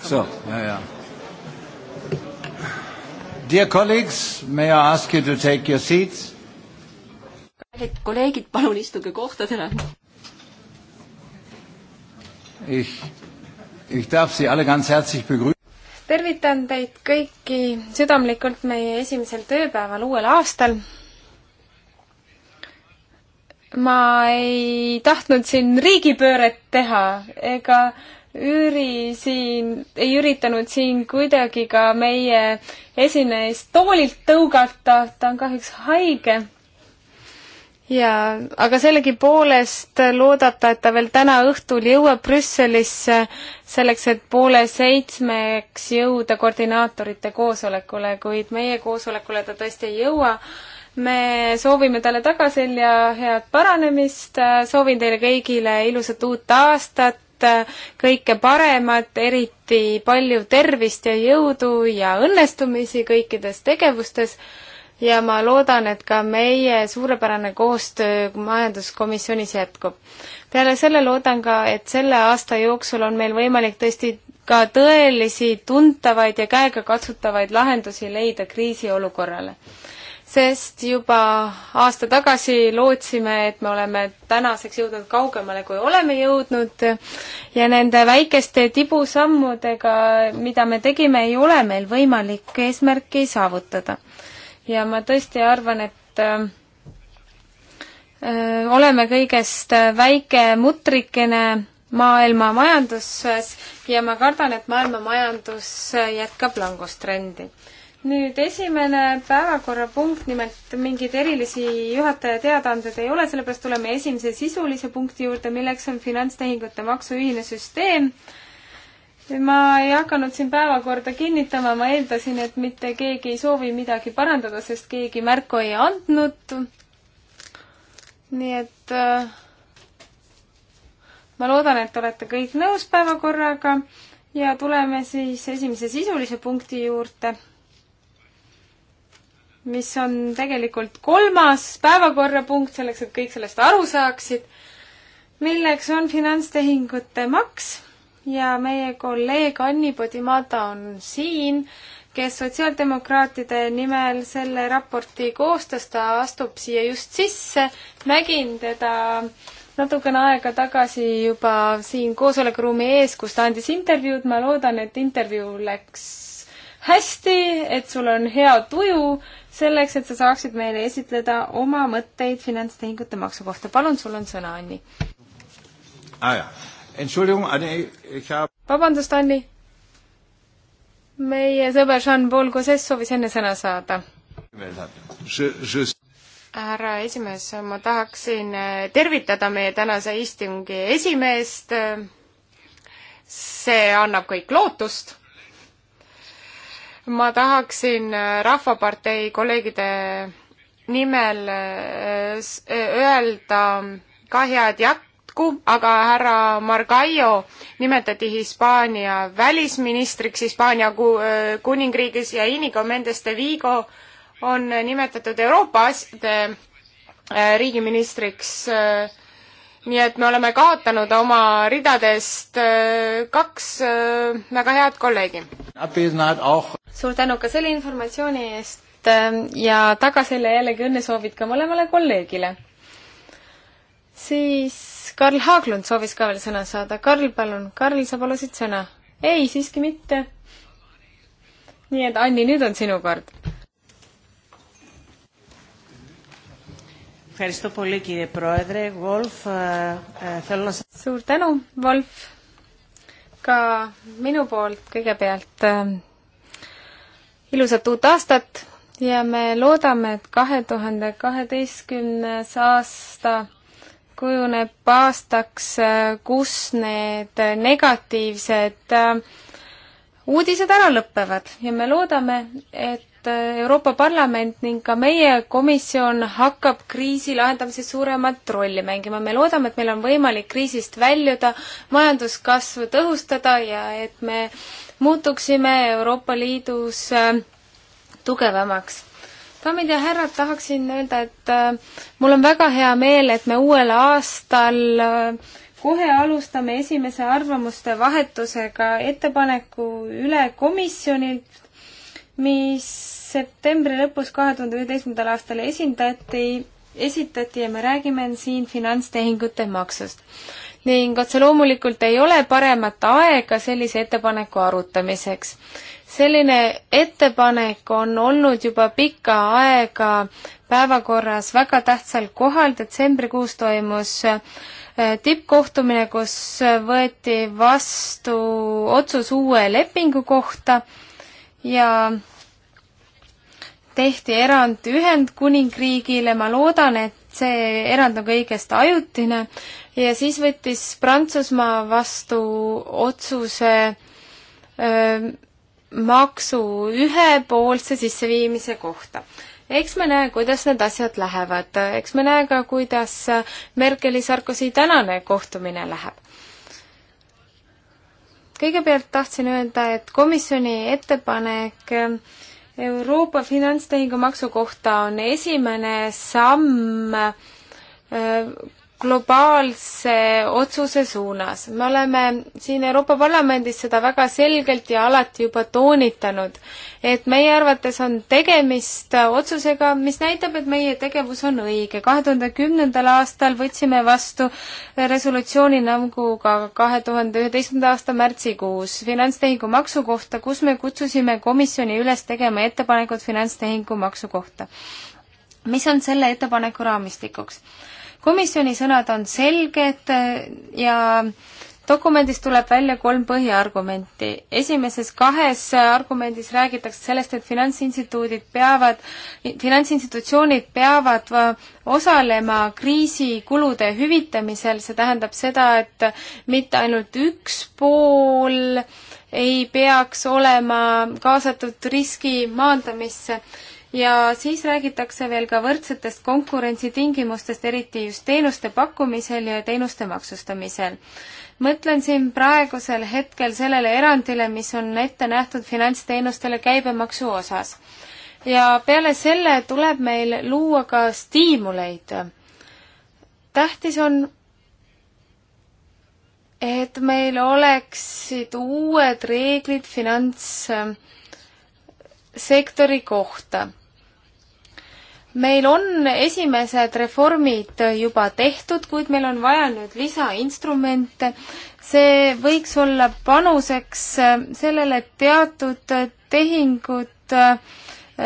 So, ja, ja. Dear colleagues, may I ask you to take your seats? kallid kolleegid, palun istuge kohtadele. Ich, ich darf Sie alle ganz herzlich begrüßen. tervitan teid kõiki südamlikult meie esimesel tööpäeval uuel aastal ma ei tahtnud siin riigipööret teha ega üri siin, ei üritanud siin kuidagi ka meie esineest toolilt tõugata, ta on kahjuks haige. ja, aga sellegipoolest loodata, et ta veel täna õhtul jõuab Brüsselisse, selleks et poole seitsmeks jõuda koordinaatorite koosolekule, kuid meie koosolekule ta tõesti ei jõua me soovime talle tagaselja head paranemist, soovin teile kõigile ilusat uut aastat, kõike paremat, eriti palju tervist ja jõudu ja õnnestumisi kõikides tegevustes ja ma loodan, et ka meie suurepärane koostöö majanduskomisjonis jätkub. peale selle loodan ka, et selle aasta jooksul on meil võimalik tõesti ka tõelisi tuntavaid ja käegakatsutavaid lahendusi leida kriisiolukorrale sest juba aasta tagasi lootsime, et me oleme tänaseks jõudnud kaugemale, kui oleme jõudnud ja nende väikeste tibusammudega, mida me tegime, ei ole meil võimalik eesmärki saavutada. ja ma tõesti arvan, et öö, äh, äh, oleme kõigest väike mutrikene maailma majanduses ja ma kardan, et maailma majandus jätkab langustrendi nüüd esimene päevakorrapunkt, nimelt mingeid erilisi juhataja teadaanded ei ole, sellepärast tuleme esimese sisulise punkti juurde, milleks on finantstehingute maksuühine süsteem. ma ei hakanud siin päevakorda kinnitama, ma eeldasin, et mitte keegi ei soovi midagi parandada, sest keegi märku ei andnud. nii et äh, ma loodan, et olete kõik nõus päevakorraga ja tuleme siis esimese sisulise punkti juurde mis on tegelikult kolmas päevakorrapunkt, selleks et kõik sellest aru saaksid, milleks on finantstehingute maks ja meie kolleeg Anni Podimata on siin, kes sotsiaaldemokraatide nimel selle raporti koostas, ta astub siia just sisse, nägin teda natukene aega tagasi juba siin koosolekuruumi ees, kus ta andis intervjuud, ma loodan, et intervjuu läks hästi, et sul on hea tuju selleks, et sa saaksid meile esitleda oma mõtteid finantstehingute maksu kohta. palun, sul on sõna, Anni ah,. Hab... vabandust, Anni. meie sõber Jean-Paul Gosses soovis enne sõna saada. härra esimees, ma tahaksin äh, tervitada meie tänase istungi esimeest. see annab kõik lootust ma tahaksin äh, Rahvapartei kolleegide nimel äh, äh, öelda ka head jätku, aga härra Margallo nimetati Hispaania välisministriks Hispaania kuningriigis ja Inigo Mendes de Vigo on nimetatud Euroopa asjade riigiministriks äh, nii et me oleme kaotanud oma ridadest äh, kaks äh, väga head kolleegi. suur tänu ka selle informatsiooni eest ähm, ja tagasile jällegi õnnesoovid ka mõlemale kolleegile. siis Karl Haaglund soovis ka veel sõna saada. Karl, palun, Karl, sa palusid sõna? ei, siiski mitte. nii et Anni, nüüd on sinu kord Ευχαριστώ πολύ κύριε Πρόεδρε. Wolf, ε, θέλω να σας... Suur tänu, Wolf. Ka minu poolt kõigepealt äh, ilusat uut aastat ja me loodame, et kahe tuhande kaheteistkümnes aasta kujuneb aastaks, äh, kus need negatiivsed äh, uudised ära lõpevad ja me loodame, et Äh, Euroopa Parlament ning ka meie komisjon hakkab kriisi lahendamises suuremat rolli mängima. me loodame, et meil on võimalik kriisist väljuda, majanduskasvu tõhustada ja et me muutuksime Euroopa Liidus äh, tugevamaks daamid ja härrad, tahaksin öelda, et äh, mul on väga hea meel, et me uuel aastal kohe alustame esimese arvamuste vahetusega ettepaneku üle komisjonilt, mis septembri lõpus kahe tuhande üheteistkümnendal aastal esindati, esitati ja me räägime siin finantstehingute maksust. ning otse loomulikult ei ole paremat aega sellise ettepaneku arutamiseks. selline ettepanek on olnud juba pikka aega päevakorras väga tähtsal kohal, detsembrikuus toimus äh, tippkohtumine, kus võeti vastu otsus uue lepingu kohta ja tehti erand Ühendkuningriigile, ma loodan, et see erand on kõigest ajutine ja siis võttis Prantsusmaa vastu otsuse öö, maksu ühepoolse sisseviimise kohta. eks me näe, kuidas need asjad lähevad, eks me näe ka, kuidas Merkeli-Sarkozy tänane kohtumine läheb. kõigepealt tahtsin öelda, et komisjoni ettepanek öö, Euroopa finantstehingumaksu kohta on esimene samm äh, globaalse otsuse suunas. me oleme siin Euroopa Parlamendis seda väga selgelt ja alati juba toonitanud, et meie arvates on tegemist otsusega, mis näitab, et meie tegevus on õige. kahe tuhande kümnendal aastal võtsime vastu resolutsiooni nagu ka kahe tuhande üheteistkümnenda aasta märtsikuus finantstehingu maksu kohta, kus me kutsusime komisjoni üles tegema ettepanekud finantstehingu maksu kohta. mis on selle ettepaneku raamistikuks? komisjoni sõnad on selged äh, ja dokumendis tuleb välja kolm põhiargumenti. esimeses kahes argumendis räägitakse sellest, et finantsinstituudid peavad, finantsinstitutsioonid peavad äh, osalema kriisikulude hüvitamisel, see tähendab seda, et mitte ainult üks pool ei peaks olema kaasatud riski maandamisse ja siis räägitakse veel ka võrdsetest konkurentsitingimustest, eriti just teenuste pakkumisel ja teenuste maksustamisel. mõtlen siin praegusel hetkel sellele erandile, mis on ette nähtud finantsteenustele käibemaksu osas. ja peale selle tuleb meil luua ka stiimuleid. tähtis on et meil oleksid uued reeglid finantssektori äh, kohta meil on esimesed reformid juba tehtud, kuid meil on vaja nüüd lisainstrumente. see võiks olla panuseks sellele, et teatud tehingud äh,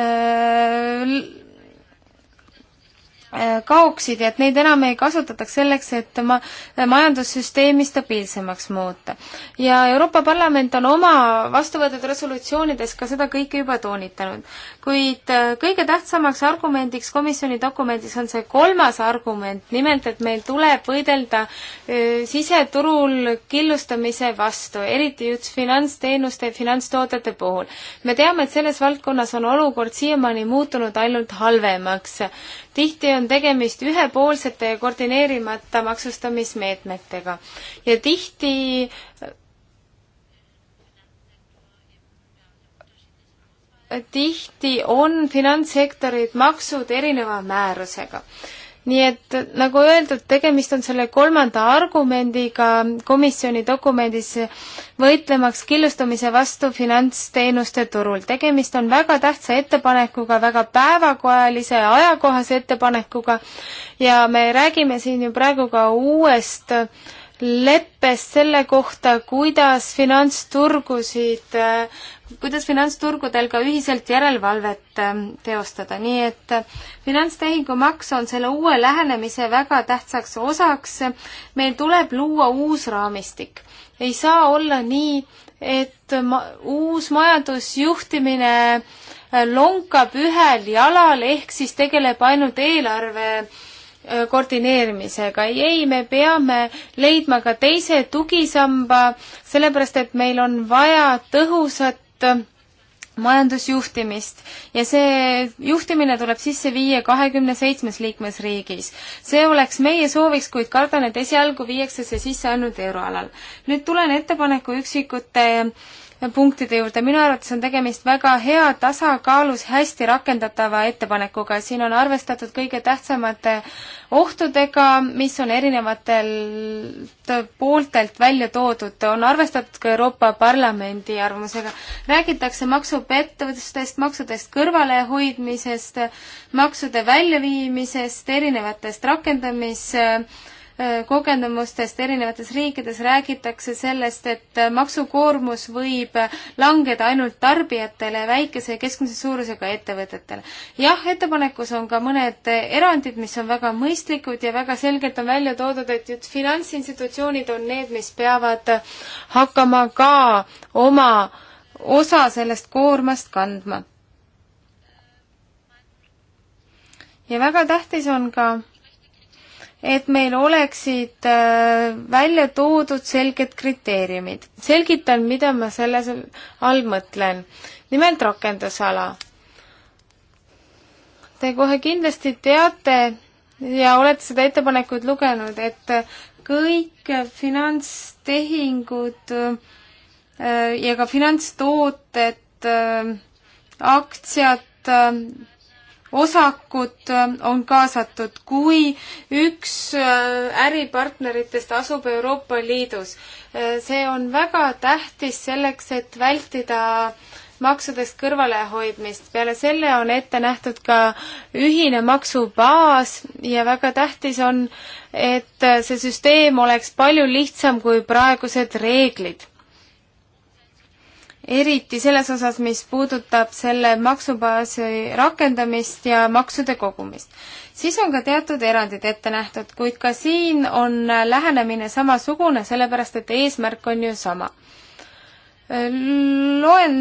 äh, kaoksid ja et neid enam ei kasutataks selleks, et ma-, majandussüsteemi stabiilsemaks muuta. ja Euroopa Parlament on oma vastu võetud resolutsioonides ka seda kõike juba toonitanud kuid äh, kõige tähtsamaks argumendiks komisjoni dokumendis on see kolmas argument, nimelt et meil tuleb võidelda äh, siseturul killustamise vastu, eriti just finantsteenuste ja finantstoodete puhul. me teame, et selles valdkonnas on olukord siiamaani muutunud ainult halvemaks. tihti on tegemist ühepoolsete ja koordineerimata maksustamismeetmetega ja tihti tihti on finantssektorid maksud erineva määrusega. nii et nagu öeldud, tegemist on selle kolmanda argumendiga komisjoni dokumendis võitlemaks killustumise vastu finantsteenuste turul. tegemist on väga tähtsa ettepanekuga, väga päevakojalise, ajakohase ettepanekuga ja me räägime siin ju praegu ka uuest leppest selle kohta, kuidas finantsturgusid äh, kuidas finantsturgudel ka ühiselt järelevalvet ähm, teostada, nii et äh, finantstehingumaks on selle uue lähenemise väga tähtsaks osaks. meil tuleb luua uus raamistik. ei saa olla nii, et ma, uus majandusjuhtimine äh, lonkab ühel jalal, ehk siis tegeleb ainult eelarve äh, koordineerimisega. ei, ei, me peame leidma ka teise tugisamba, sellepärast et meil on vaja tõhusat paremat äh, majandusjuhtimist ja see juhtimine tuleb sisse viia kahekümne seitsmes liikmesriigis. see oleks meie sooviks, kuid kardan, et esialgu viiakse see sisse ainult euroalal. nüüd tulen ettepaneku üksikute äh, punktide juurde, minu arvates on tegemist väga hea, tasakaalus, hästi rakendatava ettepanekuga, siin on arvestatud kõige tähtsamate ohtudega, mis on erinevatelt pooltelt välja toodud, on arvestatud ka Euroopa Parlamendi arvamusega. räägitakse maksupettustest, maksudest kõrvalehoidmisest, maksude väljaviimisest, erinevatest rakendamis- Äh, kogemustest erinevates riikides räägitakse sellest, et äh, maksukoormus võib äh, langeda ainult tarbijatele ja väikese ja keskmise suurusega ettevõtetele. jah, ettepanekus on ka mõned erandid, mis on väga mõistlikud ja väga selgelt on välja toodud, et just finantsinstitutsioonid on need, mis peavad hakkama ka oma osa sellest koormast kandma. ja väga tähtis on ka et meil oleksid äh, välja toodud selged kriteeriumid. selgitan, mida ma selle all mõtlen. nimelt rakendusala. Te kohe kindlasti teate ja olete seda ettepanekut lugenud, et kõik finantstehingud äh, ja ka finantstooted, äh, aktsiad, osakud äh, on kaasatud. kui üks äh, äripartneritest asub Euroopa Liidus, äh, see on väga tähtis selleks, et vältida maksudest kõrvalehoidmist. peale selle on ette nähtud ka ühine maksubaas ja väga tähtis on, et see süsteem oleks palju lihtsam kui praegused reeglid eriti selles osas, mis puudutab selle maksubaasi rakendamist ja maksude kogumist. siis on ka teatud erandid ette nähtud, kuid ka siin on lähenemine samasugune, sellepärast et eesmärk on ju sama. loen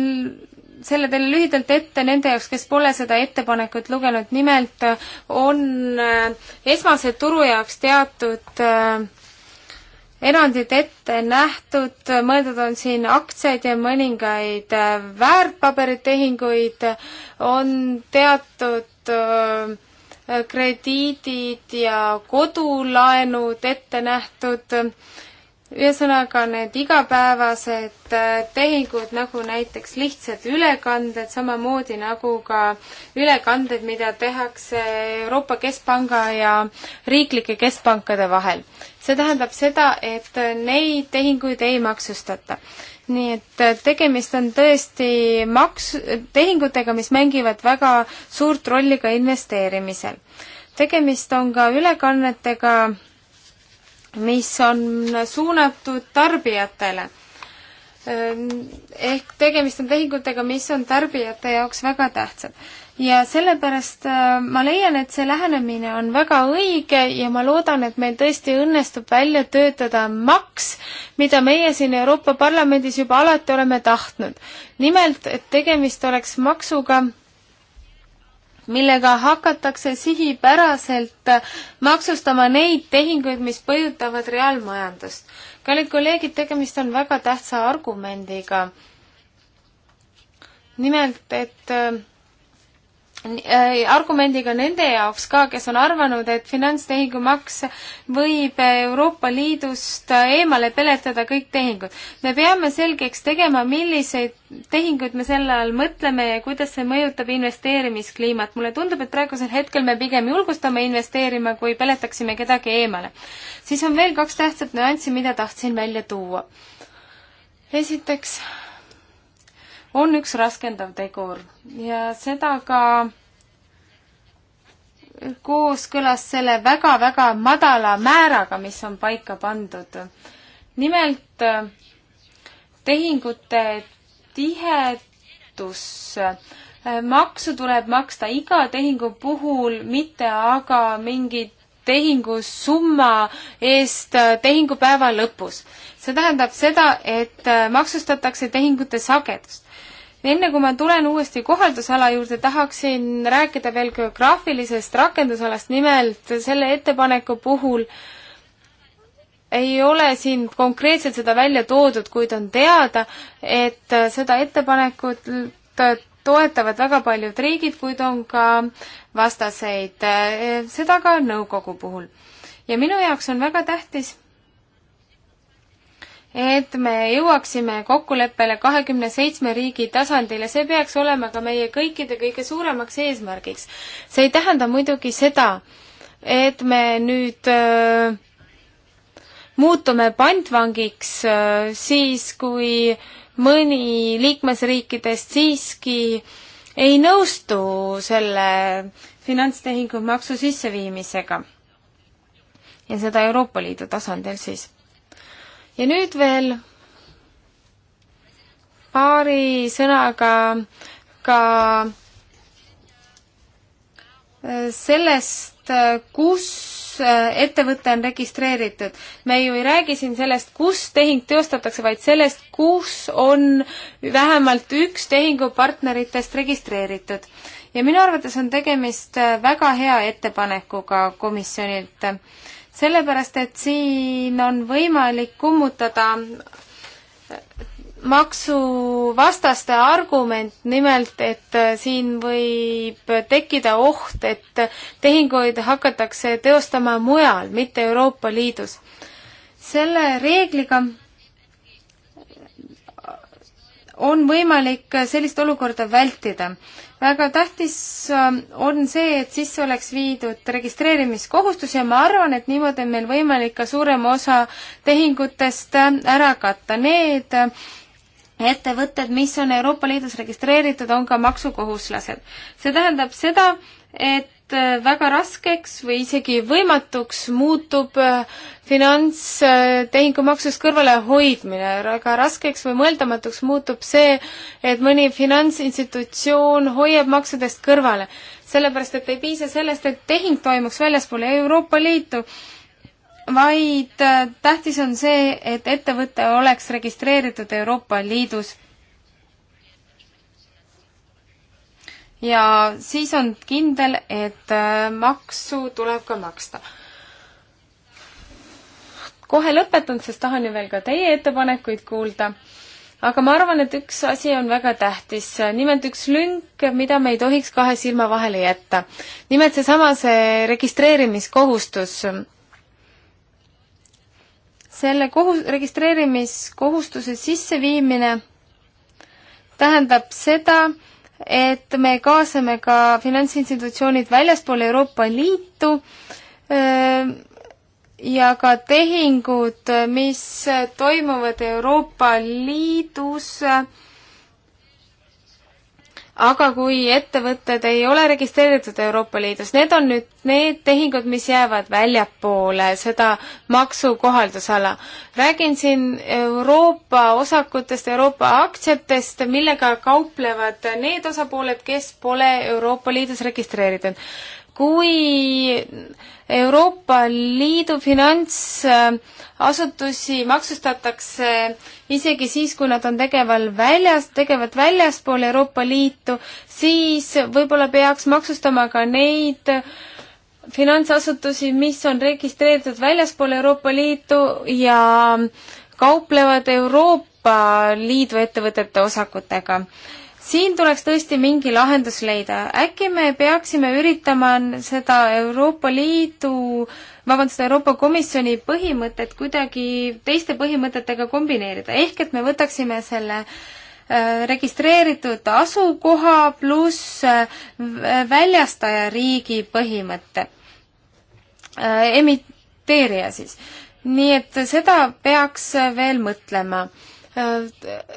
selle teile lühidalt ette nende jaoks, kes pole seda ettepanekut lugenud, nimelt on äh, esmase turu jaoks teatud äh, erandid ette nähtud, mõeldud on siin aktsiaid ja mõningaid väärtpaberitehinguid, on teatud krediidid ja kodulaenud ette nähtud, ühesõnaga need igapäevased tehingud, nagu näiteks lihtsad ülekanded, samamoodi nagu ka ülekanded, mida tehakse Euroopa Keskpanga ja riiklike keskpankade vahel see tähendab seda, et neid tehinguid ei maksustata. nii et tegemist on tõesti maks, tehingutega, mis mängivad väga suurt rolli ka investeerimisel. tegemist on ka ülekannetega, mis on suunatud tarbijatele ehk tegemist on tehingutega, mis on tarbijate jaoks väga tähtsad ja sellepärast äh, ma leian, et see lähenemine on väga õige ja ma loodan, et meil tõesti õnnestub välja töötada maks, mida meie siin Euroopa Parlamendis juba alati oleme tahtnud. nimelt, et tegemist oleks maksuga, millega hakatakse sihipäraselt äh, maksustama neid tehinguid, mis põjutavad reaalmajandust. kallid kolleegid, tegemist on väga tähtsa argumendiga. nimelt, et äh, argumendiga nende jaoks ka, kes on arvanud, et finantstehingumaks võib Euroopa Liidust eemale peletada kõik tehingud. me peame selgeks tegema, milliseid tehinguid me selle all mõtleme ja kuidas see mõjutab investeerimiskliimat. mulle tundub, et praegusel hetkel me pigem julgustame investeerima, kui peletaksime kedagi eemale. siis on veel kaks tähtsat nüanssi, mida tahtsin välja tuua. esiteks on üks raskendav tegur ja seda ka kooskõlas selle väga-väga madala määraga, mis on paika pandud. nimelt tehingute tihedus. maksu tuleb maksta iga tehingu puhul, mitte aga mingit tehingusumma eest tehingupäeva lõpus. see tähendab seda, et maksustatakse tehingute sagedust enne kui ma tulen uuesti kohaldusala juurde, tahaksin rääkida veel geograafilisest rakendusalast, nimelt selle ettepaneku puhul ei ole siin konkreetselt seda välja toodud, kuid on teada, et seda ettepanekut toetavad väga paljud riigid, kuid on ka vastaseid, seda ka nõukogu puhul. ja minu jaoks on väga tähtis et me jõuaksime kokkuleppele kahekümne seitsme riigi tasandil ja see peaks olema ka meie kõikide kõige suuremaks eesmärgiks. see ei tähenda muidugi seda, et me nüüd öö, äh, muutume pantvangiks öö, äh, siis, kui mõni liikmesriikidest siiski ei nõustu selle finantstehingu maksu sisseviimisega. ja seda Euroopa Liidu tasandil siis ja nüüd veel paari sõnaga ka äh, sellest, äh, kus äh, ettevõte on registreeritud. me ju ei räägi siin sellest, kus tehing teostatakse, vaid sellest, kus on vähemalt üks tehingupartneritest registreeritud. ja minu arvates on tegemist väga hea ettepanekuga komisjonilt sellepärast, et siin on võimalik kummutada maksuvastaste argument, nimelt et siin võib tekkida oht, et tehinguid hakatakse teostama mujal, mitte Euroopa Liidus. selle reegliga on võimalik sellist olukorda vältida. väga tähtis ähm, on see, et sisse oleks viidud registreerimiskohustus ja ma arvan, et niimoodi on meil võimalik ka suurem osa tehingutest ähm, ära katta. Need ähm, ettevõtted, mis on Euroopa Liidus registreeritud, on ka maksukohuslased. see tähendab seda, et Äh, väga raskeks või isegi võimatuks muutub äh, finantstehingumaksust äh, kõrvalehoidmine. väga raskeks või mõeldamatuks muutub see, et mõni finantsinstitutsioon hoiab maksudest kõrvale. sellepärast, et ei piisa sellest, et tehing toimuks väljaspool Euroopa Liitu, vaid tähtis on see, et ettevõte oleks registreeritud Euroopa Liidus ja siis on kindel, et äh, maksu tuleb ka maksta. kohe lõpetan, sest tahan ju veel ka teie ettepanekuid kuulda. aga ma arvan, et üks asi on väga tähtis, nimelt üks lünk, mida me ei tohiks kahe silma vahele jätta. nimelt seesama see registreerimiskohustus selle kohu-, registreerimiskohustuse sisseviimine tähendab seda, et me kaasame ka finantsinstitutsioonid väljaspool Euroopa Liitu ähm, ja ka tehingud, mis toimuvad Euroopa Liidus aga kui ettevõtted ei ole registreeritud Euroopa Liidus, need on nüüd need tehingud, mis jäävad väljapoole seda maksukohaldusala. räägin siin Euroopa osakutest, Euroopa aktsiatest, millega kauplevad need osapooled, kes pole Euroopa Liidus registreeritud kui Euroopa Liidu finantsasutusi maksustatakse isegi siis, kui nad on tegeval väljas, tegevad väljaspool Euroopa Liitu, siis võib-olla peaks maksustama ka neid finantsasutusi, mis on registreeritud väljaspool Euroopa Liitu ja kauplevad Euroopa Liidu ettevõtete osakutega siin tuleks tõesti mingi lahendus leida. äkki me peaksime üritama seda Euroopa Liidu, vabandust, Euroopa Komisjoni põhimõtet kuidagi teiste põhimõtetega kombineerida, ehk et me võtaksime selle äh, registreeritud asukoha pluss äh, väljastaja riigi põhimõte, äh, emiteerija siis. nii et seda peaks veel mõtlema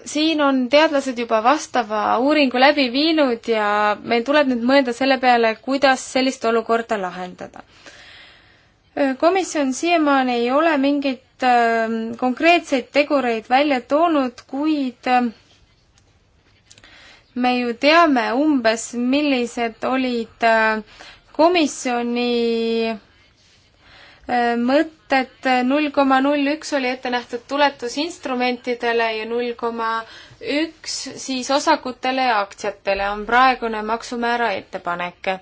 siin on teadlased juba vastava uuringu läbi viinud ja meil tuleb nüüd mõelda selle peale, kuidas sellist olukorda lahendada. komisjon siiamaani ei ole mingeid ähm, konkreetseid tegureid välja toonud, kuid ähm, me ju teame umbes, millised olid äh, komisjoni mõtet, null koma null üks oli ette nähtud tuletusinstrumentidele ja null koma üks siis osakutele ja aktsiatele on praegune maksumäära ettepanek.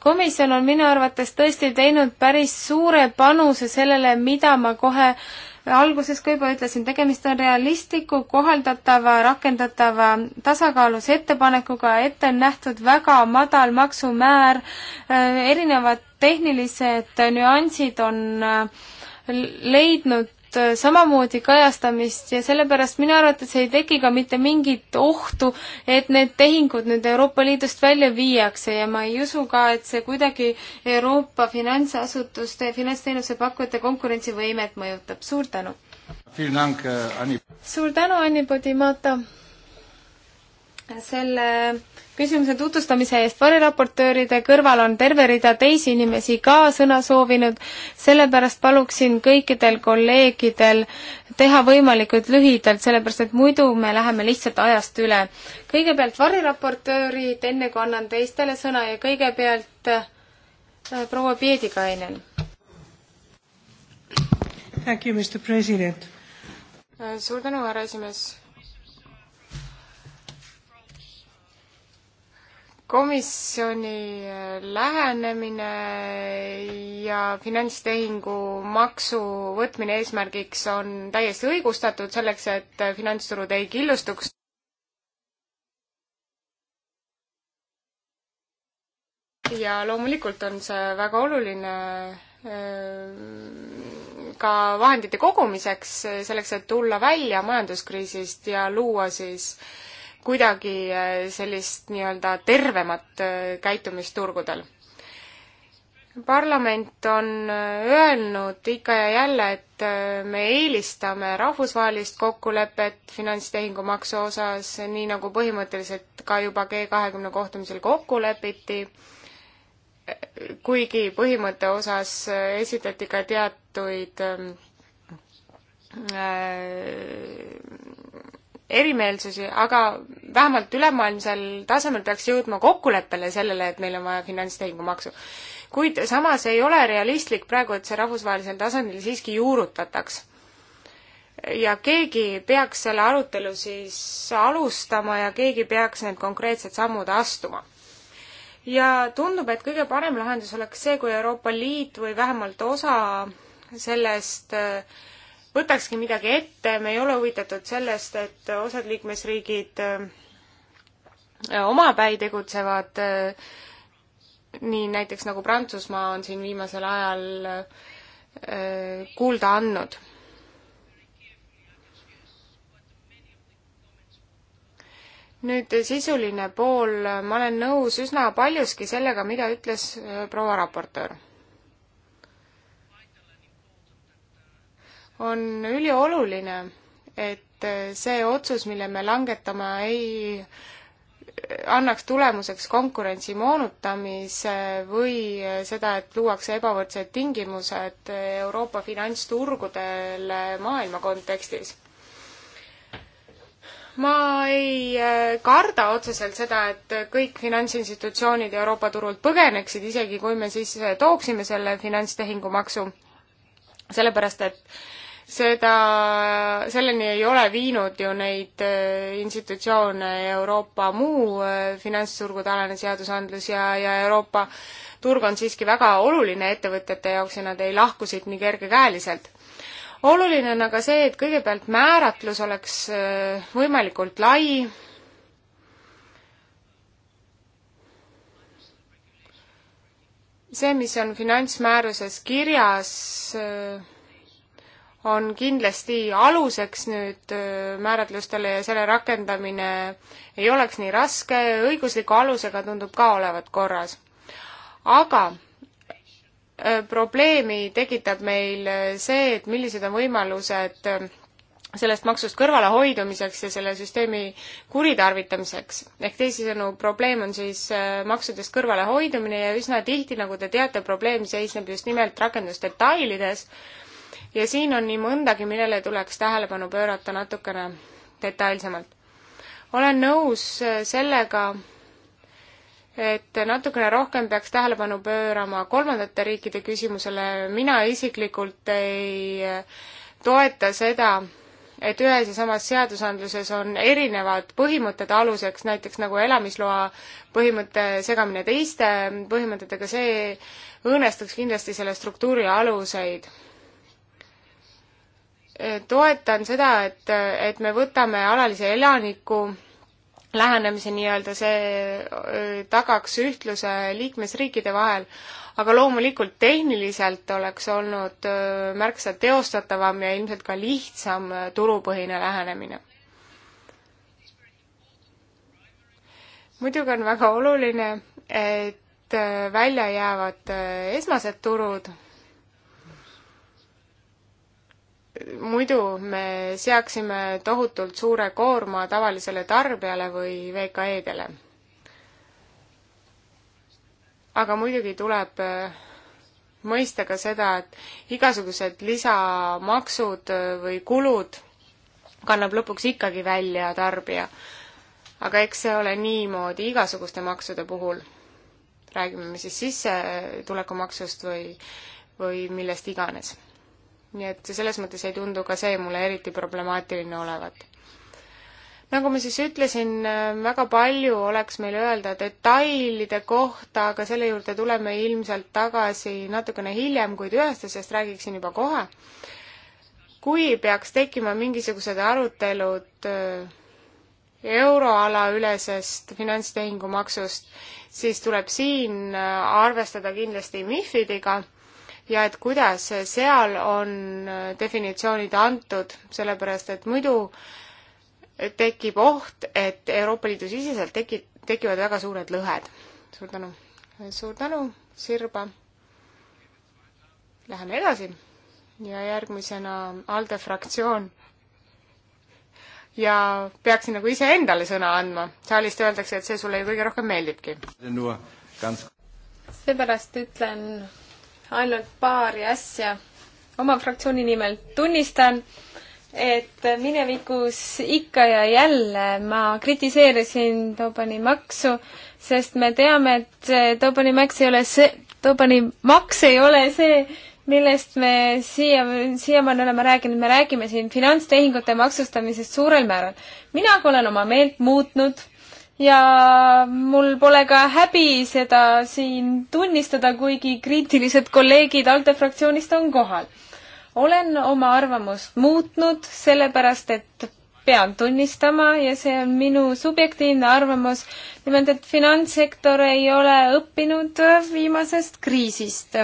komisjon on minu arvates tõesti teinud päris suure panuse sellele, mida ma kohe äh, alguses ka juba ütlesin, tegemist on realistliku, kohaldatava, rakendatava tasakaalus ettepanekuga, ette on nähtud väga madal maksumäär, äh, erinevad tehnilised nüansid on äh, leidnud Äh, samamoodi kajastamist ja sellepärast minu arvates ei teki ka mitte mingit ohtu, et need tehingud nüüd Euroopa Liidust välja viiakse ja ma ei usu ka, et see kuidagi Euroopa finantsasutuste, finantsteenuse pakkujate konkurentsivõimet mõjutab. suur tänu! Äh, suur tänu, Anni Podimata! selle küsimuse tutvustamise eest. variraportööride kõrval on terve rida teisi inimesi ka sõna soovinud, sellepärast paluksin kõikidel kolleegidel teha võimalikult lühidalt, sellepärast et muidu me läheme lihtsalt ajast üle. kõigepealt variraportöörid, enne kui annan teistele sõna ja kõigepealt äh, proua Piedikainen. Äh, suur tänu, härra esimees komisjoni lähenemine ja finantstehingu maksu võtmine eesmärgiks on täiesti õigustatud selleks, et finantsturud ei killustuks. ja loomulikult on see väga oluline ehm, ka vahendite kogumiseks, selleks et tulla välja majanduskriisist ja luua siis äh, kuidagi äh, sellist nii-öelda tervemat äh, käitumist turgudel. parlament on äh, öelnud ikka ja jälle, et me eelistame rahvusvahelist kokkulepet finantstehingumaksu osas, nii nagu põhimõtteliselt ka juba G kahekümne kohtumisel kokku lepiti, kuigi põhimõtte osas esitati ka teatuid ähm, äh, erimeelsusi, aga vähemalt ülemaailmsel tasemel peaks jõudma kokkuleppele sellele, et meil on vaja finantstehingumaksu. kuid samas ei ole realistlik praegu, et see rahvusvahelisel tasandil siiski juurutataks. ja keegi peaks selle arutelu siis alustama ja keegi peaks need konkreetsed sammud astuma ja tundub, et kõige parem lahendus oleks see, kui Euroopa Liit või vähemalt osa sellest äh, võtakski midagi ette, me ei ole huvitatud sellest, et osad liikmesriigid äh, omapäi tegutsevad, äh, nii näiteks nagu Prantsusmaa on siin viimasel ajal äh, kuulda andnud. nüüd sisuline pool, ma olen nõus üsna paljuski sellega, mida ütles proua raportöör on ülioluline, et see otsus, mille me langetame, ei annaks tulemuseks konkurentsi moonutamise või seda, et luuakse ebavõrdsed tingimused Euroopa finantsturgudele maailma kontekstis ma ei äh, karda otseselt seda, et kõik finantsinstitutsioonid Euroopa turult põgeneksid, isegi kui me sisse äh, tooksime selle finantstehingumaksu, sellepärast et seda, selleni ei ole viinud ju neid äh, institutsioone Euroopa muu äh, finantsturgude alane seadusandlus ja, ja Euroopa turg on siiski väga oluline ettevõtete jaoks ja nad ei lahku siit nii kergekäeliselt oluline on aga see, et kõigepealt määratlus oleks äh, võimalikult lai. see, mis on finantsmääruses kirjas, on kindlasti aluseks nüüd äh, määratlustele ja selle rakendamine ei oleks nii raske, õigusliku alusega tundub ka olevat korras. aga äh, probleemi tekitab meil äh, see, et millised on võimalused sellest maksust kõrvalehoidumiseks ja selle süsteemi kuritarvitamiseks. ehk teisisõnu, probleem on siis maksudest kõrvalehoidumine ja üsna tihti, nagu te teate, probleem seisneb just nimelt rakendusdetailides, ja siin on nii mõndagi, millele tuleks tähelepanu pöörata natukene detailsemalt. olen nõus äh, sellega, et natukene rohkem peaks tähelepanu pöörama kolmandate riikide küsimusele, mina isiklikult ei äh, toeta seda, et ühes ja samas seadusandluses on erinevad põhimõtted aluseks, näiteks nagu elamisloa põhimõtte segamine teiste põhimõtetega, see õõnestaks kindlasti selle struktuuri aluseid toetan seda, et, et me võtame alalise elaniku lähenemise nii-öelda, see tagaks ühtluse liikmesriikide vahel, aga loomulikult tehniliselt oleks olnud märksa teostatavam ja ilmselt ka lihtsam turupõhine lähenemine. muidugi on väga oluline, et välja jäävad esmased turud muidu me seaksime tohutult suure koorma tavalisele tarbijale või VKE-dele. aga muidugi tuleb äh, mõista ka seda, et igasugused lisamaksud äh, või kulud kannab lõpuks ikkagi välja tarbija. aga eks see ole niimoodi igasuguste maksude puhul. räägime me siis sissetulekumaksust või, või millest iganes nii et selles mõttes ei tundu ka see mulle eriti problemaatiline olevat. nagu ma siis ütlesin, väga palju oleks meil öelda detailide kohta, aga selle juurde tuleme ilmselt tagasi natukene hiljem, kuid ühest asjast räägiksin juba kohe. kui peaks tekkima mingisugused arutelud äh, euroala ülesest finantstehingumaksust, siis tuleb siin äh, arvestada kindlasti MIFIDiga ja et kuidas seal on definitsioonid antud, sellepärast et muidu tekib oht, et Euroopa Liidu siseselt tekib, tekivad väga suured lõhed. suur tänu! suur tänu, Sirba! Läheme edasi ja järgmisena ALDE fraktsioon ja peaksin nagu iseendale sõna andma. saalist öeldakse, et see sulle ju kõige rohkem meeldibki. seepärast ütlen ainult paari asja. oma fraktsiooni nimel tunnistan, et minevikus ikka ja jälle ma kritiseerisin Tobani maksu, sest me teame, et Tobani maks ei ole see, Tobani maks ei ole see, millest me siia, siiamaani oleme rääkinud, me räägime siin finantstehingute maksustamisest suurel määral. mina olen oma meelt muutnud ja mul pole ka häbi seda siin tunnistada, kuigi kriitilised kolleegid ALDE fraktsioonist on kohal. olen oma arvamust muutnud, sellepärast et pean tunnistama ja see on minu subjektiivne arvamus, nimelt et finantssektor ei ole õppinud viimasest kriisist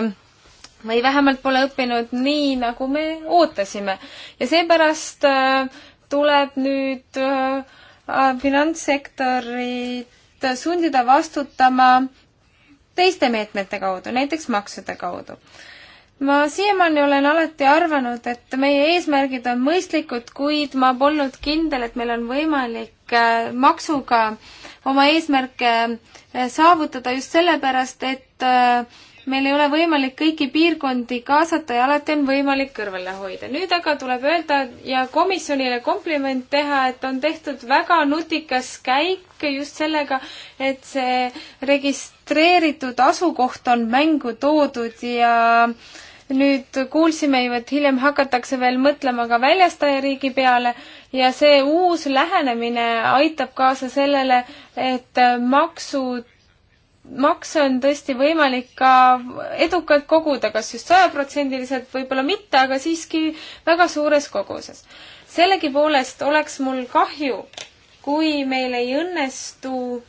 või vähemalt pole õppinud nii, nagu me ootasime. ja seepärast äh, tuleb nüüd äh, Äh, finantssektorit sundida vastutama teiste meetmete kaudu, näiteks maksude kaudu. ma siiamaani olen alati arvanud, et meie eesmärgid on mõistlikud, kuid ma polnud kindel, et meil on võimalik äh, maksuga oma eesmärke äh, saavutada just sellepärast, et meil ei ole võimalik kõiki piirkondi kaasata ja alati on võimalik kõrvale hoida. nüüd aga tuleb öelda ja komisjonile kompliment teha, et on tehtud väga nutikas käik just sellega, et see registreeritud asukoht on mängu toodud ja nüüd kuulsime ju, et hiljem hakatakse veel mõtlema ka väljastajariigi peale ja see uus lähenemine aitab kaasa sellele, et maksud makse on tõesti võimalik ka edukalt koguda, kas just sajaprotsendiliselt, võib-olla mitte, aga siiski väga suures koguses. sellegipoolest oleks mul kahju, kui meil ei õnnestu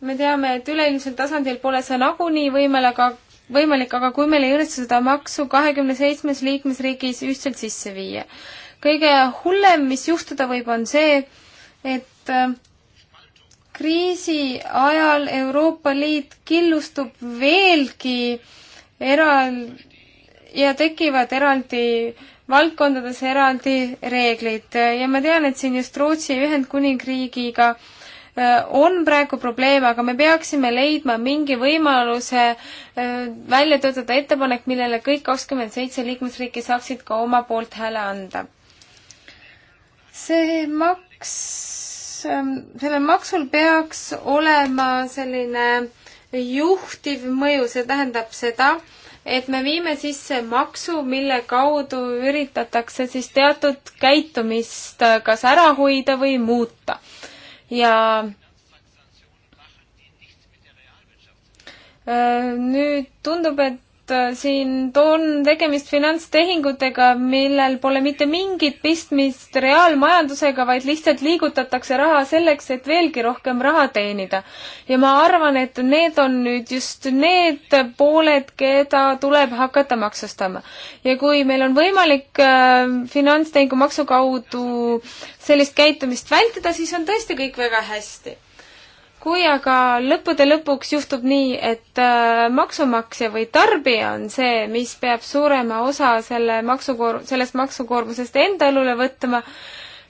me teame, et üleilmsel tasandil pole see nagunii võimel, aga võimalik, aga kui meil ei õnnestu seda maksu kahekümne seitsmes liikmesriigis ühtselt sisse viia. kõige hullem, mis juhtuda võib, on see, et äh, kriisi ajal Euroopa Liit killustub veelgi eral- ja tekivad eraldi valdkondades eraldi reeglid ja ma tean, et siin just Rootsi ja Ühendkuningriigiga äh, on praegu probleeme, aga me peaksime leidma mingi võimaluse äh, välja töötada ettepanek, millele kõik kakskümmend seitse liikmesriiki saaksid ka oma poolt hääle anda. see maks Ähm, sellel maksul peaks olema selline juhtiv mõju, see tähendab seda, et me viime sisse maksu, mille kaudu üritatakse siis teatud käitumist äh, kas ära hoida või muuta. ja äh, nüüd tundub, et Äh, siin on tegemist finantstehingutega, millel pole mitte mingit pistmist reaalmajandusega, vaid lihtsalt liigutatakse raha selleks, et veelgi rohkem raha teenida. ja ma arvan, et need on nüüd just need pooled, keda tuleb hakata maksustama. ja kui meil on võimalik äh, finantstehingu maksu kaudu sellist käitumist vältida, siis on tõesti kõik väga hästi kui aga lõppude lõpuks juhtub nii, et äh, maksumaksja või tarbija on see, mis peab suurema osa selle maksukoor-, sellest maksukoormusest enda õlule võtma,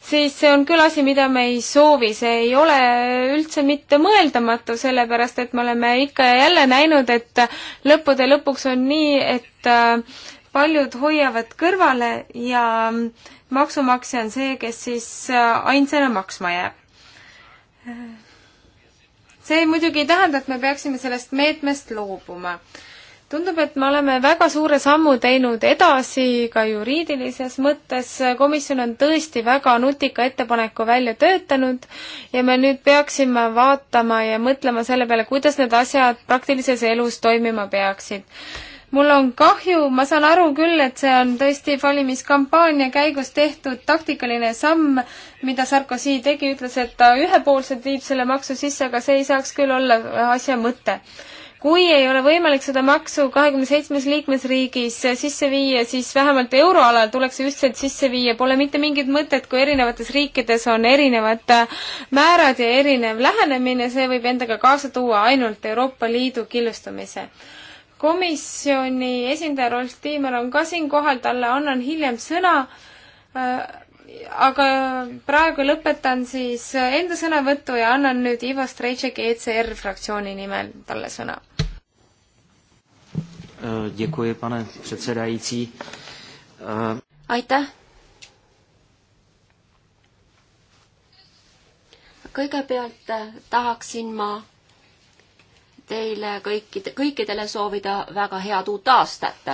siis see on küll asi, mida me ei soovi, see ei ole üldse mitte mõeldamatu, sellepärast et me oleme ikka ja jälle näinud, et lõppude lõpuks on nii, et äh, paljud hoiavad kõrvale ja maksumaksja on see, kes siis äh, ainsana maksma jääb see muidugi ei tähenda, et me peaksime sellest meetmest loobuma. tundub, et me oleme väga suure sammu teinud edasi ka juriidilises mõttes, komisjon on tõesti väga nutika ettepaneku välja töötanud ja me nüüd peaksime vaatama ja mõtlema selle peale, kuidas need asjad praktilises elus toimima peaksid mul on kahju, ma saan aru küll, et see on tõesti valimiskampaania käigus tehtud taktikaline samm, mida Sarkozy tegi, ütles, et ta ühepoolselt viib selle maksu sisse, aga see ei saaks küll olla asja mõte kui ei ole võimalik seda maksu kahekümne seitsmes liikmesriigis sisse viia, siis vähemalt euroalal tuleks see ühtselt sisse viia, pole mitte mingit mõtet, kui erinevates riikides on erinevad määrad ja erinev lähenemine, see võib endaga kaasa tuua ainult Euroopa Liidu killustumise komisjoni esindaja Rolf Tiimer on ka siinkohal, talle annan hiljem sõna. Äh, aga praegu lõpetan siis enda sõnavõttu ja annan nüüd Ivo Strejček ECR fraktsiooni nimel talle sõna. Äh, äh, aitäh. kõigepealt tahaksin ma teile kõikide, kõikidele soovida väga head uut aastat.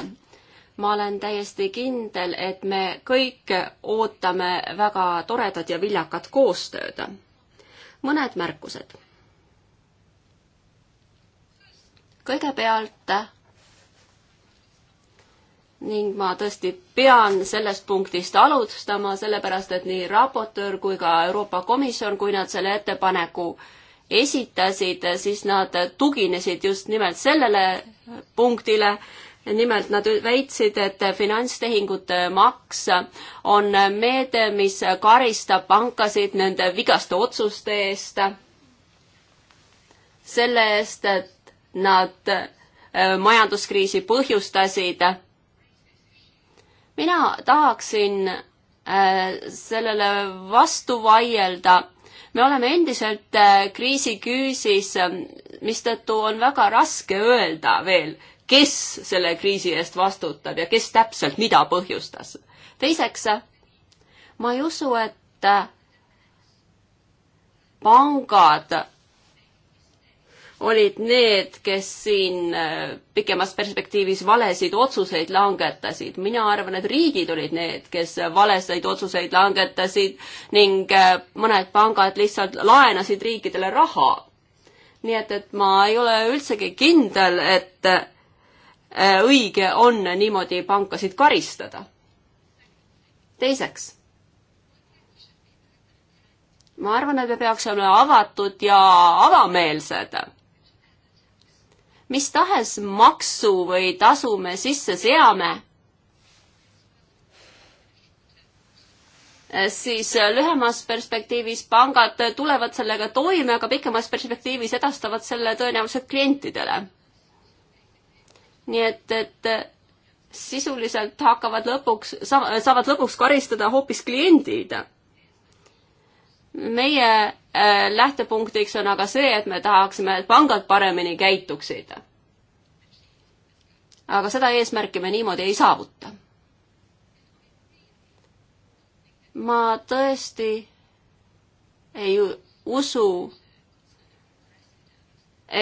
ma olen täiesti kindel, et me kõik ootame väga toredat ja viljakat koostööd. mõned märkused. kõigepealt ning ma tõesti pean sellest punktist alustama, sellepärast et nii raportöör kui ka Euroopa Komisjon, kui nad selle ettepaneku äh, esitasid, siis nad tuginesid just nimelt sellele punktile, nimelt nad väitsid, et finantstehingute maks on meede, mis karistab pankasid nende vigaste otsuste eest, selle eest, et nad äh, majanduskriisi põhjustasid. mina tahaksin äh, sellele vastu vaielda me oleme endiselt äh, kriisiküüsis, ähm, mistõttu on väga raske öelda veel, kes selle kriisi eest vastutab ja kes täpselt mida põhjustas. teiseks, äh, ma ei usu, et äh, pangad olid need, kes siin äh, pikemas perspektiivis valesid otsuseid langetasid. mina arvan, et riigid olid need, kes valesid otsuseid langetasid ning äh, mõned pangad lihtsalt laenasid riikidele raha. nii et, et ma ei ole üldsegi kindel, et äh, õige on niimoodi pankasid karistada. teiseks ma arvan, et me peaksime avatud ja avameelsed mis tahes maksu või tasu me sisse seame, siis lühemas perspektiivis pangad tulevad sellega toime, aga pikemas perspektiivis edastavad selle tõenäoliselt klientidele. nii et, et sisuliselt hakkavad lõpuks, saavad lõpuks karistada hoopis kliendid. meie Äh, lähtepunktiks on aga see, et me tahaksime, et pangad paremini käituksid. aga seda eesmärki me niimoodi ei saavuta. ma tõesti ei usu,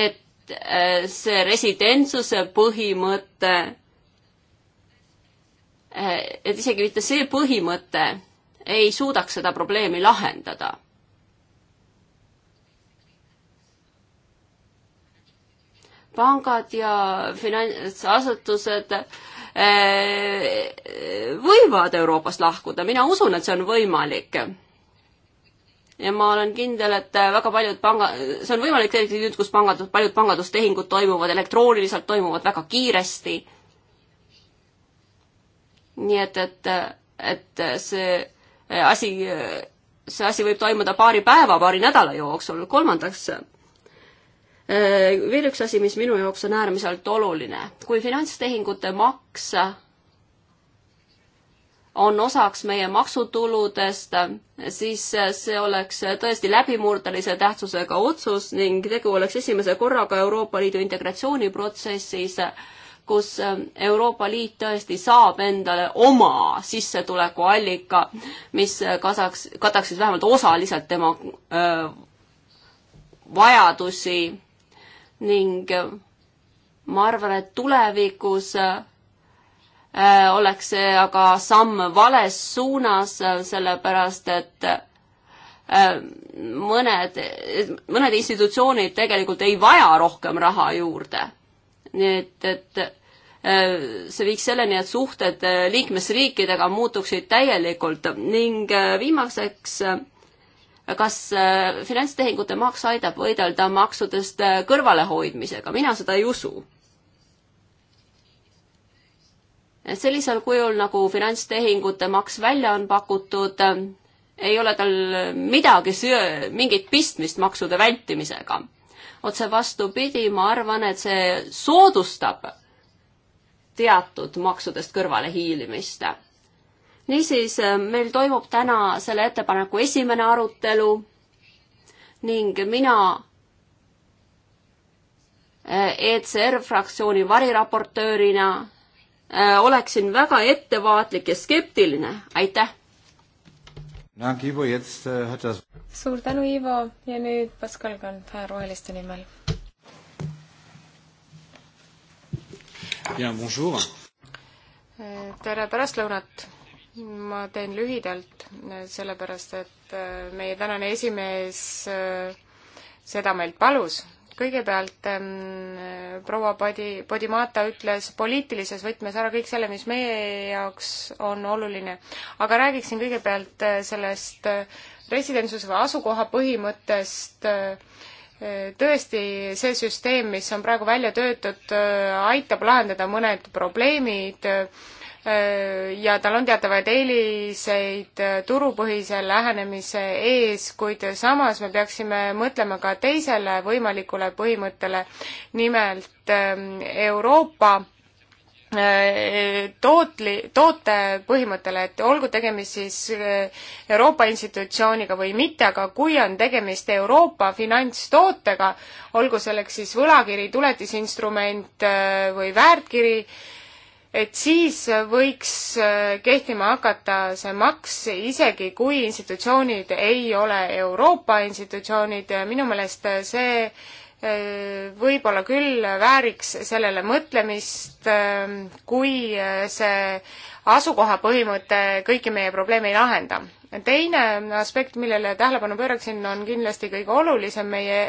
et äh, see residentsuse põhimõte, äh, et isegi mitte see põhimõte ei suudaks seda probleemi lahendada pangad ja finantsasutused eh, võivad Euroopast lahkuda, mina usun, et see on võimalik. ja ma olen kindel, et väga paljud panga, see on võimalik eriti nüüd, kus pangad, paljud pangandustehingud toimuvad elektrooniliselt, toimuvad väga kiiresti. nii et, et, et see asi, see asi võib toimuda paari päeva, paari nädala jooksul, kolmandaks Äh, veel üks asi, mis minu jaoks on äärmiselt oluline. kui finantstehingute maks on osaks meie maksutuludest, siis see oleks tõesti läbimurdelise tähtsusega otsus ning tegu oleks esimese korraga Euroopa Liidu integratsiooniprotsessis, kus Euroopa Liit tõesti saab endale oma sissetulekuallika, mis kasaks, kataks siis vähemalt osaliselt tema öö, äh, vajadusi ning ma arvan, et tulevikus äh, oleks see aga samm vales suunas, sellepärast et äh, mõned, mõned institutsioonid tegelikult ei vaja rohkem raha juurde. nii et, et äh, see viiks selleni, et suhted liikmesriikidega muutuksid täielikult ning viimaseks kas äh, finantstehingute maks aitab võidelda maksudest äh, kõrvalehoidmisega, mina seda ei usu. sellisel kujul, nagu finantstehingute maks välja on pakutud, äh, ei ole tal midagi, mingit pistmist maksude vältimisega. otse vastupidi, ma arvan, et see soodustab teatud maksudest kõrvalehiilimist niisiis, äh, meil toimub täna selle ettepaneku esimene arutelu ning mina äh, ECR fraktsiooni variraportöörina äh, oleksin väga ettevaatlik ja skeptiline, aitäh! suur tänu, Ivo, ja nüüd Pascal Kand Roheliste nimel. tere pärastlõunat! ma teen lühidalt, sellepärast et äh, meie tänane esimees äh, seda meilt palus. kõigepealt ähm, äh, proua Padi, Podimata ütles poliitilises võtmes ära kõik selle, mis meie jaoks on oluline. aga räägiksin kõigepealt sellest residentsuse või asukoha põhimõttest äh, tõesti see süsteem, mis on praegu välja töötatud, aitab lahendada mõned probleemid äh,, Äh, ja tal on teatavaid eeliseid äh, turupõhise lähenemise ees, kuid samas me peaksime mõtlema ka teisele võimalikule põhimõttele, nimelt ähm, Euroopa äh, tootli, toote põhimõttele, et olgu tegemist siis Euroopa institutsiooniga või mitte, aga kui on tegemist Euroopa finantstootega, olgu selleks siis võlakiri, tuletisinstrument või väärtkiri, et siis võiks äh, kehtima hakata see maks, isegi kui institutsioonid ei ole Euroopa institutsioonid, minu meelest see äh, võib-olla küll vääriks sellele mõtlemist, äh, kui see asukoha põhimõte kõiki meie probleeme ei lahenda. teine aspekt, millele tähelepanu pööraksin, on kindlasti kõige olulisem meie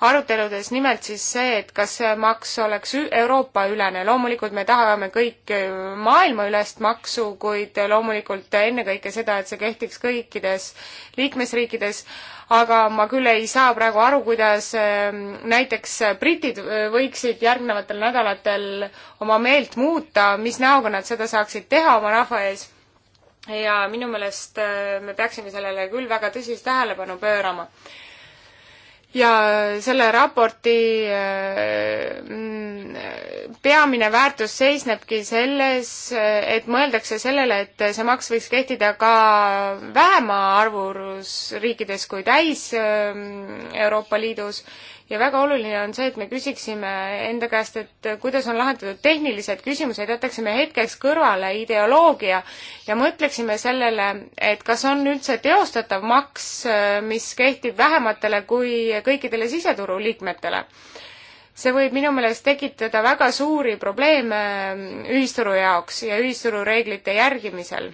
aruteludes, nimelt siis see, et kas see maks oleks Euroopa-ülene. loomulikult me tahame kõik äh, maailmaülest maksu, kuid loomulikult ennekõike seda, et see kehtiks kõikides liikmesriikides, aga ma küll ei saa praegu aru, kuidas ähm, näiteks britid äh, võiksid järgnevatel nädalatel oma meelt muuta, mis näoga nad seda saaksid teha oma rahva ees ja minu meelest äh, me peaksime sellele küll väga tõsist tähelepanu pöörama ja selle raporti äh, mm, peamine väärtus seisnebki selles, et mõeldakse sellele, et see maks võiks kehtida ka vähema arvurusriikides kui täis äh, Euroopa Liidus ja väga oluline on see, et me küsiksime enda käest, et kuidas on lahendatud tehnilised küsimused, jätaksime hetkeks kõrvale ideoloogia ja mõtleksime sellele, et kas on üldse teostatav maks, äh, mis kehtib vähematele kui kõikidele siseturu liikmetele see võib minu meelest tekitada väga suuri probleeme äh, ühisturu jaoks ja ühisturu reeglite järgimisel.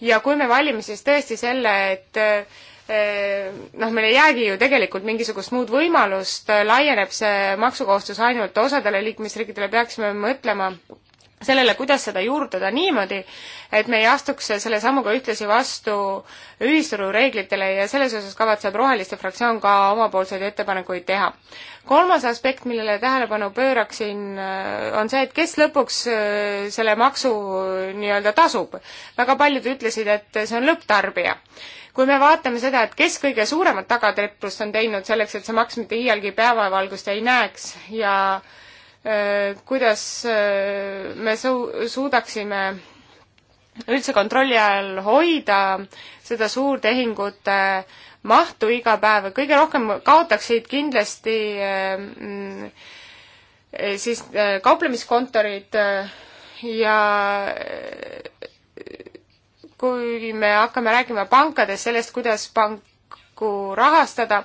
ja kui me valime siis tõesti selle, et äh, noh, meil ei jäägi ju tegelikult mingisugust muud võimalust, laieneb see maksukohustus ainult osadele liikmesriikidele, peaksime mõtlema sellele, kuidas seda juurutada niimoodi, et me ei astuks selle sammuga ühtlasi vastu ühisturu reeglitele ja selles osas kavatseb Roheliste fraktsioon ka omapoolseid ettepanekuid teha. kolmas aspekt, millele tähelepanu pööraksin, on see, et kes lõpuks äh, selle maksu nii-öelda tasub. väga paljud ütlesid, et see on lõpptarbija kui me vaatame seda, et kes kõige suuremat tagatreplust on teinud selleks, et see maks mitte iialgi päevavalgust ei näeks ja äh, kuidas äh, me su-, suudaksime üldse kontrolli all hoida seda suurtehingute äh, mahtu iga päev, kõige rohkem kaotaksid kindlasti siis kauplemiskontorid ja kui me hakkame rääkima pankadest, sellest, kuidas panku rahastada,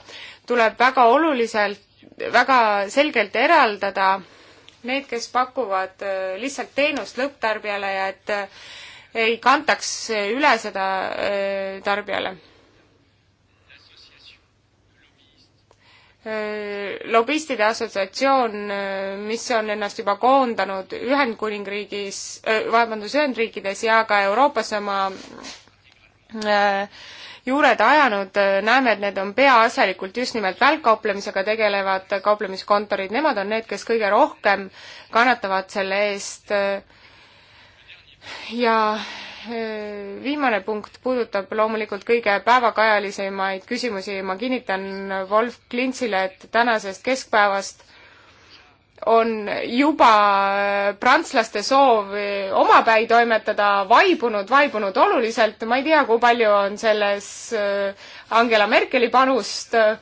tuleb väga oluliselt, väga selgelt eraldada need, kes pakuvad äh, lihtsalt teenust lõpptarbijale ja et äh, ei kantaks üle seda äh, tarbijale lobistide assotsiatsioon, mis on ennast juba koondanud Ühendkuningriigis, äh, vabandust, Ühendriikides ja ka Euroopas oma äh, juured ajanud, näeme, et need on peaasjalikult just nimelt välkkauplemisega tegelevad kauplemiskontorid, nemad on need, kes kõige rohkem kannatavad selle eest ja viimane punkt puudutab loomulikult kõige päevakajalisemaid küsimusi. ma kinnitan Wolf Klintsile, et tänasest keskpäevast on juba prantslaste soov omapäi toimetada vaibunud, vaibunud oluliselt. ma ei tea, kui palju on selles äh, Angela Merkeli panust äh,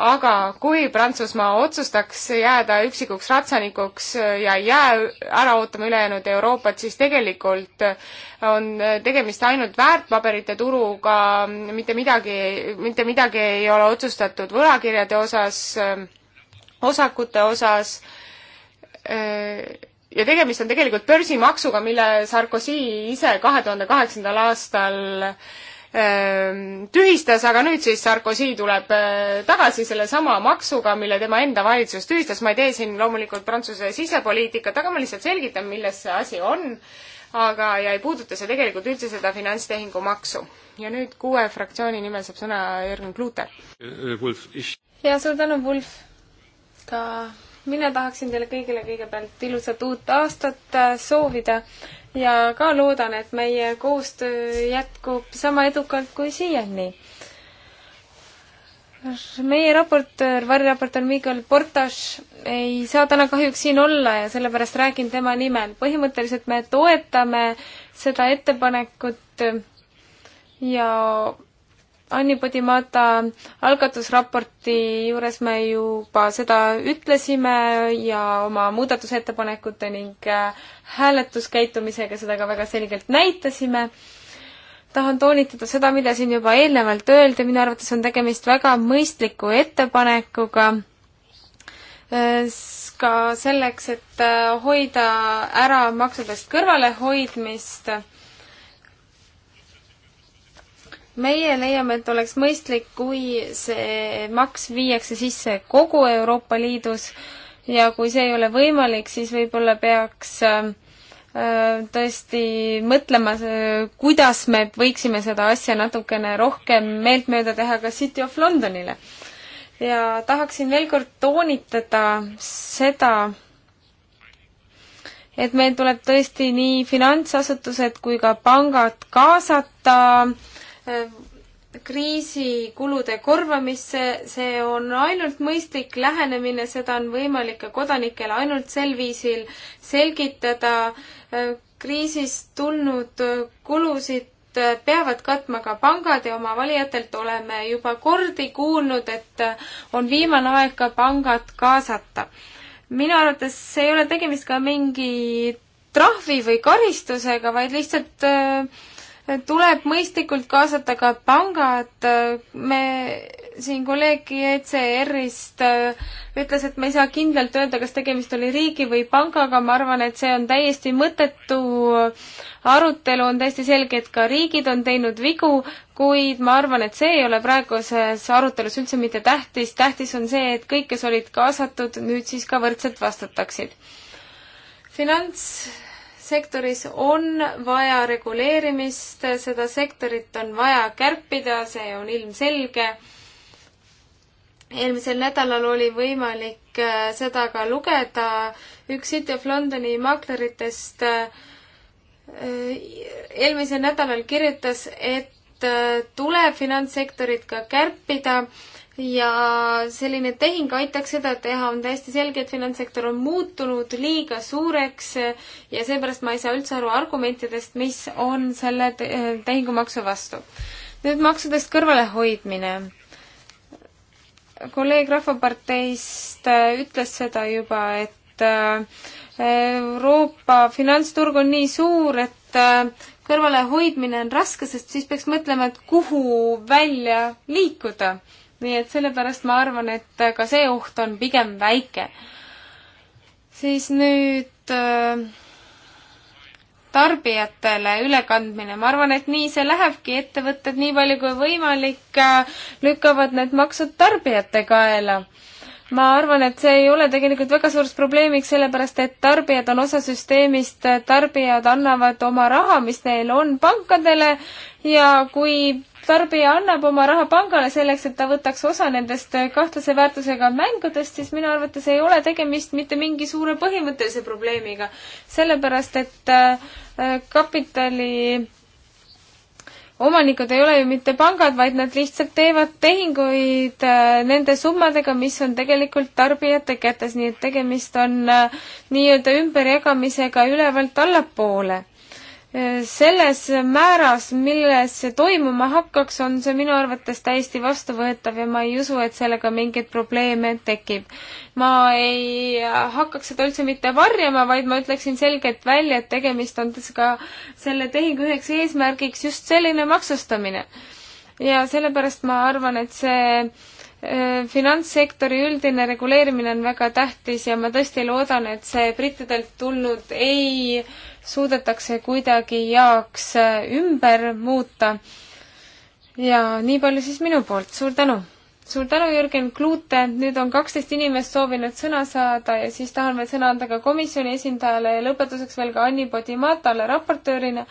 aga kui Prantsusmaa otsustaks jääda üksikuks ratsanikuks ja ei jää ära ootama ülejäänud Euroopat, siis tegelikult on tegemist ainult väärtpaberite turuga, mitte midagi, mitte midagi ei ole otsustatud võlakirjade osas, osakute osas, ja tegemist on tegelikult börsimaksuga, mille Sarkozy ise kahe tuhande kaheksandal aastal Ähm, tühistas, aga nüüd siis Sarkozy tuleb äh, tagasi sellesama maksuga, mille tema enda valitsus tühistas, ma ei tee siin loomulikult Prantsuse sisepoliitikat, aga ma lihtsalt selgitan, milles see asi on. aga, ja ei puuduta see tegelikult üldse seda finantstehingumaksu. ja nüüd kuue fraktsiooni nimel saab sõna Jürgen Klute. Äh, äh, ja suur tänu, Wolf, ka mina tahaksin teile kõigile kõigepealt ilusat uut aastat soovida ja ka loodan, et meie koostöö jätkub sama edukalt kui siiani. meie raportöör, variraportöör Miguel Portas ei saa täna kahjuks siin olla ja sellepärast räägin tema nimel. põhimõtteliselt me toetame seda ettepanekut ja Anni Podimata algatusraporti juures me juba seda ütlesime ja oma muudatusettepanekute ning äh, hääletuskäitumisega seda ka väga selgelt näitasime. tahan toonitada seda, mida siin juba eelnevalt öeldi, minu arvates on tegemist väga mõistliku ettepanekuga äh, ka selleks, et äh, hoida ära maksudest kõrvalehoidmist meie leiame, et oleks mõistlik, kui see maks viiakse sisse kogu Euroopa Liidus ja kui see ei ole võimalik, siis võib-olla peaks äh, tõesti mõtlema, kuidas me võiksime seda asja natukene rohkem meeltmööda teha ka City of Londonile. ja tahaksin veel kord toonitada seda, et meil tuleb tõesti nii finantsasutused kui ka pangad kaasata äh, kriisikulude korvamisse, see on ainult mõistlik lähenemine, seda on võimalik ka kodanikele ainult sel viisil selgitada. kriisist tulnud kulusid peavad katma ka pangad ja oma valijatelt oleme juba kordi kuulnud, et on viimane aeg ka pangad kaasata. minu arvates ei ole tegemist ka mingi trahvi või karistusega, vaid lihtsalt äh, tuleb mõistlikult kaasata ka pangad, me siin kolleeg ECR-ist äh, ütles, et me ei saa kindlalt öelda, kas tegemist oli riigi või pangaga, ma arvan, et see on täiesti mõttetu arutelu, on täiesti selge, et ka riigid on teinud vigu, kuid ma arvan, et see ei ole praeguses arutelus üldse mitte tähtis, tähtis on see, et kõik, kes olid kaasatud, nüüd siis ka võrdselt vastutaksid. finants sektoris on vaja reguleerimist, seda sektorit on vaja kärpida, see on ilmselge. eelmisel nädalal oli võimalik äh, seda ka lugeda, üks City of Londoni maakleritest äh, eelmisel nädalal kirjutas, et äh, tuleb finantssektorit ka kärpida ja selline tehing aitaks seda teha, on täiesti selge, et finantssektor on muutunud liiga suureks ja seepärast ma ei saa üldse aru argumentidest, mis on selle tehingumaksu vastu. nüüd maksudest kõrvalehoidmine. kolleeg Rahvaparteist äh, ütles seda juba, et äh, Euroopa finantsturg on nii suur, et äh, kõrvalehoidmine on raske, sest siis peaks mõtlema, et kuhu välja liikuda nii et sellepärast ma arvan, et ka see oht on pigem väike. siis nüüd äh, tarbijatele ülekandmine, ma arvan, et nii see lähebki, ettevõtted nii palju kui võimalik äh, lükkavad need maksud tarbijate kaela ma arvan, et see ei ole tegelikult väga suureks probleemiks, sellepärast et tarbijad on osa süsteemist, tarbijad annavad oma raha, mis neil on, pankadele ja kui tarbija annab oma raha pangale selleks, et ta võtaks osa nendest kahtlase väärtusega mängudest, siis minu arvates ei ole tegemist mitte mingi suure põhimõttelise probleemiga. sellepärast, et äh, kapitali äh, omanikud ei ole ju mitte pangad, vaid nad lihtsalt teevad tehinguid äh, nende summadega, mis on tegelikult tarbijate kätes, nii et tegemist on äh, nii-öelda ümberjagamisega ülevalt allapoole selles määras, milles see toimuma hakkaks, on see minu arvates täiesti vastuvõetav ja ma ei usu, et sellega mingeid probleeme tekib. ma ei hakkaks seda üldse mitte varjama, vaid ma ütleksin selgelt välja, et tegemist on ka selle tehingu üheks eesmärgiks just selline maksustamine. ja sellepärast ma arvan, et see Äh, finantssektori üldine reguleerimine on väga tähtis ja ma tõesti loodan, et see brittidelt tulnud ei suudetakse kuidagi jaoks äh, ümber muuta. ja nii palju siis minu poolt, suur tänu! suur tänu, Jürgen Kluute, nüüd on kaksteist inimest soovinud sõna saada ja siis tahan veel sõna anda ka komisjoni esindajale ja lõpetuseks veel ka Anni Podimatale raportöörina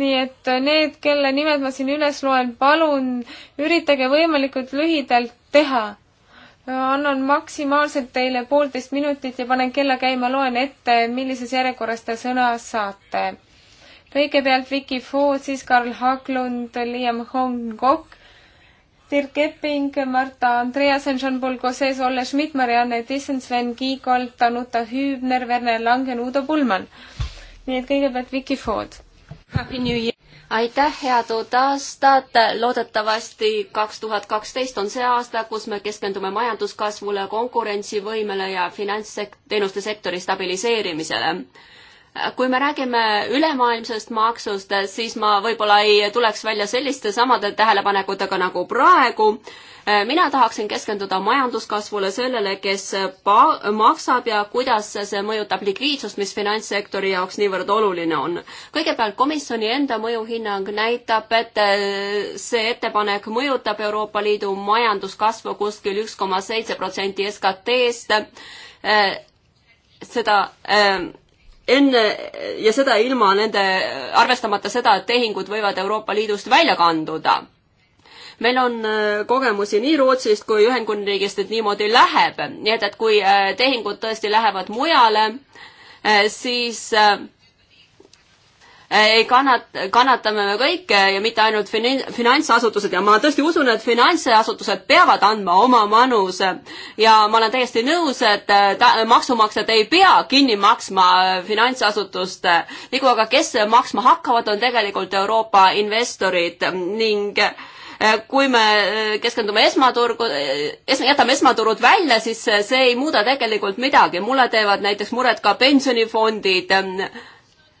nii et need, kelle nimed ma siin üles loen, palun üritage võimalikult lühidalt teha. annan maksimaalselt teile poolteist minutit ja panen kella käima, loen ette, millises järjekorras te sõna saate. kõigepealt Vicky Ford, siis Karl Haglund, Liam Hongkok, Dirk Epping, Marta Andreasen, Jean-Paul Gosses, Olle Schmidt, Marianne Tissen, Sven Kiigolt, Danuta Hübner, Verne Langen, Udo Pullmann. nii et kõigepealt Vicky Ford aitäh, head uut aastat. loodetavasti kaks tuhat kaksteist on see aasta, kus me keskendume majanduskasvule, konkurentsivõimele ja finantsteenuste sektori stabiliseerimisele kui me räägime ülemaailmsest maksust, siis ma võib-olla ei tuleks välja selliste samade tähelepanekutega nagu praegu. mina tahaksin keskenduda majanduskasvule, sellele, kes maksab ja kuidas see mõjutab likviidsust, mis finantssektori jaoks niivõrd oluline on. kõigepealt komisjoni enda mõjuhinnang näitab, et äh, see ettepanek mõjutab Euroopa Liidu majanduskasvu kuskil üks koma seitse protsenti SKT-st. SKT äh, seda äh, enne ja seda ilma nende, arvestamata seda, et tehingud võivad Euroopa Liidust välja kanduda. meil on äh, kogemusi nii Rootsist kui Ühendkuningriigist, et niimoodi läheb, nii et, et kui äh, tehingud tõesti lähevad mujale, äh, siis äh, Äh, ei kannat-, kannatame me kõik äh, ja mitte ainult fin-, finantsasutused ja ma tõesti usun, et finantsasutused peavad andma oma manuse. ja ma olen täiesti nõus, et äh, ta-, maksumaksjad ei pea kinni maksma finantsasutust. nagu aga kes maksma hakkavad, on tegelikult Euroopa investorid ning kui me keskendume esmaturgu, es-, jätame esmaturud välja, siis see ei muuda tegelikult midagi. mulle teevad näiteks muret ka pensionifondid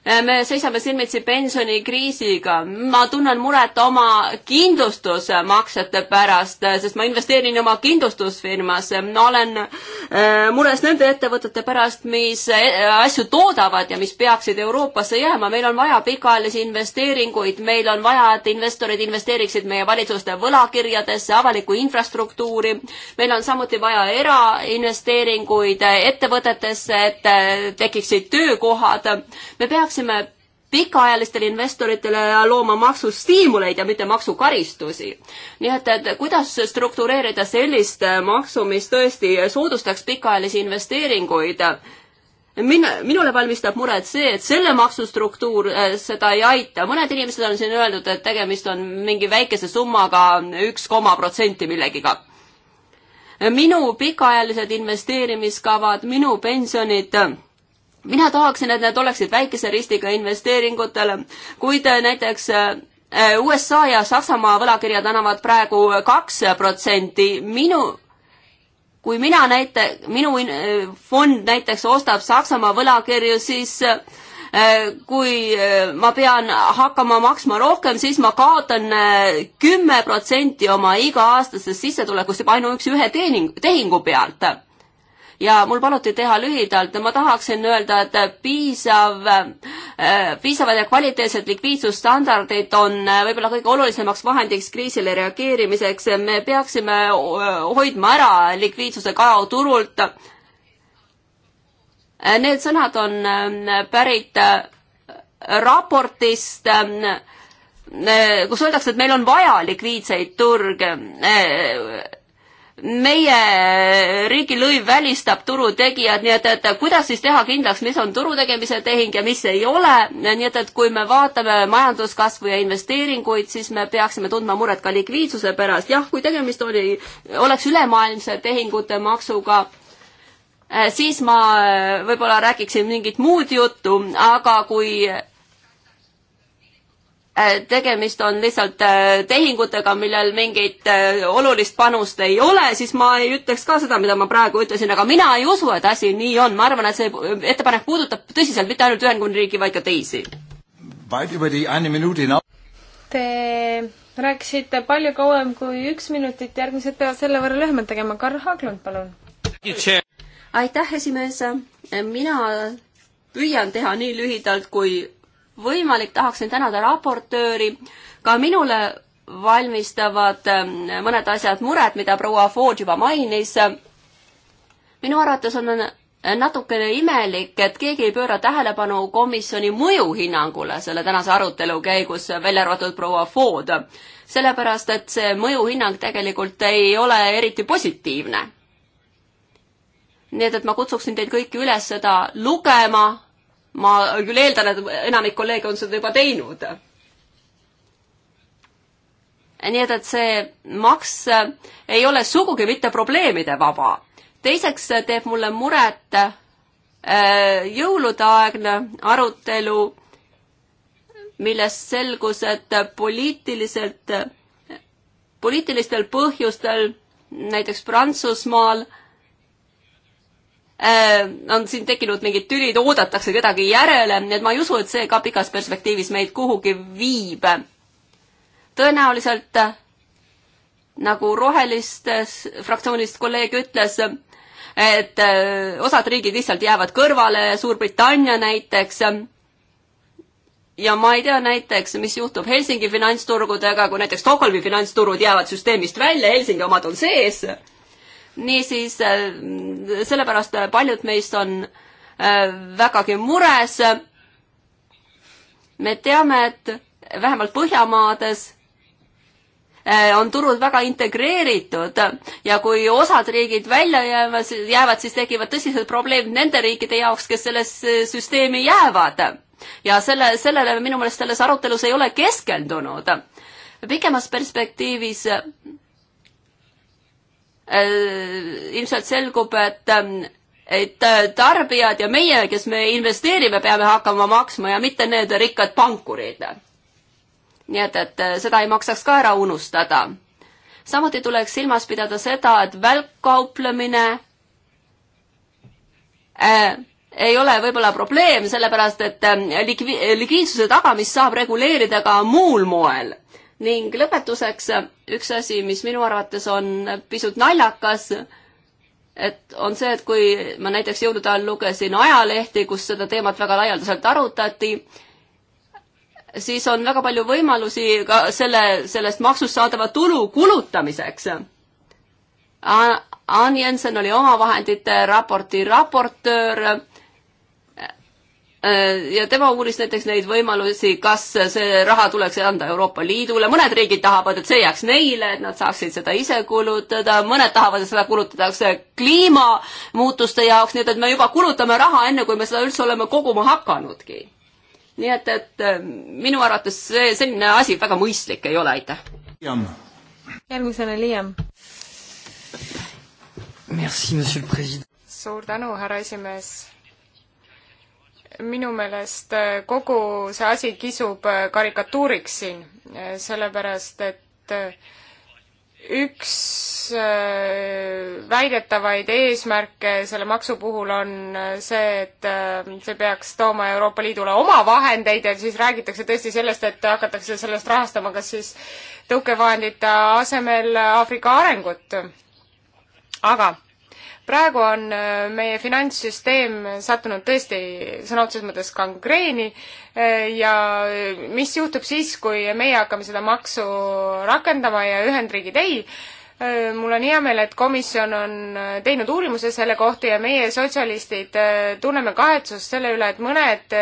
Äh, me seisame silmitsi pensionikriisiga, ma tunnen muret oma kindlustusmaksete pärast, äh, sest ma investeerin oma kindlustusfirmasse, ma olen äh, mures nende ettevõtete pärast, mis asju toodavad ja mis peaksid Euroopasse jääma, meil on vaja pikaajalisi investeeringuid, meil on vaja, et investorid investeeriksid meie valitsuste võlakirjadesse, avalikku infrastruktuuri, meil on samuti vaja erainvesteeringuid ettevõtetesse, et tekiksid töökohad, me peaks peaksime pikaajalistele investoritele looma maksustiimuleid ja mitte maksukaristusi. nii et, et kuidas struktureerida sellist maksu, mis tõesti soodustaks pikaajalisi investeeringuid mina, minule valmistab muret see, et selle maksustruktuur äh, seda ei aita. mõned inimesed on siin öeldud, et tegemist on mingi väikese summaga, üks koma protsenti millegiga. minu pikaajalised investeerimiskavad, minu pensionid mina tahaksin, et need oleksid väikese ristiga investeeringutele. kui te äh, näiteks äh, USA ja Saksamaa võlakirjad annavad praegu kaks protsenti, minu kui mina näite, minu fond näiteks ostab Saksamaa võlakirju, siis äh, kui ma pean hakkama maksma rohkem, siis ma kaotan kümme protsenti oma iga-aastasest sissetulekust juba ainuüksi ühe teening, tehingu pealt ja mul paluti teha lühidalt, ma tahaksin öelda, et piisav, äh, piisavad ja kvaliteetsed likviidsusstandardid on äh, võib-olla kõige olulisemaks vahendiks kriisile reageerimiseks, me peaksime äh, hoidma ära likviidsuse kao turult. Need sõnad on pärit raportist kus öeldakse, et meil on vaja likviidseid turge meie riigilõiv välistab turutegijad, nii et, et kuidas siis teha kindlaks, mis on turu tegemise tehing ja mis ei ole, nii et, et kui me vaatame majanduskasvu ja investeeringuid, siis me peaksime tundma muret ka likviidsuse pärast. jah, kui tegemist oli, oleks ülemaailmse tehingute maksuga, eh, siis ma eh, võib-olla räägiksin mingit muud juttu, aga kui Äh, tegemist on lihtsalt äh, tehingutega, millel mingit äh, olulist panust ei ole, siis ma ei ütleks ka seda, mida ma praegu ütlesin, aga mina ei usu, et asi nii on, ma arvan, et see ettepanek puudutab tõsiselt mitte ainult Ühendkuningriigi, vaid ka teisi. Te rääkisite palju kauem kui üks minutit, järgmised peavad selle võrra lühemalt tegema. Karl Haaglund, palun. aitäh, esimees. mina püüan teha nii lühidalt kui võimalik, tahaksin tänada raportööri, ka minule valmistavad ähm, mõned asjad mured, mida proua Ford juba mainis. minu arvates on natukene imelik, et keegi ei pööra tähelepanu komisjoni mõjuhinnangule selle tänase arutelu käigus, välja arvatud proua Ford. sellepärast, et see mõjuhinnang tegelikult ei ole eriti positiivne. nii et, et ma kutsuksin teid kõiki üles seda lugema ma küll eeldan, et enamik kolleege on seda juba teinud. nii et, et see maks ei ole sugugi mitte probleemide vaba. teiseks teeb mulle muret äh, jõuludeaegne arutelu, millest selgus, et poliitiliselt, poliitilistel põhjustel näiteks Prantsusmaal Äh, on siin tekkinud mingid tülid, oodatakse kedagi järele, nii et ma ei usu, et see ka pikas perspektiivis meid kuhugi viib. tõenäoliselt nagu rohelistes fraktsioonist kolleeg ütles, et äh, osad riigid lihtsalt jäävad kõrvale, Suurbritannia näiteks. ja ma ei tea näiteks, mis juhtub Helsingi finantsturgudega, kui näiteks Stockholmi finantsturud jäävad süsteemist välja, Helsingi omad on sees niisiis äh, sellepärast äh, paljud meist on äh, vägagi mures. me teame, et vähemalt Põhjamaades on turud väga integreeritud ja kui osad riigid välja jäävad, jäävad, siis tekivad tõsised probleemid nende riikide jaoks, kes sellesse süsteemi jäävad. ja selle, sellele minu meelest selles arutelus ei ole keskendunud. pikemas perspektiivis Äh, ilmselt selgub, et ähm, et äh, tarbijad ja meie, kes me investeerime, peame hakkama maksma ja mitte need rikkad pankurid. nii et, et äh, seda ei maksaks ka ära unustada. samuti tuleks silmas pidada seda, et välkkauplemine äh, ei ole võib-olla probleem, sellepärast et ähm, likvi-, likviidsuse tagamist saab reguleerida ka muul moel ning lõpetuseks üks asi, mis minu arvates on pisut naljakas, et on see, et kui ma näiteks jõulude ajal lugesin ajalehti, kus seda teemat väga laialdaselt arutati, siis on väga palju võimalusi ka selle, sellest maksust saadava tulu kulutamiseks. Ann Jensen oli omavahendite raporti raportöör Äh, ja tema uuris näiteks neid võimalusi, kas see raha tuleks anda Euroopa Liidule, mõned riigid tahavad, et see jääks neile, et nad saaksid seda ise kulutada, mõned tahavad, et seda kulutatakse kliimamuutuste jaoks, nii et, et me juba kulutame raha, enne kui me seda üldse oleme koguma hakanudki. nii et, et äh, minu arvates see selline asi väga mõistlik ei ole, aitäh. järgmisena Liam. Merci, monsieur president. suur tänu, härra esimees minu meelest äh, kogu see asi kisub äh, karikatuuriks siin, äh, sellepärast et üks väidetavaid eesmärke selle maksu puhul on see, et see peaks tooma Euroopa Liidule oma vahendeid ja siis räägitakse tõesti sellest, et hakatakse sellest rahastama kas siis tõukevahendite asemel Aafrika arengut. aga praegu on äh, meie finantssüsteem sattunud tõesti sõna otseses mõttes kangreeni äh, ja äh, mis juhtub siis, kui meie hakkame seda maksu rakendama ja Ühendriigid ei mul on hea meel, et komisjon on teinud uurimuse selle kohta ja meie, sotsialistid, tunneme kahetsust selle üle, et mõned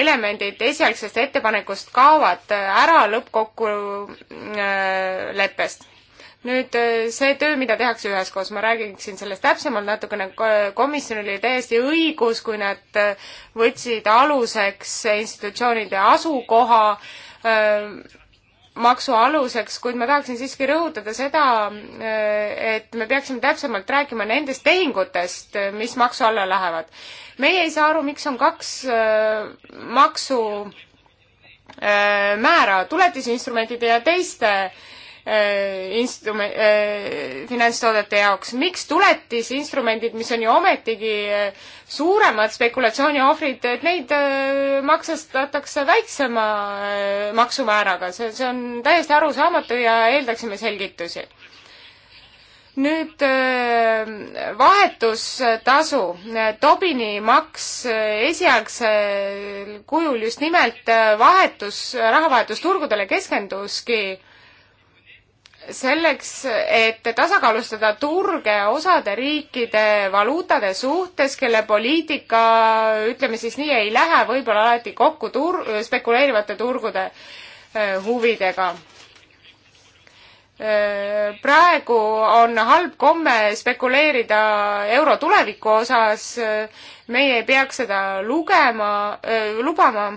elemendid esialgsest ettepanekust kaovad ära lõppkokkuleppest äh, nüüd äh, see töö, mida tehakse üheskoos, ma räägiksin sellest täpsemalt natukene, komisjonil oli täiesti õigus, kui nad äh, võtsid aluseks institutsioonide asukoha äh, maksu aluseks, kuid ma tahaksin siiski rõhutada seda, et me peaksime täpsemalt rääkima nendest tehingutest, mis maksu alla lähevad. meie ei saa aru, miks on kaks maksu määra tuletisinstrumentide ja teiste äh, Äh, instrument, äh, finantstoodete jaoks. miks tuletisinstrumendid, mis on ju ometigi äh, suuremad spekulatsiooni ohvrid, et neid maksustatakse väiksema maksumääraga, see, see on täiesti arusaamatu ja eeldaksime selgitusi nüüd vahetustasu, Tobini maks esialgsel kujul just nimelt vahetus, rahavahetusturgudele keskenduski äh, selleks, et tasakaalustada turge osade riikide valuutade suhtes, kelle poliitika, ütleme siis nii, ei lähe võib-olla alati kokku tur-, spekuleerivate turgude äh, huvidega. Äh, praegu on halb komme spekuleerida euro tuleviku osas, äh, meie ei peaks seda lugema, lubama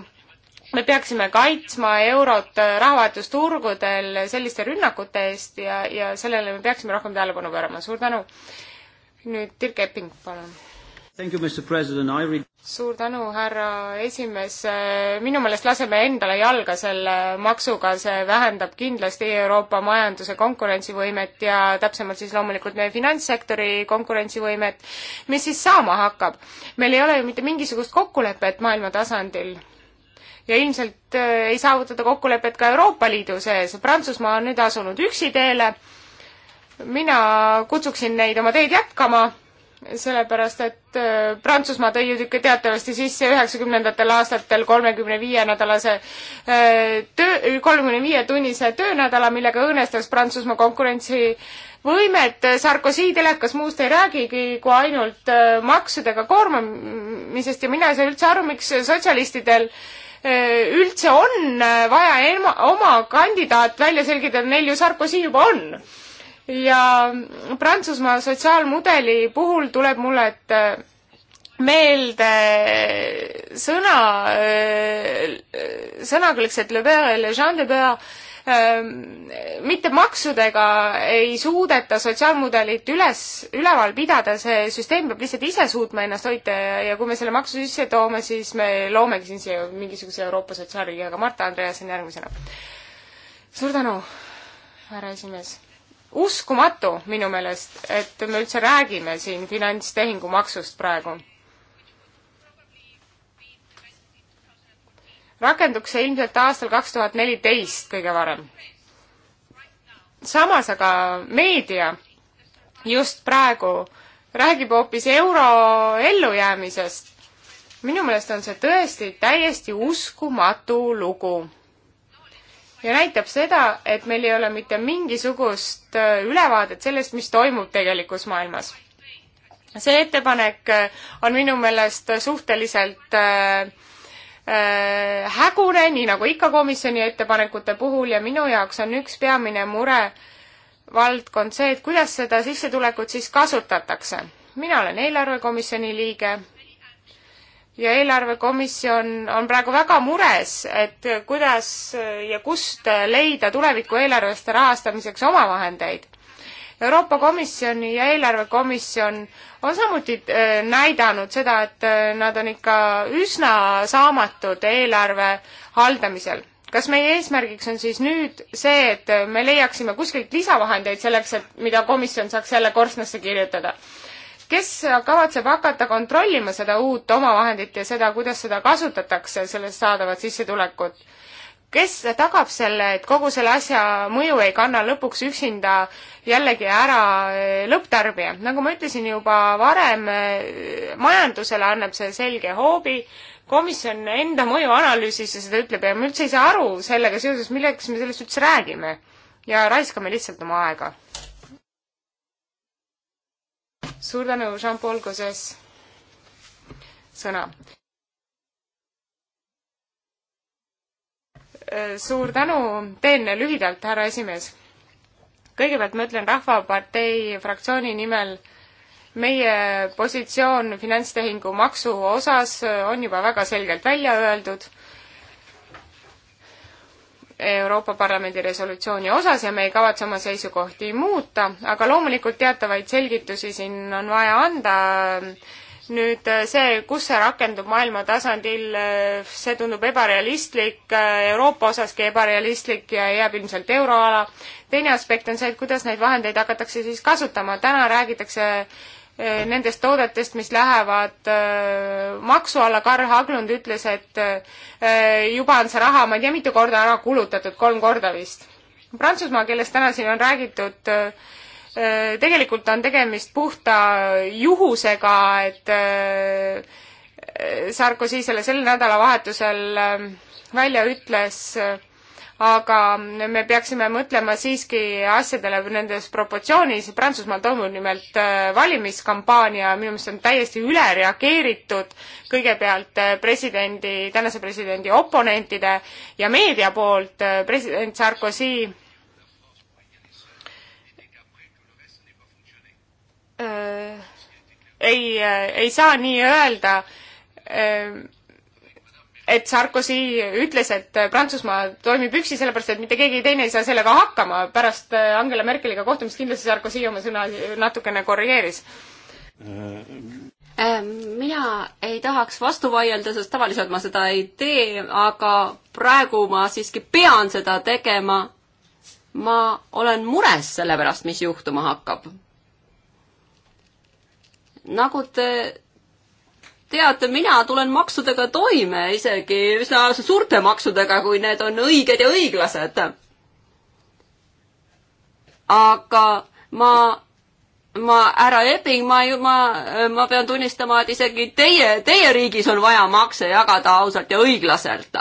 me peaksime kaitsma eurot rahavahetusturgudel selliste rünnakute eest ja, ja sellele me peaksime rohkem tähelepanu pöörama. suur tänu. nüüd Dirk Epping, palun. Read... suur tänu, härra esimees. minu meelest laseme endale jalga selle maksuga, see vähendab kindlasti Euroopa majanduse konkurentsivõimet ja täpsemalt siis loomulikult meie finantssektori konkurentsivõimet. mis siis saama hakkab? meil ei ole ju mitte mingisugust kokkulepet maailma tasandil ja ilmselt äh, ei saavutada kokkulepet ka Euroopa Liidu sees. Prantsusmaa on nüüd asunud üksi teele. mina kutsuksin neid oma teed jätkama, sellepärast et äh, Prantsusmaa tõi ju teatavasti sisse üheksakümnendatel aastatel kolmekümne viie nädalase äh, töö, kolmekümne viie tunnise töönädala, millega õõnestas Prantsusmaa konkurentsi võimet, Sarkozy telekas muust ei räägigi kui ainult maksudega koormamisest ja mina ei saa üldse aru, miks sotsialistidel äh, Äh, üldse on äh, vaja ema, oma kandidaat välja selgitada, neil ju Sarkozy juba on. ja Prantsusmaa sotsiaalmudeli puhul tuleb mulle, et äh, meelde sõna, sõnakõlks, et le beurre et le jean de beurre mitte maksudega ei suudeta sotsiaalmudelit üles, üleval pidada, see süsteem peab lihtsalt ise suutma ennast hoida ja kui me selle maksu sisse toome, siis me loomegi siin siia mingisuguse Euroopa sotsiaalriigi, aga Marta Andreasen järgmisena. suur tänu, härra esimees. uskumatu minu meelest, et me üldse räägime siin finantstehingu maksust praegu rakenduks see ilmselt aastal kaks tuhat neliteist kõige varem. samas aga meedia just praegu räägib hoopis euro ellujäämisest. minu meelest on see tõesti täiesti uskumatu lugu. ja näitab seda, et meil ei ole mitte mingisugust äh, ülevaadet sellest, mis toimub tegelikus maailmas. see ettepanek äh, on minu meelest suhteliselt äh, Äh, hägune, nii nagu ikka komisjoni ettepanekute puhul ja minu jaoks on üks peamine mure valdkond see, et kuidas seda sissetulekut siis kasutatakse. mina olen eelarvekomisjoni liige ja eelarvekomisjon on praegu väga mures, et kuidas ja kust leida tuleviku eelarveste rahastamiseks omavahendeid Euroopa Komisjon ja eelarvekomisjon on samuti äh, näidanud seda, et äh, nad on ikka üsna saamatud eelarve haldamisel. kas meie eesmärgiks on siis nüüd see, et äh, me leiaksime kuskilt lisavahendeid selleks, et mida komisjon saaks jälle korstnasse kirjutada? kes kavatseb hakata kontrollima seda uut omavahendit ja seda, kuidas seda kasutatakse, sellest saadavat sissetulekut? kes tagab selle, et kogu selle asja mõju ei kanna lõpuks üksinda jällegi ära eh, lõpptarbija? nagu ma ütlesin juba varem, eh, majandusele annab see selge hoobi, komisjon enda mõjuanalüüsis ja seda ütleb ja ma üldse ei saa aru sellega seoses, milleks me sellest üldse räägime ja raiskame lihtsalt oma aega. suur tänu, Jean-Paul Gosses. sõna. Äh, suur tänu, teen lühidalt, härra esimees. kõigepealt ma ütlen Rahvapartei fraktsiooni nimel, meie positsioon finantstehingu maksu osas äh, on juba väga selgelt välja öeldud Euroopa Parlamendi resolutsiooni osas ja me ei kavatse oma seisukohti muuta, aga loomulikult teatavaid selgitusi siin on vaja anda äh, nüüd äh, see, kus see rakendub maailma tasandil, äh, see tundub ebarealistlik, äh, Euroopa osaski ebarealistlik ja jääb ilmselt euroala. teine aspekt on see, et kuidas neid vahendeid hakatakse siis kasutama, täna räägitakse nendest toodetest, mis lähevad maksu alla, Karl Haglund ütles, et juba on see raha, ma ei tea, mitu korda ära kulutatud, kolm korda vist. Prantsusmaa, kellest täna siin on räägitud, Äh, tegelikult on tegemist puhta juhusega, et äh, Sarkozy selle sel nädalavahetusel ähm, välja ütles, äh, aga me peaksime mõtlema siiski asjadele nendes proportsioonis, Prantsusmaal toimub nimelt valimiskampaania, minu meelest on täiesti ülereageeritud kõigepealt presidendi, tänase presidendi oponentide ja meedia poolt, president Sarkozy Äh, ei, äh, ei saa nii öelda, äh, et Sarkozy ütles, et Prantsusmaa toimib üksi, sellepärast et mitte keegi teine ei saa sellega hakkama. pärast Angela Merkeliga kohtumist kindlasti Sarkozy oma sõna natukene korrigeeris mina ei tahaks vastu vaielda, sest tavaliselt ma seda ei tee, aga praegu ma siiski pean seda tegema. ma olen mures selle pärast, mis juhtuma hakkab nagu te teate, mina tulen maksudega toime, isegi üsna suurte maksudega, kui need on õiged ja õiglased. aga ma, ma, härra Epping, ma ju, ma, ma pean tunnistama, et isegi teie, teie riigis on vaja makse jagada ausalt ja õiglaselt.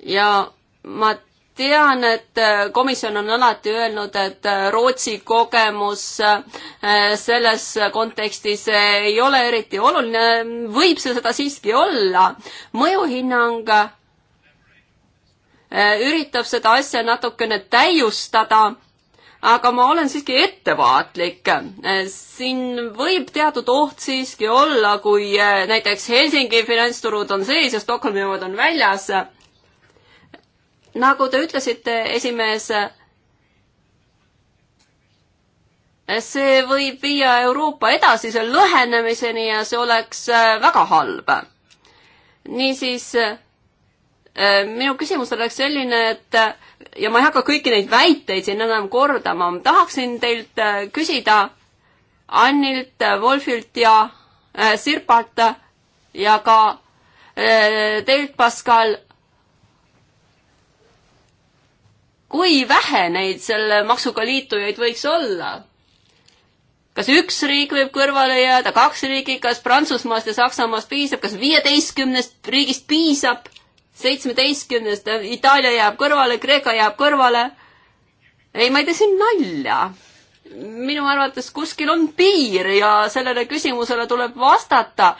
ja ma tean, et äh, komisjon on alati öelnud, et äh, Rootsi kogemus äh, selles kontekstis ei ole eriti oluline, võib see seda siiski olla. mõjuhinnang üritab seda asja natukene täiustada, aga ma olen siiski ettevaatlik. siin võib teatud oht siiski olla, kui näiteks Helsingi finantsturud on sees ja Stockholmi omad on väljas nagu te ütlesite, esimees, see võib viia Euroopa edasise lõhenemiseni ja see oleks äh, väga halb. niisiis äh, minu küsimus oleks selline, et äh, ja ma ei hakka kõiki neid väiteid siin enam kordama, tahaksin teilt küsida Annilt, Wolfilt ja Sirpalt ja ka teilt, Pascal kui vähe neid selle maksuga liitujaid võiks olla? kas üks riik võib kõrvale jääda, kaks riiki, kas Prantsusmaast ja Saksamaast piisab, kas viieteistkümnest riigist piisab, seitsmeteistkümnest, Itaalia jääb kõrvale, Kreeka jääb kõrvale? ei, ma ei tee siin nalja minu arvates kuskil on piir ja sellele küsimusele tuleb vastata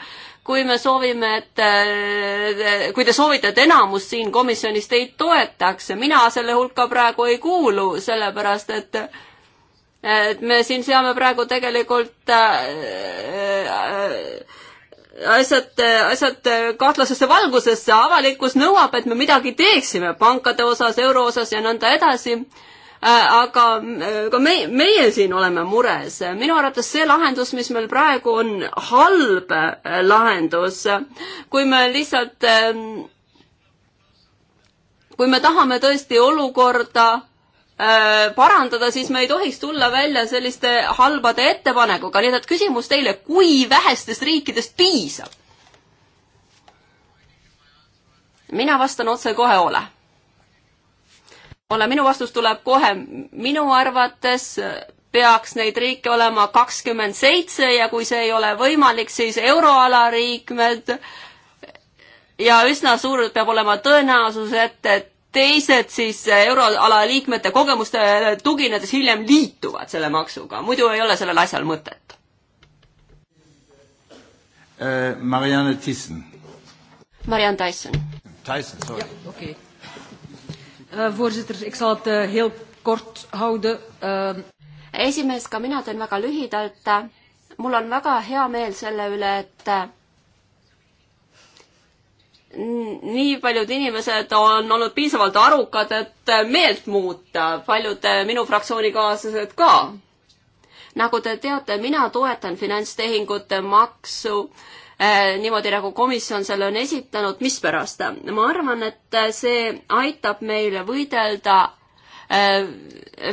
kui me soovime, et äh, kui te soovite, et enamus siin komisjonis teid toetaks, mina selle hulka praegu ei kuulu, sellepärast et et me siin seame praegu tegelikult äh, äh, asjad, asjad kahtlasesse valgusesse, avalikkus nõuab, et me midagi teeksime pankade osas, euro osas ja nõnda edasi Äh, aga äh, ka me, meie siin oleme mures. minu arvates see lahendus, mis meil praegu on, halb äh, lahendus, kui me lihtsalt, ähm, kui me tahame tõesti olukorda parandada, siis me ei tohiks tulla välja selliste halbade ettepanekuga, nii et küsimus teile, kui vähestest riikidest piisab? mina vastan otsekohe ole ole, minu vastus tuleb kohe, minu arvates peaks neid riike olema kakskümmend seitse ja kui see ei ole võimalik, siis euroala liikmed ja üsna suur peab olema tõenäosus, et teised siis euroala liikmete kogemustele tuginedes hiljem liituvad selle maksuga, muidu ei ole sellel asjal mõtet. Äh, Marianne Tyson. Marianne Tyson. Tyson, sorry. okei okay Eh, voorzitter, ik zal het eh, heel kort houden. Ehm, esimees, ka mina teen väga lühidalt. mul on väga hea meel selle üle, et nii paljud inimesed on olnud piisavalt arukad, et meelt muuta, paljud eh, minu fraktsioonikaaslased ka. nagu te teate, mina toetan finantstehingute maksu Äh, niimoodi, nagu komisjon selle on esitanud, mispärast? ma arvan, et äh, see aitab meil võidelda äh,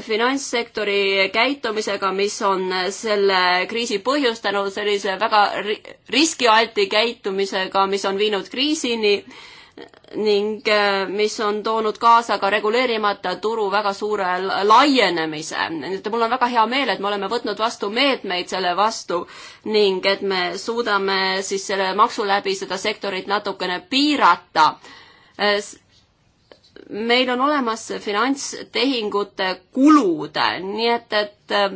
finantssektori käitumisega, mis on selle kriisi põhjustanud, sellise väga riskialti käitumisega, mis on viinud kriisini ning äh, mis on toonud kaasa ka reguleerimata turu väga suure laienemise. et mul on väga hea meel, et me oleme võtnud vastu meetmeid selle vastu ning et me suudame siis selle maksu läbi seda sektorit natukene piirata. Äh, meil on olemas finantstehingute kulud, nii et, et äh,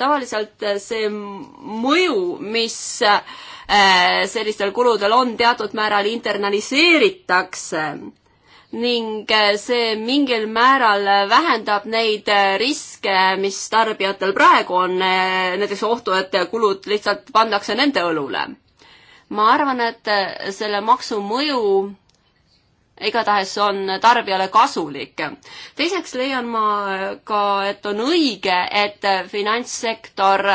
tavaliselt see mõju, mis äh, Äh, sellistel kuludel on teatud määral internaliseeritakse ning äh, see mingil määral vähendab neid äh, riske, mis tarbijatel praegu on, näiteks ohtu, et kulud lihtsalt pannakse nende õlule. ma arvan, et selle maksu mõju igatahes on tarbijale kasulik. teiseks leian ma ka, et on õige, et finantssektor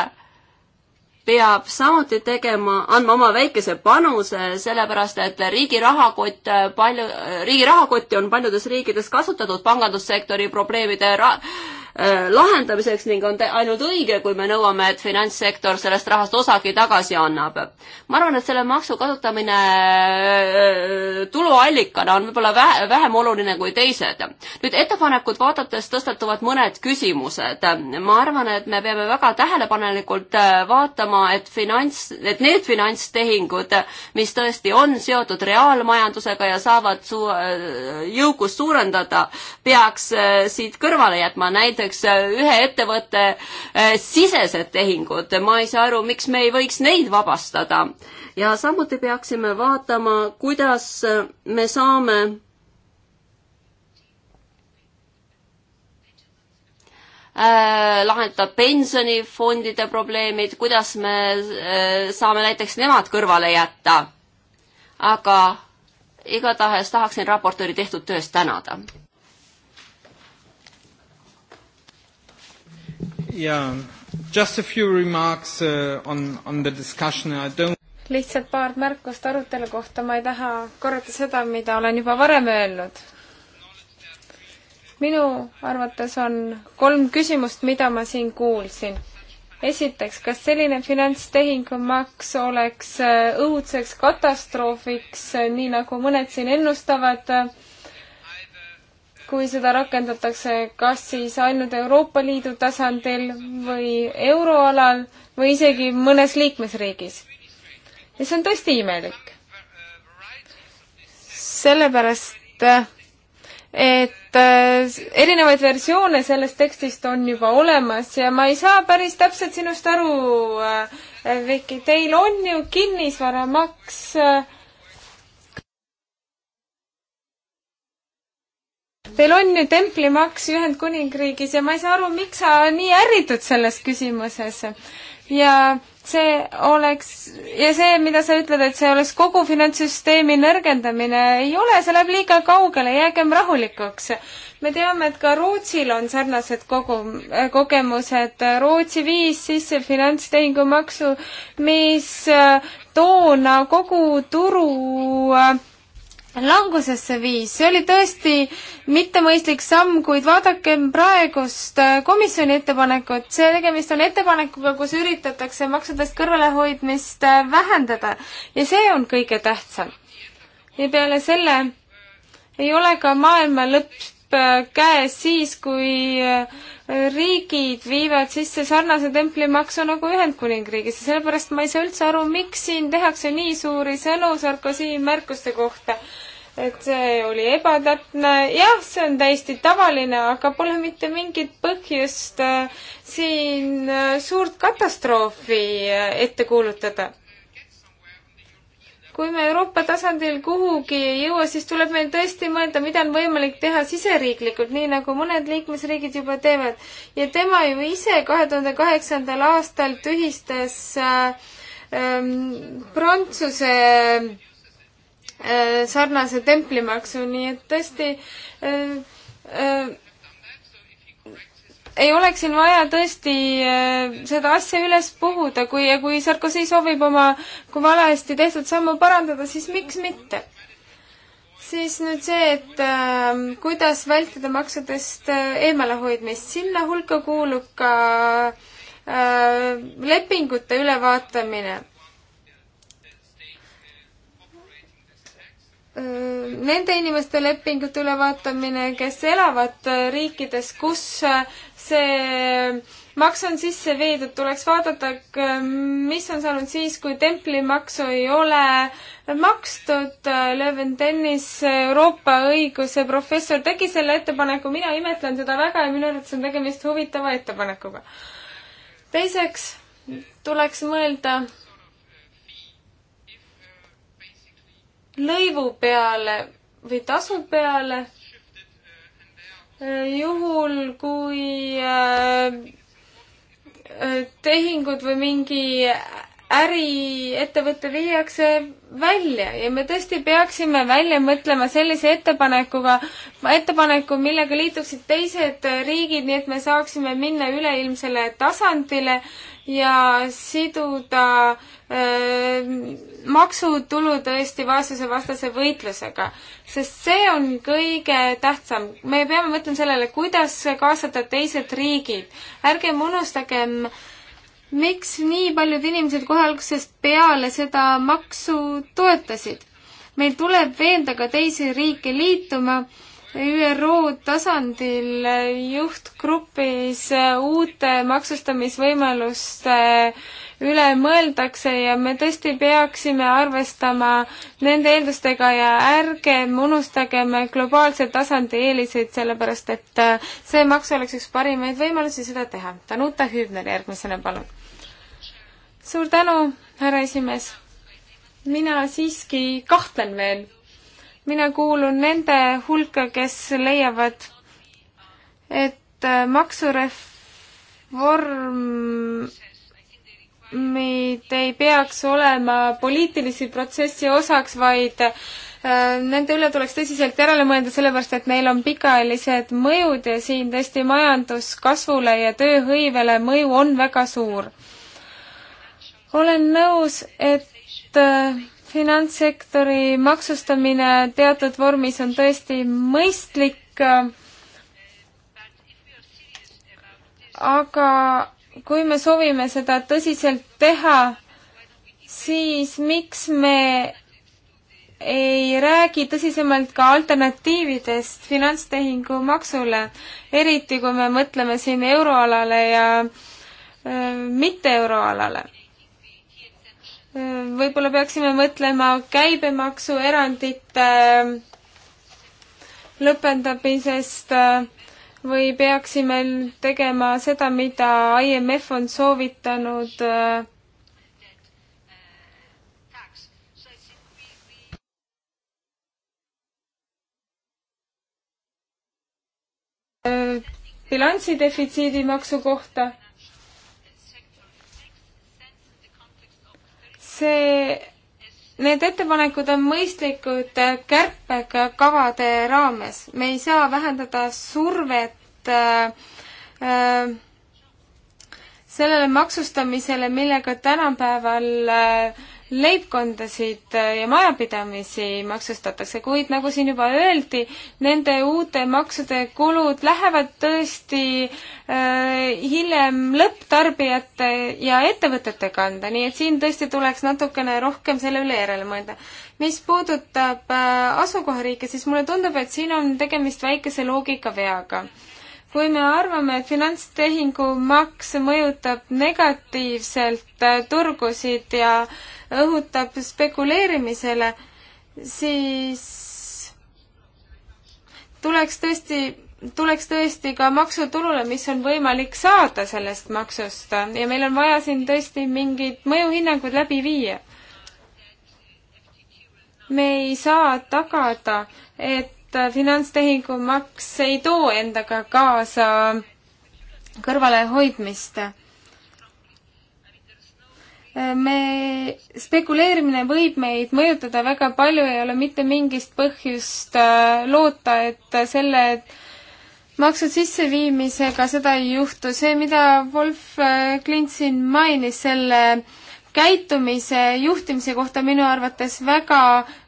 peab samuti tegema, andma oma väikese panuse, sellepärast et riigi rahakott äh, palju, äh, riigi rahakotti on paljudes riikides kasutatud pangandussektori probleemide ra-, Äh, lahendamiseks ning on ainult õige, kui me nõuame, et finantssektor sellest rahast osagi tagasi annab. ma arvan, et selle maksu kasutamine äh, äh, tuluallikana on võib-olla vähe, vähem oluline kui teised. nüüd ettepanekut vaadates tõstatuvad mõned küsimused. ma arvan, et me peame väga tähelepanelikult vaatama, et finants, et need finantstehingud, mis tõesti on seotud reaalmajandusega ja saavad su-, jõukust suurendada, peaks siit kõrvale jätma, näiteks näiteks äh, ühe ettevõtte äh, sisesed tehingud, ma ei saa aru, miks me ei võiks neid vabastada. ja samuti peaksime vaatama, kuidas äh, me saame lahendada pensionifondide probleemid, kuidas me saame näiteks nemad kõrvale jätta. aga igatahes tahaksin raportööri tehtud tööst tänada Yeah, just a few remarks uh, on, on the discussion, I don't lihtsalt paar märkust arutelu kohta, ma ei taha korrata seda, mida olen juba varem öelnud. minu arvates on kolm küsimust, mida ma siin kuulsin. esiteks, kas selline finantstehingumaks oleks äh, õudseks katastroofiks, äh, nii nagu mõned siin ennustavad äh, kui seda rakendatakse kas siis ainult Euroopa Liidu tasandil või euroalal või isegi mõnes liikmesriigis. ja see on tõesti imelik. sellepärast, et äh, erinevaid versioone sellest tekstist on juba olemas ja ma ei saa päris täpselt sinust aru, äh, Viki, teil on ju kinnisvaramaks äh, Teil on ju templimaks Ühendkuningriigis ja ma ei saa aru, miks sa nii ärritud selles küsimuses. ja see oleks, ja see, mida sa ütled, et see oleks kogu finantssüsteemi nõrgendamine, ei ole, see läheb liiga kaugele, jäägem rahulikuks. me teame, et ka Rootsil on sarnased kogu, kogemused. Rootsi viis sisse finantstehingumaksu, mis äh, toona kogu turu äh, langusesse viis, see oli tõesti mittemõistlik samm, kuid vaadakem praegust äh, komisjoni ettepanekut, see tegemist on ettepanekuga, kus üritatakse maksudest kõrvalehoidmist äh, vähendada ja see on kõige tähtsam. ja peale selle ei ole ka maailma lõpp äh, käes siis, kui riigid viivad sisse sarnase templimaksu nagu Ühendkuningriigis ja sellepärast ma ei saa üldse aru, miks siin tehakse nii suuri sõnu Sarkozy märkuste kohta et see oli ebatäpne. jah, see on täiesti tavaline, aga pole mitte mingit põhjust äh, siin äh, suurt katastroofi äh, ette kuulutada. kui me Euroopa tasandil kuhugi ei jõua, siis tuleb meil tõesti mõelda, mida on võimalik teha siseriiklikult, nii nagu mõned liikmesriigid juba teevad. ja tema ju ise kahe tuhande kaheksandal aastal tühistas äh, ähm, Prantsuse äh, Äh, sarnase templimaksu, nii et tõesti äh, äh, ei oleks siin vaja tõesti äh, seda asja üles puhuda, kui, kui Sarkozy soovib oma kui valesti tehtud sammu parandada, siis miks mitte? siis nüüd see, et äh, kuidas vältida maksudest äh, eemalehoidmist, sinna hulka kuulub ka äh, lepingute ülevaatamine nende inimeste lepingute ülevaatamine, kes elavad riikides, kus see maks on sisse viidud, tuleks vaadata, mis on saanud siis, kui templimaksu ei ole makstud. Leven Dennis, Euroopa õiguse professor, tegi selle ettepaneku, mina imetlen seda väga ja minu arvates on tegemist huvitava ettepanekuga. teiseks tuleks mõelda lõivu peale või tasu peale juhul, kui äh, äh, tehingud või mingi äriettevõte viiakse välja ja me tõesti peaksime välja mõtlema sellise ettepanekuga, ettepaneku, millega liituksid teised riigid, nii et me saaksime minna üleilmsele tasandile ja siduda äh, maksutulu tõesti vaesusevastase võitlusega. sest see on kõige tähtsam. me peame mõtlema sellele, kuidas kaasata teised riigid. ärgem unustagem, miks nii paljud inimesed kohe algusest peale seda maksu toetasid. meil tuleb veenda ka teisi riike liituma ÜRO tasandil juhtgrupis uute maksustamisvõimaluste üle mõeldakse ja me tõesti peaksime arvestama nende eeldustega ja ärgem unustagem globaalse tasandi eeliseid, sellepärast et see maks oleks üks parimaid võimalusi seda teha. Danuta Hübner järgmisena, palun. suur tänu, härra esimees. mina siiski kahtlen veel mina kuulun nende hulka, kes leiavad, et äh, maksureformid ei peaks olema poliitilisi protsessi osaks, vaid äh, nende üle tuleks tõsiselt järele mõelda, sellepärast et neil on pikaajalised mõjud ja siin tõesti majanduskasvule ja tööhõivele mõju on väga suur. olen nõus, et äh, finantssektori maksustamine teatud vormis on tõesti mõistlik, aga kui me soovime seda tõsiselt teha, siis miks me ei räägi tõsisemalt ka alternatiividest finantstehingu maksule, eriti kui me mõtleme siin euroalale ja äh, mitte euroalale võib-olla peaksime mõtlema käibemaksuerandite äh, lõpendamisest äh, või peaksime tegema seda, mida IMF on soovitanud äh, bilansidefitsiidi maksu kohta see, need ettepanekud on mõistlikud kärpega kavade raames. me ei saa vähendada survet äh, äh, sellele maksustamisele, millega tänapäeval äh, leibkondasid äh, ja majapidamisi maksustatakse, kuid nagu siin juba öeldi, nende uute maksude kulud lähevad tõesti äh, hiljem lõpptarbijate ja ettevõtete kanda, nii et siin tõesti tuleks natukene rohkem selle üle järele mõelda. mis puudutab äh, asukohariike, siis mulle tundub, et siin on tegemist väikese loogikaveaga kui me arvame, et finantstehingumaks mõjutab negatiivselt äh, turgusid ja õhutab spekuleerimisele, siis tuleks tõesti, tuleks tõesti ka maksutulule, mis on võimalik saada sellest maksust ja meil on vaja siin tõesti mingid mõjuhinnangud läbi viia. me ei saa tagada, et et äh, finantstehingumaks ei too endaga kaasa kõrvalehoidmist. me, spekuleerimine võib meid mõjutada väga palju, ei ole mitte mingist põhjust äh, loota, et selle maksu sisseviimisega seda ei juhtu. see, mida Wolf äh, Klint siin mainis, selle käitumise juhtimise kohta minu arvates väga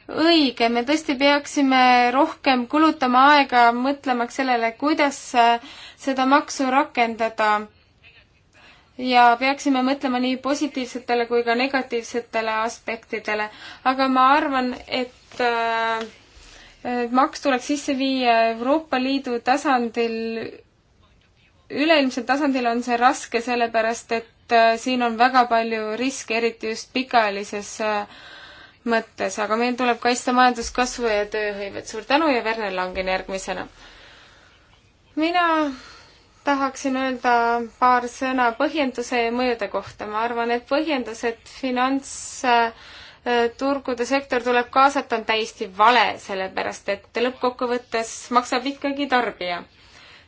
õige, me tõesti peaksime rohkem kulutama aega mõtlemaks sellele, kuidas äh, seda maksu rakendada. ja peaksime mõtlema nii positiivsetele kui ka negatiivsetele aspektidele. aga ma arvan, et äh, maks tuleks sisse viia Euroopa Liidu tasandil, üleilmsel tasandil on see raske, sellepärast et äh, siin on väga palju riske, eriti just pikaajalises äh, mõttes, aga meil tuleb kaitsta majanduskasvu ja tööhõivet. suur tänu ja Werner Langen järgmisena. mina tahaksin öelda paar sõna põhjenduse ja mõjude kohta. ma arvan, et põhjendus, et finantsturgude sektor tuleb kaasata, on täiesti vale, sellepärast et lõppkokkuvõttes maksab ikkagi tarbija.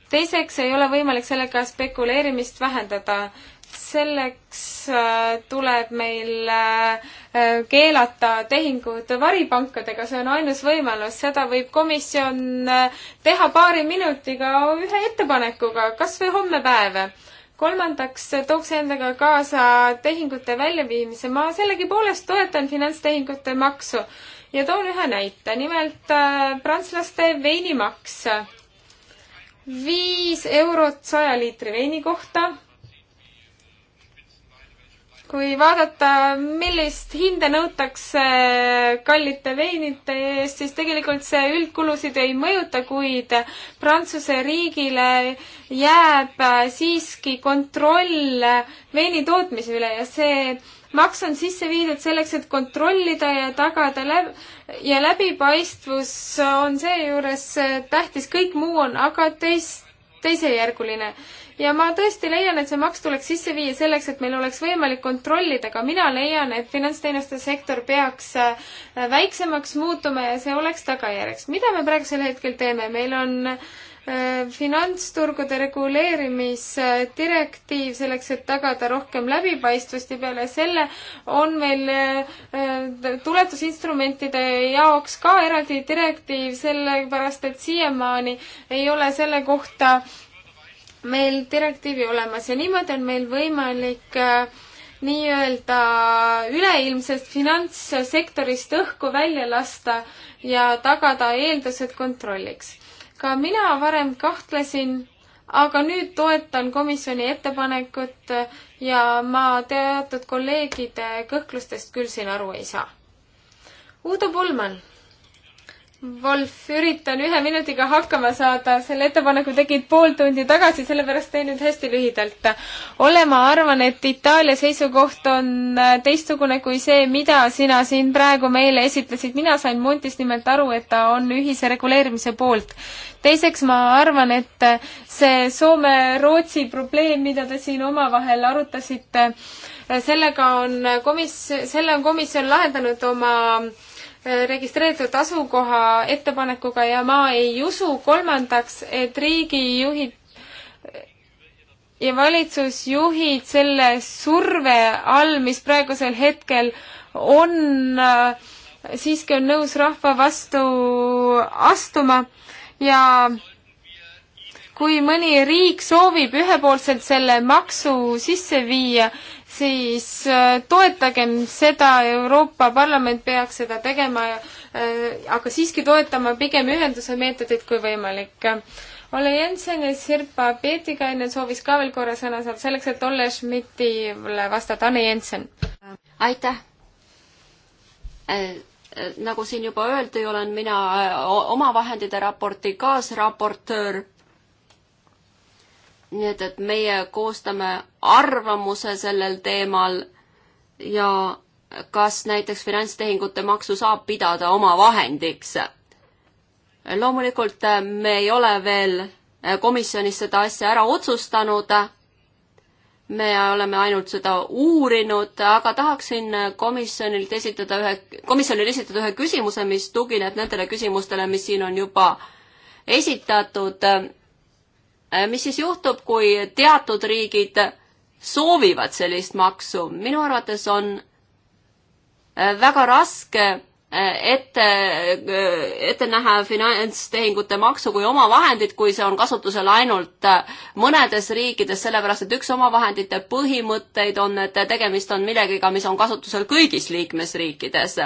teiseks ei ole võimalik sellega spekuleerimist vähendada selleks äh, tuleb meil äh, keelata tehingud varipankadega, see on ainus võimalus, seda võib komisjon äh, teha paari minutiga ühe ettepanekuga, kas või homme päev. kolmandaks tooks endaga kaasa tehingute väljaviimise, ma sellegipoolest toetan finantstehingute maksu ja toon ühe näite, nimelt prantslaste veinimaks. viis eurot saja liitri veini kohta kui vaadata, millist hinda nõutakse kallite veinide eest, siis tegelikult see üldkulusid ei mõjuta, kuid Prantsuse riigile jääb siiski kontroll veini tootmise üle ja see maks on sisse viidud selleks, et kontrollida ja tagada läb- ja läbipaistvus on seejuures tähtis, kõik muu on aga teist, teisejärguline ja ma tõesti leian, et see maks tuleks sisse viia selleks, et meil oleks võimalik kontrollida, aga mina leian, et finantsteenuste sektor peaks äh, väiksemaks muutuma ja see oleks tagajärjeks. mida me praegusel hetkel teeme, meil on äh, finantsturgude reguleerimisdirektiiv selleks, et tagada rohkem läbipaistvust ja peale selle on meil äh, tuletusinstrumentide jaoks ka eraldi direktiiv, sellepärast et siiamaani ei ole selle kohta äh, meil direktiivi olemas ja niimoodi on meil võimalik äh, nii-öelda üleilmsest finantssektorist õhku välja lasta ja tagada eeldused kontrolliks. ka mina varem kahtlesin, aga nüüd toetan komisjoni ettepanekut ja ma teatud kolleegide kõhklustest küll siin aru ei saa. Uudo Pulman Wolf, üritan ühe minutiga hakkama saada, selle ettepaneku tegid pool tundi tagasi, sellepärast teen nüüd hästi lühidalt. ole, ma arvan, et Itaalia seisukoht on äh, teistsugune kui see, mida sina siin praegu meile esitlesid, mina sain Montist nimelt aru, et ta on ühise reguleerimise poolt. teiseks ma arvan, et äh, see Soome-Rootsi probleem, mida te siin omavahel arutasite, äh, sellega on komis-, selle on komisjon lahendanud oma äh, Äh, registreeritud asukoha ettepanekuga ja ma ei usu kolmandaks, et riigijuhid ja valitsusjuhid selle surve all, mis praegusel hetkel on, äh, siiski on nõus rahva vastu astuma ja kui mõni riik soovib ühepoolselt selle maksu sisse viia, siis äh, toetagem seda, Euroopa Parlament peaks seda tegema, äh, aga siiski toetama pigem ühenduse meetodit kui võimalik. Ole Jensen ja Sirpa Peetikainen soovis ka veel korra sõna saada, selleks et Olle Schmidtile vastata, Anne Jensen. aitäh äh,! Äh, nagu siin juba öeldi, olen mina äh, omavahendite raporti kaasraportöör nii et, et meie koostame arvamuse sellel teemal ja kas näiteks finantstehingute maksu saab pidada omavahendiks. loomulikult äh, me ei ole veel äh, komisjonis seda asja ära otsustanud. me oleme ainult seda uurinud, aga tahaksin äh, komisjonilt esitada ühe, komisjonile esitada ühe küsimuse, mis tugineb nendele küsimustele, mis siin on juba esitatud Äh, mis siis juhtub, kui teatud riigid soovivad sellist maksu? minu arvates on äh, väga raske äh, ette, ette näha finantstehingute maksu kui omavahendit, kui see on kasutusel ainult mõnedes riikides, sellepärast et üks omavahendite põhimõtteid on, et tegemist on millegiga, mis on kasutusel kõigis liikmesriikides.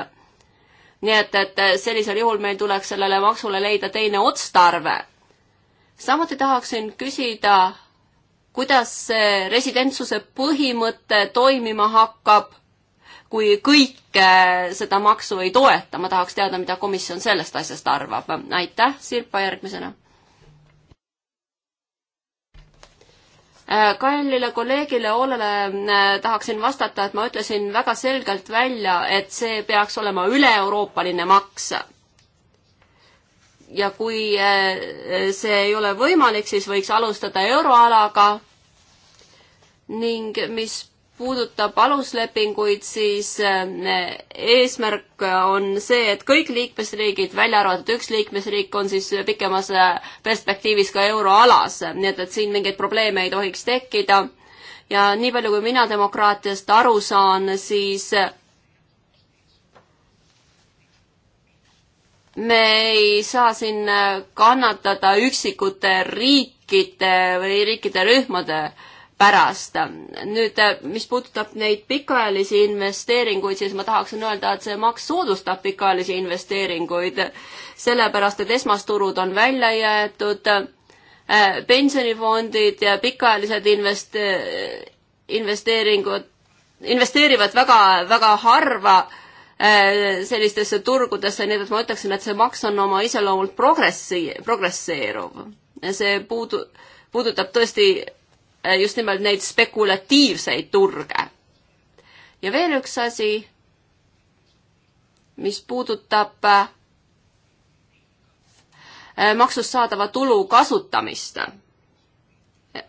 nii et, et sellisel juhul meil tuleks sellele maksule leida teine otstarve samuti tahaksin küsida, kuidas see residentsuse põhimõte toimima hakkab, kui kõik äh, seda maksu ei toeta, ma tahaks teada, mida komisjon sellest asjast arvab. aitäh, Sirpa, järgmisena. Äh, kallile kolleegile Ollele äh, tahaksin vastata, et ma ütlesin väga selgelt välja, et see peaks olema üle-euroopaline maks ja kui eh, see ei ole võimalik, siis võiks alustada euroalaga ning mis puudutab aluslepinguid, siis eh, eesmärk on see, et kõik liikmesriigid, välja arvatud üks liikmesriik, on siis pikemas eh, perspektiivis ka euroalas, nii et, et siin mingeid probleeme ei tohiks tekkida. ja nii palju, kui mina demokraatiast aru saan, siis me ei saa siin kannatada üksikute riikide või riikide rühmade pärast. nüüd, mis puudutab neid pikaajalisi investeeringuid, siis ma tahaksin öelda, et see maks soodustab pikaajalisi investeeringuid, sellepärast et esmasturud on välja jäetud, pensionifondid ja pikaajalised invest-, investeeringud investeerivad väga, väga harva äh, Äh, sellistesse turgudesse, nii et ma ütleksin, et see maks on oma iseloomult progressi-, progresseeruv. see puudu-, puudutab tõesti äh, just nimelt neid spekulatiivseid turge. ja veel üks asi, mis puudutab äh, maksust saadava tulu kasutamist.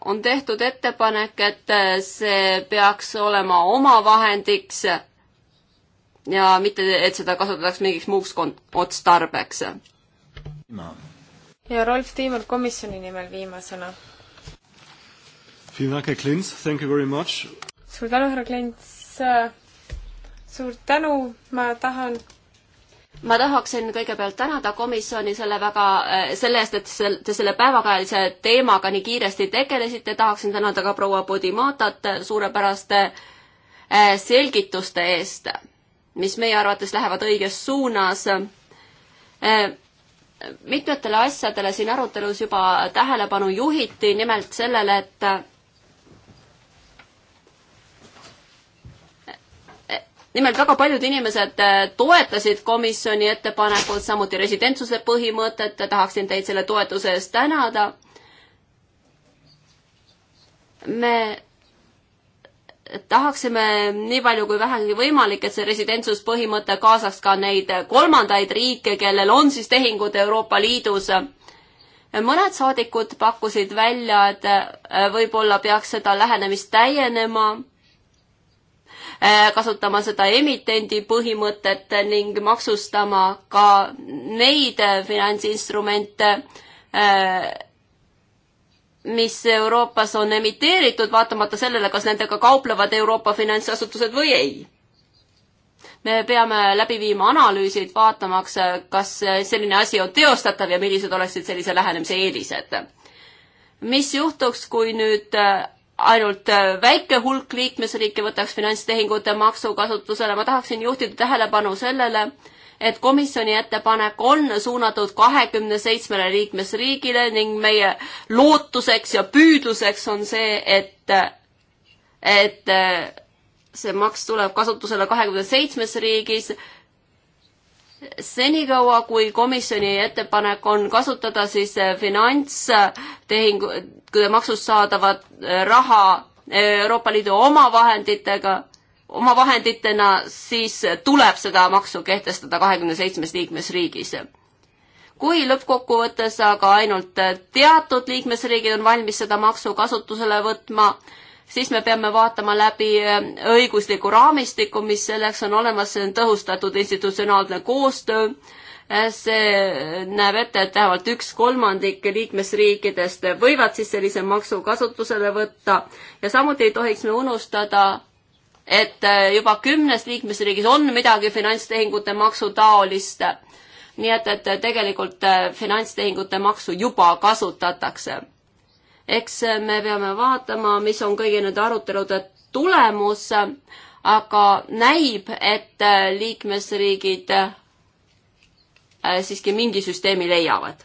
on tehtud ettepanek, et see peaks olema omavahendiks ja mitte, et seda kasutataks mingiks muuks otstarbeks. ja Rolf Tiimalt komisjoni nimel viimasena. suur tänu, härra Klints. suur tänu, ma tahan ma tahaksin kõigepealt tänada komisjoni selle väga, äh, selle eest, et te selle päevakajalise teemaga nii kiiresti tegelesite, tahaksin tänada ka proua Podimatat suurepäraste äh, selgituste eest mis meie arvates lähevad õiges suunas. Eh, mitmetele asjadele siin arutelus juba tähelepanu juhiti, nimelt sellele, et eh, nimelt väga paljud inimesed eh, toetasid komisjoni ettepanekut, samuti residentsuse põhimõtet, tahaksin teid selle toetuse eest tänada. me tahaksime nii palju kui vähegi võimalik, et see residentsuspõhimõte kaasaks ka neid kolmandaid riike, kellel on siis tehingud Euroopa Liidus. mõned saadikud pakkusid välja, et äh, võib-olla peaks seda lähenemist täienema, äh, kasutama seda emitendi põhimõtet ning maksustama ka neid äh, finantsinstrumente, mis Euroopas on emiteeritud, vaatamata sellele, kas nendega kauplevad Euroopa finantsasutused või ei. me peame läbi viima analüüsid, vaatamaks, kas selline asi on teostatav ja millised oleksid sellise lähenemise eelised. mis juhtuks, kui nüüd ainult väike hulk liikmesriike võtaks finantstehingute maksu kasutusele, ma tahaksin juhtida tähelepanu sellele, et komisjoni ettepanek on suunatud kahekümne seitsmele liikmesriigile ning meie lootuseks ja püüdluseks on see, et, et see maks tuleb kasutusele kahekümne seitsmes riigis. senikaua, kui komisjoni ettepanek on kasutada siis finantstehingu maksust saadavat raha Euroopa Liidu omavahenditega omavahenditena, siis tuleb seda maksu kehtestada kahekümne seitsmes liikmesriigis. kui lõppkokkuvõttes aga ainult teatud liikmesriigid on valmis seda maksu kasutusele võtma, siis me peame vaatama läbi õigusliku raamistiku, mis selleks on olemas, see on tõhustatud institutsionaalne koostöö, see näeb ette, et vähemalt üks kolmandik liikmesriikidest võivad siis sellise maksu kasutusele võtta ja samuti ei tohiks me unustada et äh, juba kümnes liikmesriigis on midagi finantstehingute maksu taolist. nii et, et tegelikult äh, finantstehingute maksu juba kasutatakse. eks äh, me peame vaatama, mis on kõigi nende arutelude tulemus, aga näib, et liikmesriigid siiski mingi süsteemi leiavad.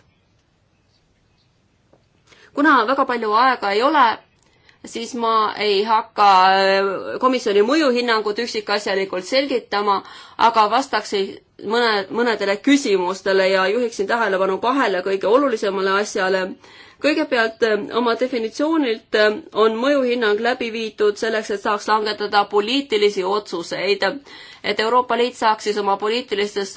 kuna väga palju aega ei ole, siis ma ei hakka äh, komisjoni mõjuhinnangut üksikasjalikult selgitama, aga vastaksin mõne, mõnedele küsimustele ja juhiksin tähelepanu kahele kõige olulisemale asjale. kõigepealt äh, oma definitsioonilt äh, on mõjuhinnang läbi viidud selleks, et saaks langetada poliitilisi otsuseid, et Euroopa Liit saaks siis oma poliitilistes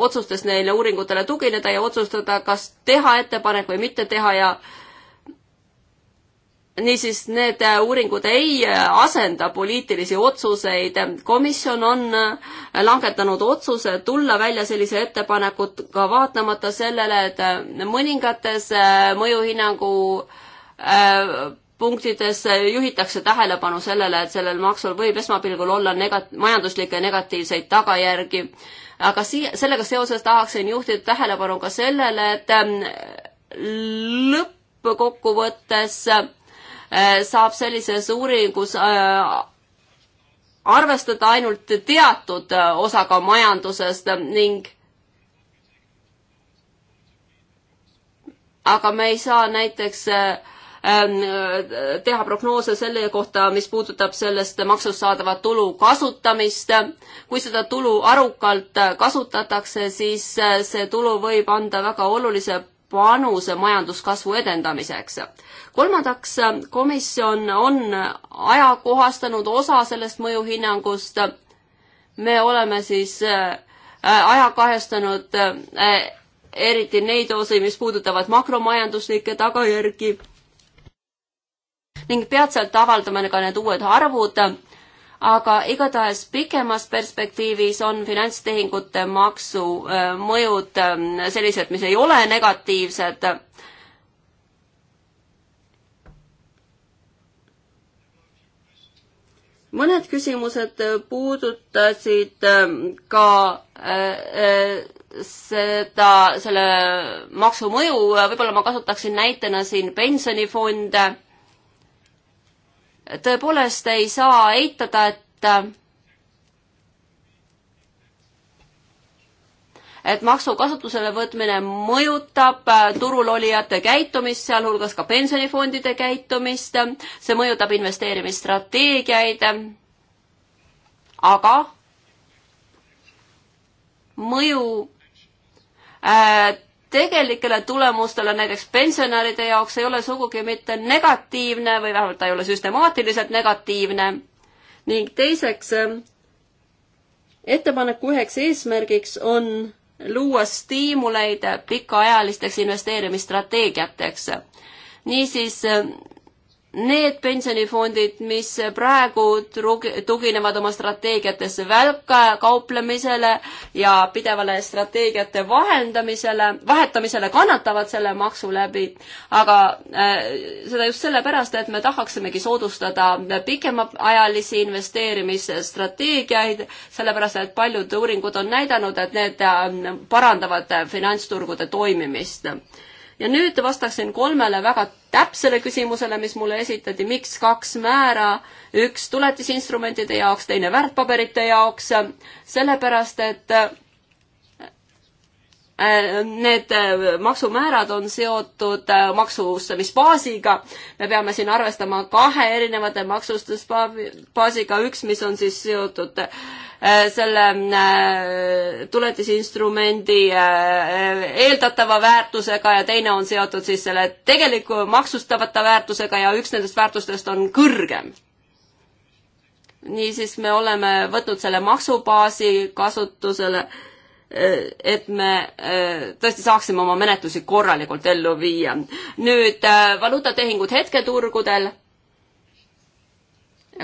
otsustes neile uuringutele tugineda ja otsustada, kas teha ettepanek või mitte teha ja niisiis, need äh, uuringud ei äh, asenda poliitilisi otsuseid, komisjon on äh, langetanud otsuse tulla välja sellise ettepanekuga, vaatamata sellele, et mõningates mõjuhinnangu punktides juhitakse tähelepanu sellele, et sellel maksul võib esmapilgul olla negat-, majanduslikke negatiivseid tagajärgi, aga siia, sellega seoses tahaksin juhtida tähelepanu ka sellele, et lõppkokkuvõttes äh, Äh, saab sellises uuringus äh, arvestada ainult teatud äh, osaga majandusest ning aga me ei saa näiteks ähm, teha prognoose selle kohta, mis puudutab sellest maksust saadavat tulu kasutamist. kui seda tulu arukalt kasutatakse, siis see tulu võib anda väga olulise panuse majanduskasvu edendamiseks. kolmandaks, komisjon on ajakohastanud osa sellest mõjuhinnangust. me oleme siis äh, ajakahestanud äh, eriti neid osi, mis puudutavad makromajanduslikke tagajärgi. ning peatselt avaldame ka need uued arvud aga igatahes pikemas perspektiivis on finantstehingute maksu äh, mõjud ähm, sellised, mis ei ole negatiivsed. mõned küsimused äh, puudutasid ähm, ka äh, seda, selle maksu mõju, võib-olla ma kasutaksin näitena siin pensionifonde tõepoolest ei saa eitada, et et maksu kasutusele võtmine mõjutab äh, turul olijate käitumist, sealhulgas ka pensionifondide käitumist, see mõjutab investeerimisstrateegiaid, aga mõju äh, tegelikele tulemustele näiteks pensionäride jaoks ei ole sugugi mitte negatiivne või vähemalt ta ei ole süstemaatiliselt negatiivne. ning teiseks, ähm, ettepaneku üheks eesmärgiks on luua stiimuleid pikaajalisteks investeerimisstrateegiateks. niisiis ähm, need pensionifondid, mis praegu tuginevad oma strateegiatesse välka kauplemisele ja pidevale strateegiate vahendamisele, vahetamisele, kannatavad selle maksu läbi. aga äh, seda just sellepärast, et me tahaksimegi soodustada pikemaajalisi investeerimisstrateegiaid, sellepärast et paljud uuringud on näidanud, et need äh, parandavad finantsturgude toimimist ja nüüd vastaksin kolmele väga täpsele küsimusele, mis mulle esitati, miks kaks määra, üks tuletisinstrumentide jaoks, teine väärtpaberite jaoks, sellepärast et äh, need äh, maksumäärad on seotud äh, maksustamisbaasiga. me peame siin arvestama kahe erinevate maksustamisbaasiga, üks, mis on siis seotud äh, Äh, selle äh, tuletisinstrumendi äh, eeldatava väärtusega ja teine on seotud siis selle tegeliku maksustatavata väärtusega ja üks nendest väärtustest on kõrgem. niisiis me oleme võtnud selle maksubaasi kasutusele, et me tõesti saaksime oma menetlusi korralikult ellu viia. nüüd valuutatehingud hetketurgudel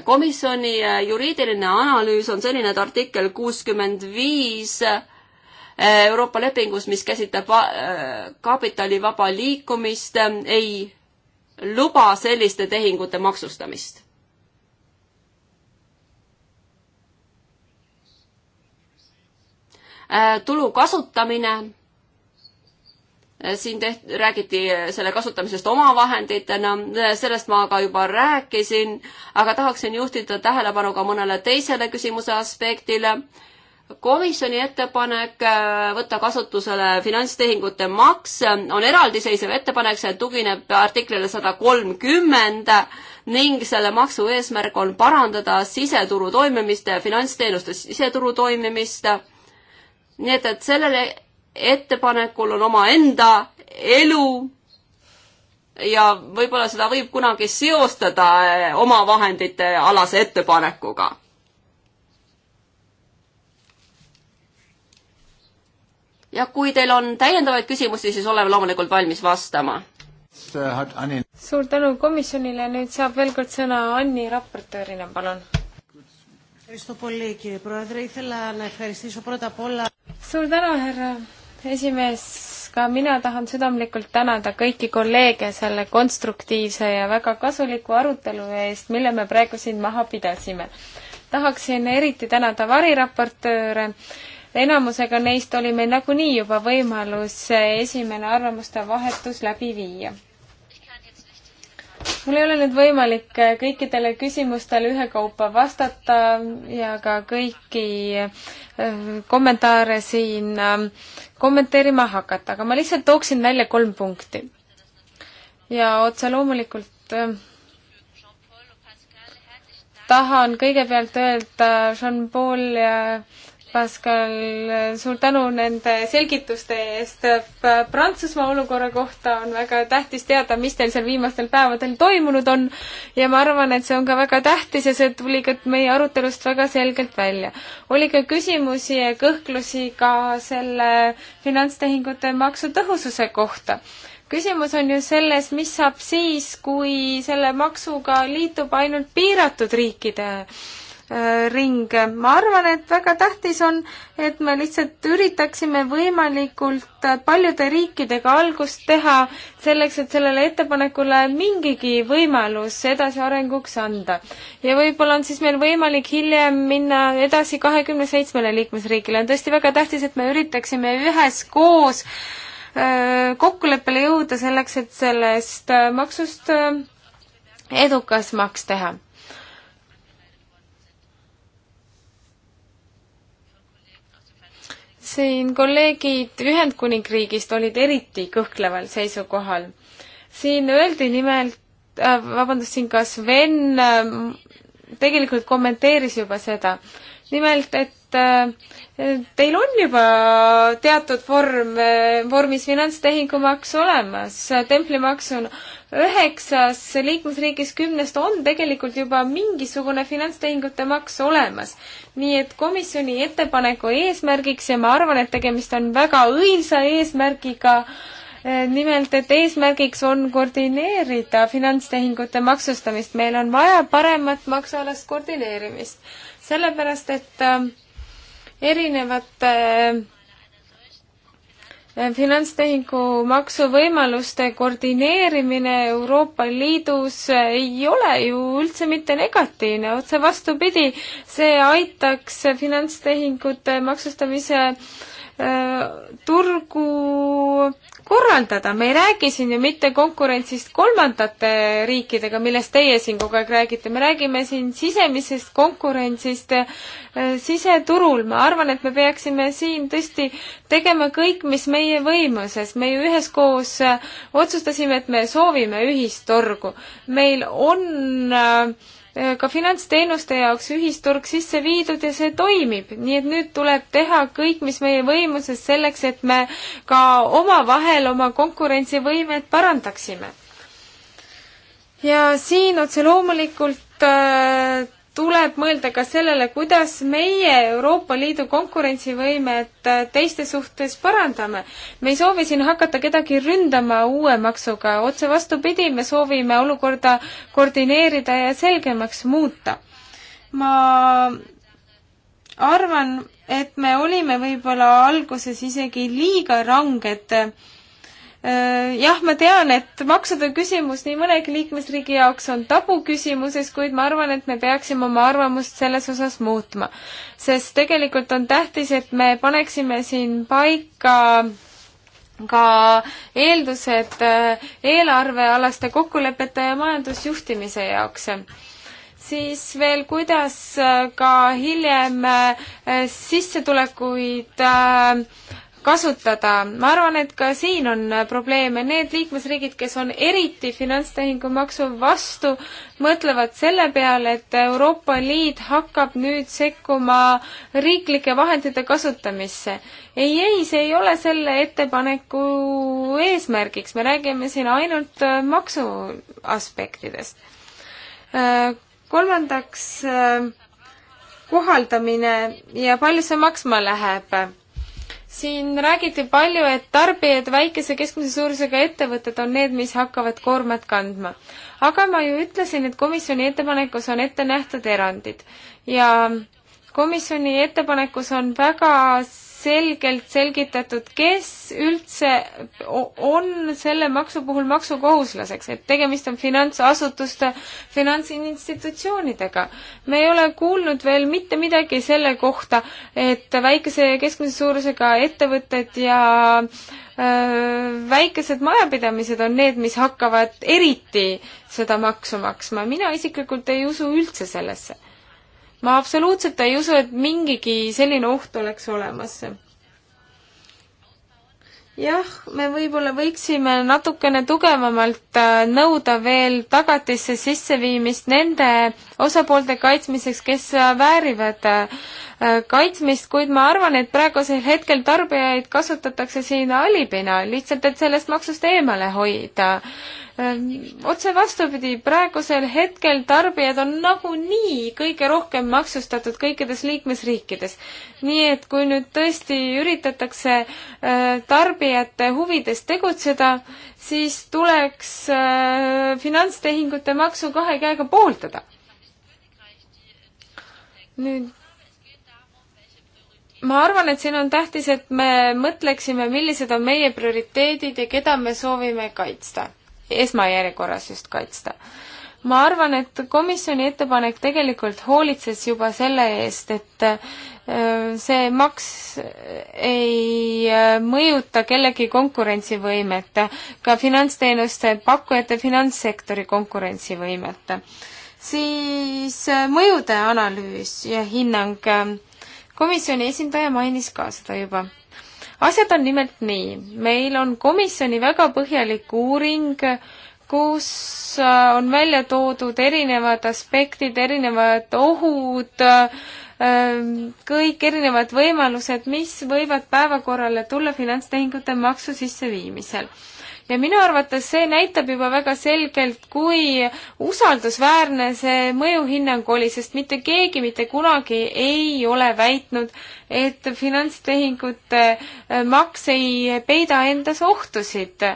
komisjoni äh, juriidiline analüüs on selline, et artikkel kuuskümmend viis äh, Euroopa lepingus, mis käsitleb äh, kapitali vaba liikumist, ei luba selliste tehingute maksustamist. tulu kasutamine siin teht-, räägiti selle kasutamisest omavahenditena, sellest ma ka juba rääkisin, aga tahaksin juhtida tähelepanu ka mõnele teisele küsimuse aspektile. komisjoni ettepanek äh, võtta kasutusele finantstehingute maks äh, on eraldiseisev ettepanek, see tugineb artiklile sada kolmkümmend ning selle maksu eesmärk on parandada siseturu toimimist, finantsteenuste siseturu toimimist nii et, et sellele ettepanekul on omaenda elu ja võib-olla seda võib kunagi seostada eh, omavahendite alase ettepanekuga. ja kui teil on täiendavaid küsimusi, siis oleme loomulikult valmis vastama. suur tänu komisjonile, nüüd saab veel kord sõna Anni raportöörina, palun. suur tänu, härra esimees, ka mina tahan südamlikult tänada kõiki kolleege selle konstruktiivse ja väga kasuliku arutelu eest, mille me praegu siin maha pidasime. tahaksin eriti tänada variraportööre, enamusega neist oli meil nagunii juba võimalus esimene arvamuste vahetus läbi viia mul ei ole nüüd võimalik äh, kõikidele küsimustele ühekaupa vastata ja ka kõiki äh, kommentaare siin ähm, kommenteerima hakata, aga ma lihtsalt tooksin välja kolm punkti. ja otse loomulikult äh, tahan kõigepealt öelda Jean-Paul ja Pascal, suur tänu nende selgituste eest. Prantsusmaa olukorra kohta on väga tähtis teada, mis teil seal viimastel päevadel toimunud on ja ma arvan, et see on ka väga tähtis ja see tuli ka meie arutelust väga selgelt välja. oli ka küsimusi ja kõhklusi ka selle finantstehingute maksu tõhususe kohta küsimus on ju selles, mis saab siis, kui selle maksuga liitub ainult piiratud riikide äh, ring. ma arvan, et väga tähtis on, et me lihtsalt üritaksime võimalikult paljude riikidega algust teha, selleks et sellele ettepanekule mingigi võimalus edasiarenguks anda. ja võib-olla on siis meil võimalik hiljem minna edasi kahekümne seitsmele liikmesriigile. on tõesti väga tähtis, et me üritaksime üheskoos kokkuleppele jõuda selleks, et sellest äh, maksust äh, edukas maks teha siin kolleegid Ühendkuningriigist olid eriti kõhkleval seisukohal. siin öeldi nimelt, äh, vabandust, siin ka Sven äh, tegelikult kommenteeris juba seda, nimelt, et äh, teil on juba teatud vorm, vormis finantstehingumaks olemas, templimaks on üheksas liikmesriigis kümnest on tegelikult juba mingisugune finantstehingute maks olemas. nii et komisjoni ettepaneku eesmärgiks ja ma arvan, et tegemist on väga õilsa eesmärgiga, eh, nimelt, et eesmärgiks on koordineerida finantstehingute maksustamist, meil on vaja paremat maksualast koordineerimist. sellepärast, et eh, erinevate äh, Äh, finantstehingu maksuvõimaluste koordineerimine Euroopa Liidus äh, ei ole ju üldse mitte negatiivne, otse vastupidi, see aitaks finantstehingute maksustamise äh, turgu korraldada, me ei räägi siin ju mitte konkurentsist kolmandate riikidega, millest teie siin kogu aeg räägite, me räägime siin sisemisest konkurentsist äh, siseturul, ma arvan, et me peaksime siin tõesti tegema kõik, mis meie võimuses, me ju üheskoos äh, otsustasime, et me soovime ühistorgu. meil on äh, ka finantsteenuste jaoks ühisturg sisse viidud ja see toimib, nii et nüüd tuleb teha kõik, mis meie võimuses, selleks et me ka omavahel oma konkurentsivõimet parandaksime. ja siin otse loomulikult äh, tuleb mõelda ka sellele, kuidas meie Euroopa Liidu konkurentsivõimet äh, teiste suhtes parandame. me ei soovi siin hakata kedagi ründama uue maksuga, otse vastupidi, me soovime olukorda koordineerida ja selgemaks muuta. ma arvan, et me olime võib-olla alguses isegi liiga ranged Äh, jah, ma tean, et maksude küsimus nii mõnegi liikmesriigi jaoks on tabuküsimuses, kuid ma arvan, et me peaksime oma arvamust selles osas muutma. sest tegelikult on tähtis, et me paneksime siin paika ka eeldused äh, eelarvealaste kokkulepete ja majandusjuhtimise jaoks siis veel, kuidas äh, ka hiljem sissetulekuid äh, kasutada. ma arvan, et ka siin on probleeme. Need liikmesriigid, kes on eriti finantstehingumaksu vastu, mõtlevad selle peale, et Euroopa Liit hakkab nüüd sekkuma riiklike vahendite kasutamisse. ei, ei, see ei ole selle ettepaneku eesmärgiks, me räägime siin ainult äh, maksu aspektidest. Äh, kolmandaks äh, kohaldamine ja palju see maksma läheb siin räägiti palju, et tarbijad, väikese keskmise suurusega ettevõtted on need, mis hakkavad koormat kandma. aga ma ju ütlesin, et komisjoni ettepanekus on ette nähtud erandid ja komisjoni ettepanekus on väga selgelt selgitatud, kes üldse on selle maksu puhul maksukohuslaseks, et tegemist on finantsasutuste, finantsinstitutsioonidega. me ei ole kuulnud veel mitte midagi selle kohta, et väikese ja keskmise suurusega ettevõtted ja öö, väikesed majapidamised on need, mis hakkavad eriti seda maksu maksma. mina isiklikult ei usu üldse sellesse ma absoluutselt ei usu, et mingigi selline oht oleks olemas. jah, me võib-olla võiksime natukene tugevamalt äh, nõuda veel tagatisse sisseviimist nende osapoolte kaitsmiseks, kes äh, väärivad äh, kaitsmist, kuid ma arvan, et praegusel hetkel tarbijaid kasutatakse siin alibina, lihtsalt et sellest maksust eemale hoida. Ähm, otse vastupidi, praegusel hetkel tarbijad on nagunii kõige rohkem maksustatud kõikides liikmesriikides. nii et kui nüüd tõesti üritatakse äh, tarbijate huvides tegutseda, siis tuleks finantstehingute maksu kahe käega pooldada nüüd ma arvan, et siin on tähtis, et me mõtleksime, millised on meie prioriteedid ja keda me soovime kaitsta, esmajärjekorras just kaitsta. ma arvan, et komisjoni ettepanek tegelikult hoolitses juba selle eest, et äh, see maks ei äh, mõjuta kellegi konkurentsivõimet, ka finantsteenuste pakkujate finantssektori konkurentsivõimet siis äh, mõjude analüüs ja hinnang. komisjoni esindaja mainis ka seda juba. asjad on nimelt nii, meil on komisjoni väga põhjalik uuring, kus äh, on välja toodud erinevad aspektid, erinevad ohud, äh, kõik erinevad võimalused, mis võivad päevakorrale tulla finantstehingute maksu sisseviimisel ja minu arvates see näitab juba väga selgelt, kui usaldusväärne see mõjuhinnang oli, sest mitte keegi mitte kunagi ei ole väitnud, et finantstehingute äh, maks ei peida endas ohtusid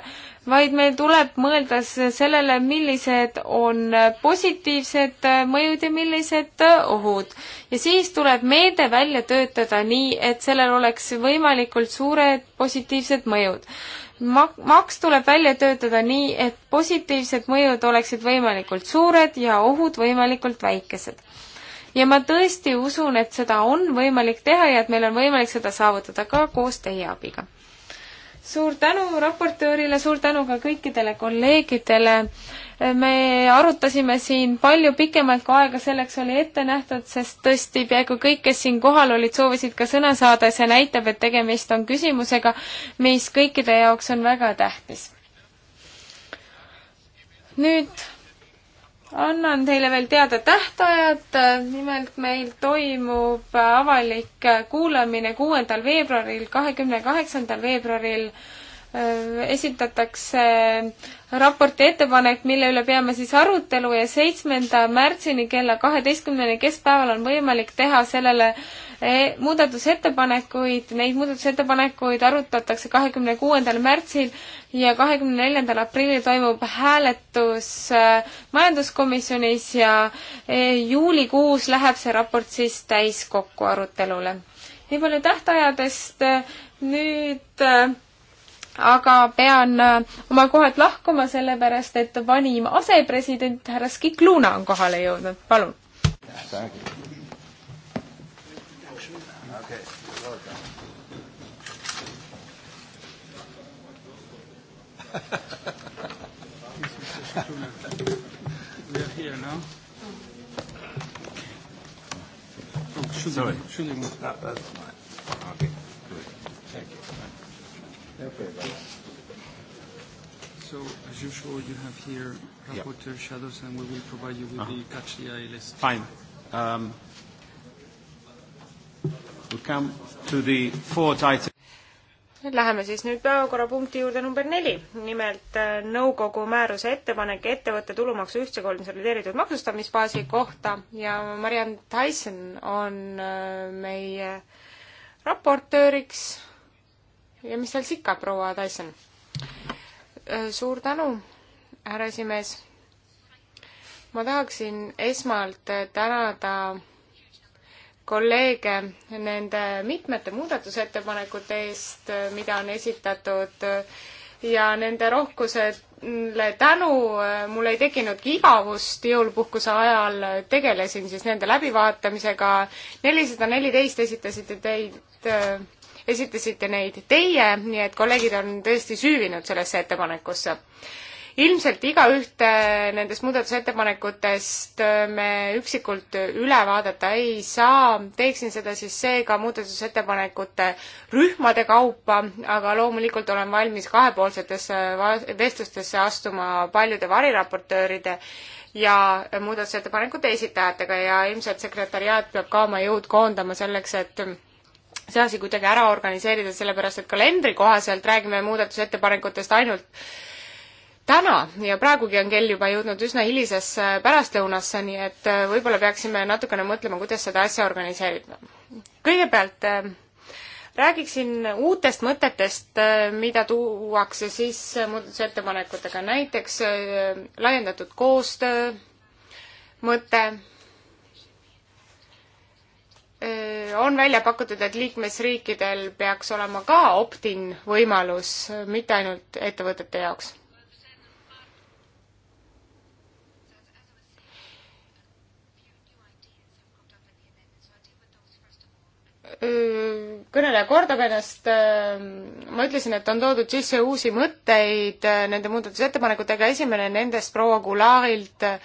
vaid meil tuleb mõelda sellele, millised on positiivsed äh, mõjud ja millised äh, ohud. ja siis tuleb meede välja töötada nii, et sellel oleks võimalikult suured positiivsed mõjud mak-, maks tuleb välja töötada nii, et positiivsed mõjud oleksid võimalikult suured ja ohud võimalikult väikesed. ja ma tõesti usun, et seda on võimalik teha ja et meil on võimalik seda saavutada ka koos teie abiga. suur tänu raportöörile, suur tänu ka kõikidele kolleegidele me arutasime siin palju pikemalt, kui aega selleks oli ette nähtud, sest tõesti peaaegu kõik, kes siin kohal olid, soovisid ka sõna saada ja see näitab, et tegemist on küsimusega, mis kõikide jaoks on väga tähtis. nüüd annan teile veel teada tähtajad, nimelt meil toimub avalik kuulamine kuuendal veebruaril, kahekümne kaheksandal veebruaril Äh, esitatakse raporti ettepanek, mille üle peame siis arutelu ja seitsmenda märtsini kella kaheteistkümneni keskpäeval on võimalik teha sellele e, muudatusettepanekuid, neid muudatusettepanekuid arutatakse kahekümne kuuendal märtsil ja kahekümne neljandal aprillil toimub hääletus äh, majanduskomisjonis ja e, juulikuus läheb see raport siis täiskokku arutelule. nii palju tähtajadest, nüüd äh, aga pean äh, oma kohalt lahkuma, sellepärast et vanim asepresident härra Skikluna on kohale jõudnud, palun. We are here now. Oh, should Sorry. Should we move? No, that's fine. Okay, good. Thank you. Okay. So, as usual, you have here rapporteur yeah. shadows, and we will provide you with uh-huh. the catch the eye list. Fine. Um, we come to the fourth item. Läheme siis nüüd päevakorrapunkti juurde number neli, nimelt äh, nõukogu määruse ettepanek ettevõtte tulumaksu ühtse konsolideeritud maksustamisbaasi kohta ja Mariann Tyson on äh, meie raportööriks ja mis seal sikka, proua Tyson? Äh, suur tänu, härra esimees. ma tahaksin esmalt äh, tänada kolleege nende mitmete muudatusettepanekute eest, äh, mida on esitatud ja nende rohkusele tänu mul ei tekkinudki igavust jõulupuhkuse ajal, tegelesin siis nende läbivaatamisega. nelisada neliteist esitasite teid esitasite neid teie, nii et kolleegid on tõesti süüvinud sellesse ettepanekusse ilmselt igaühte nendest muudatusettepanekutest me üksikult üle vaadata ei saa, teeksin seda siis seega muudatusettepanekute rühmade kaupa, aga loomulikult olen valmis kahepoolsetesse vestlustesse astuma paljude variraportööride ja muudatusettepanekute esitajatega ja ilmselt sekretäriaat peab ka oma jõud koondama selleks, et see asi kuidagi ära organiseerida, sellepärast et kalendri kohaselt räägime muudatusettepanekutest ainult täna ja praegugi on kell juba jõudnud üsna hilisesse äh, pärastlõunasse, nii et äh, võib-olla peaksime natukene mõtlema, kuidas seda asja organiseerida. kõigepealt äh, räägiksin uutest mõtetest, mida tuuakse siis muudatusettepanekutega, näiteks laiendatud koostöö mõte on välja pakutud, et liikmesriikidel peaks olema ka opt-in võimalus, mitte ainult ettevõtete jaoks. kõneleja kordab ennast, ma ütlesin, et on toodud sisse uusi mõtteid nende muudatusettepanekutega, esimene nendest proua Gulaarilt äh,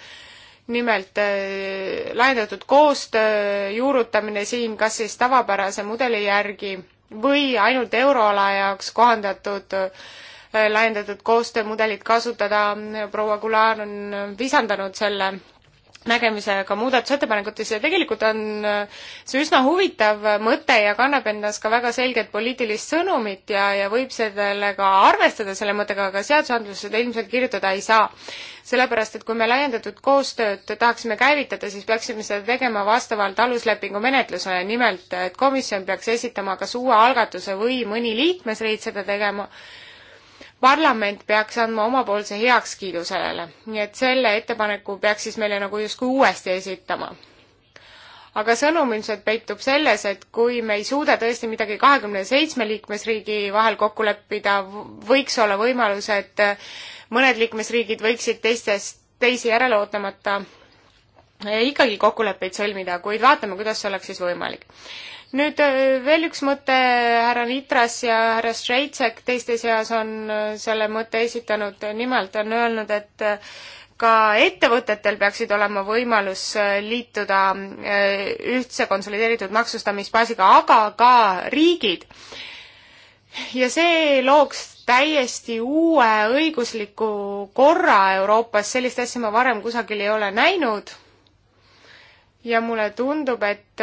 nimelt äh, laiendatud koostöö juurutamine siin kas siis tavapärase mudeli järgi või ainult euroala jaoks kohandatud äh, laiendatud koostöömudelit kasutada, proua Gular on visandanud selle nägemisega muudatusettepanekutes ja tegelikult on äh, see üsna huvitav mõte ja kannab endas ka väga selget poliitilist sõnumit ja, ja võib sellega arvestada, selle mõttega, aga seadusandlusse seda ilmselt kirjutada ei saa. sellepärast, et kui me laiendatud koostööd tahaksime käivitada, siis peaksime seda tegema vastavalt aluslepingu menetlusele, nimelt et komisjon peaks esitama kas uue algatuse või mõni liikmesriik seda tegema parlament peaks andma omapoolse heakskiidu sellele, nii et selle ettepaneku peaks siis meile nagu justkui uuesti esitama. aga sõnum ilmselt peitub selles, et kui me ei suuda tõesti midagi kahekümne seitsme liikmesriigi vahel kokku leppida, võiks olla võimalus, et mõned liikmesriigid võiksid teistest, teisi järele ootamata ikkagi kokkuleppeid sõlmida, kuid vaatame, kuidas see oleks siis võimalik nüüd äh, veel üks mõte, härra Nitras ja härra Streitsek teiste seas on äh, selle mõtte esitanud, nimelt on öelnud, et äh, ka ettevõtetel peaksid olema võimalus liituda ühtse konsolideeritud maksustamisbaasiga, aga ka riigid. ja see looks täiesti uue õigusliku korra Euroopas, sellist asja ma varem kusagil ei ole näinud. ja mulle tundub, et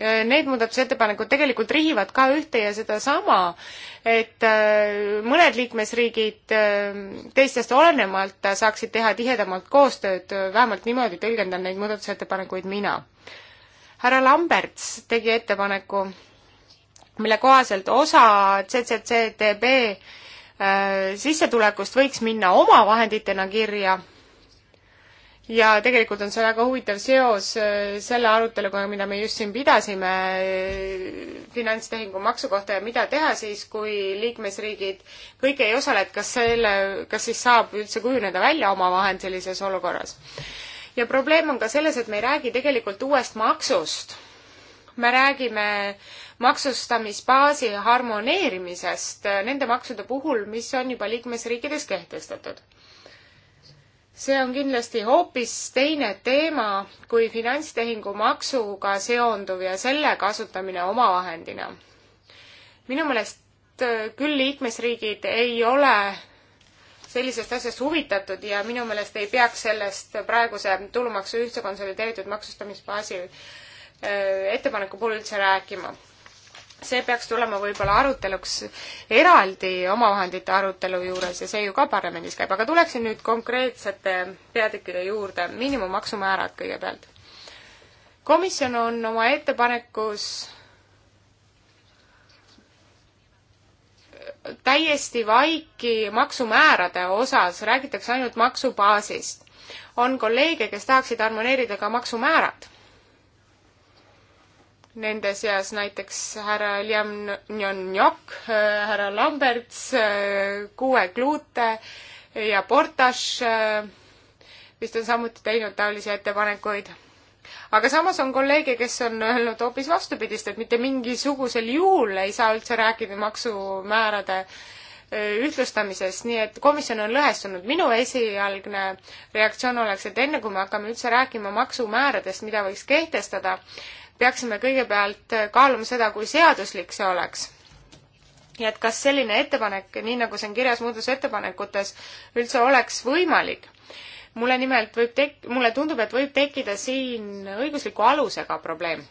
Äh, need muudatusettepanekud tegelikult rihivad ka ühte ja sedasama, et äh, mõned liikmesriigid äh, teistest olenemalt saaksid teha tihedamalt koostööd, vähemalt niimoodi tõlgendan neid muudatusettepanekuid mina. härra Lamberts tegi ettepaneku, mille kohaselt osa CCCTB sissetulekust võiks minna omavahenditena kirja ja tegelikult on see väga huvitav seos äh, selle aruteluga, mida me just siin pidasime äh, finantstehingu maksu kohta ja mida teha siis, kui liikmesriigid kõik ei osale, et kas selle, kas siis saab üldse kujuneda välja omavahend sellises olukorras. ja probleem on ka selles, et me ei räägi tegelikult uuest maksust. me räägime maksustamisbaasi harmoneerimisest äh, nende maksude puhul, mis on juba liikmesriikides kehtestatud see on kindlasti hoopis teine teema kui finantstehingu maksuga seonduv ja selle kasutamine omavahendina. minu meelest äh, küll liikmesriigid ei ole sellisest asjast huvitatud ja minu meelest ei peaks sellest praeguse tulumaksu ühtse konsolideeritud maksustamisbaasi äh, ettepaneku puhul üldse rääkima see peaks tulema võib-olla aruteluks eraldi omavahendite arutelu juures ja see ju ka parlamendis käib, aga tuleksin nüüd konkreetsete peatükkide juurde, miinimummaksumäärad kõigepealt. komisjon on oma ettepanekus täiesti vaiki maksumäärade osas, räägitakse ainult maksubaasist. on kolleege, kes tahaksid harmoneerida ka maksumäärad Nende seas näiteks härra Liam Njonjok, härra Lamberts, Kuue Klute ja Portaš vist on samuti teinud taolisi ettepanekuid aga samas on kolleege, kes on öelnud hoopis vastupidist, et mitte mingisugusel juhul ei saa üldse rääkida maksumäärade e, ühtlustamisest, nii et komisjon on lõhestunud. minu esialgne reaktsioon oleks, et enne kui me hakkame üldse rääkima maksumääradest, mida võiks kehtestada, peaksime kõigepealt kaaluma seda, kui seaduslik see oleks. ja et kas selline ettepanek, nii nagu see on kirjas muudusettepanekutes, üldse oleks võimalik. mulle nimelt võib tek-, mulle tundub, et võib tekkida siin õigusliku alusega probleem.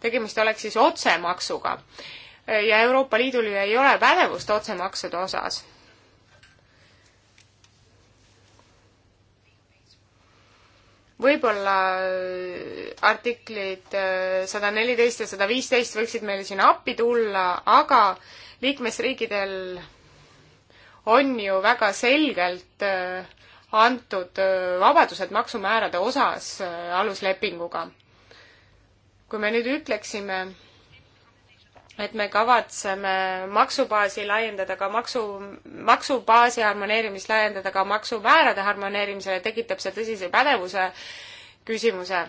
tegemist oleks siis otsemaksuga ja Euroopa Liidul ju ei ole pädevust otsemaksude osas võib-olla äh, artiklid äh, sada neliteist ja sada viisteist võiksid meile siin appi tulla, aga liikmesriikidel on ju väga selgelt äh, antud vabadused maksumäärade osas aluslepinguga. kui me nüüd ütleksime, et me kavatseme maksubaasi laiendada ka maksu, maksubaasi harmoneerimist laiendada ka maksumäärade harmoneerimisele, tekitab see tõsise pädevuse küsimuse.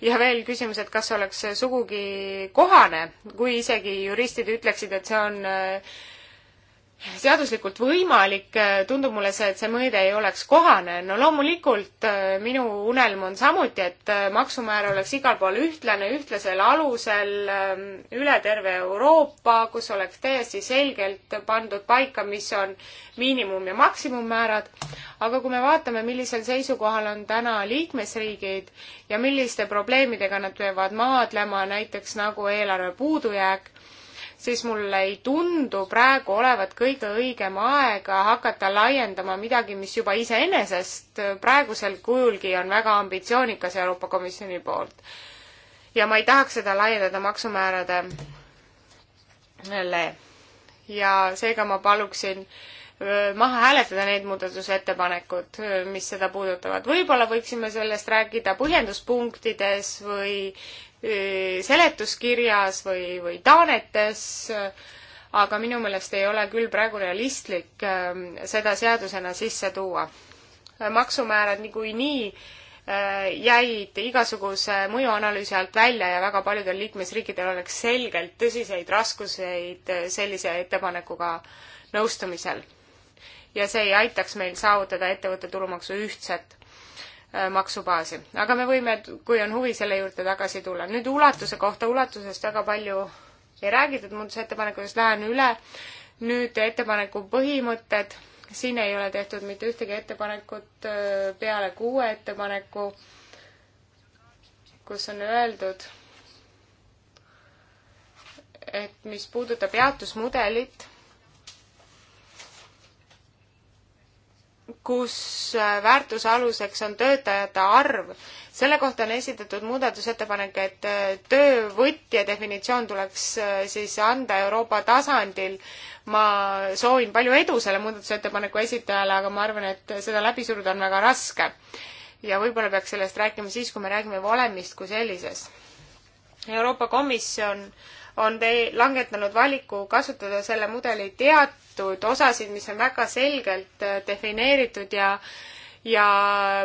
ja veel küsimus, et kas oleks sugugi kohane, kui isegi juristid ütleksid, et see on äh, seaduslikult võimalik, tundub mulle see, et see mõõde ei oleks kohane. no loomulikult äh, minu unelm on samuti, et äh, maksumäär oleks igal pool ühtlane, ühtlasel alusel ähm, üle terve Euroopa, kus oleks täiesti selgelt pandud paika, mis on miinimum- ja maksimummäärad. aga kui me vaatame, millisel seisukohal on täna liikmesriigid ja milliste probleemidega nad peavad maadlema, näiteks nagu eelarve puudujääk, siis mulle ei tundu praegu olevat kõige õigem aeg hakata laiendama midagi, mis juba iseenesest praegusel kujulgi on väga ambitsioonikas Euroopa Komisjoni poolt. ja ma ei tahaks seda laiendada maksumääradele. ja seega ma paluksin äh, maha hääletada need muudatusettepanekud, äh, mis seda puudutavad. võib-olla võiksime sellest rääkida põhjenduspunktides või Eh, seletuskirjas või, või taanetes, aga minu meelest ei ole küll praegu realistlik ehm, seda seadusena sisse tuua. maksumäärad niikuinii eh, jäid igasuguse mõjuanalüüsi alt välja ja väga paljudel liikmesriikidel oleks selgelt tõsiseid raskuseid eh, sellise ettepanekuga nõustumisel. ja see ei aitaks meil saavutada ettevõtte tulumaksu ühtset Äh, maksubaasi. aga me võime, kui on huvi, selle juurde tagasi tulla. nüüd ulatuse kohta, ulatusest väga palju ei räägitud, muudatusettepanekutest lähen üle. nüüd ettepaneku põhimõtted, siin ei ole tehtud mitte ühtegi ettepanekut äh, peale kuue ettepaneku, kus on öeldud, et mis puudutab jaotusmudelit kus äh, väärtuse aluseks on töötajate arv. selle kohta on esitatud muudatusettepanek, et äh, töövõtja definitsioon tuleks äh, siis anda Euroopa tasandil. ma soovin palju edu selle muudatusettepaneku esitajale, aga ma arvan, et seda läbi suruda on väga raske. ja võib-olla peaks sellest rääkima siis, kui me räägime valemist kui sellisest. Euroopa Komisjon on te langetanud valiku kasutada selle mudeli teatud osasid, mis on väga selgelt äh, defineeritud ja ja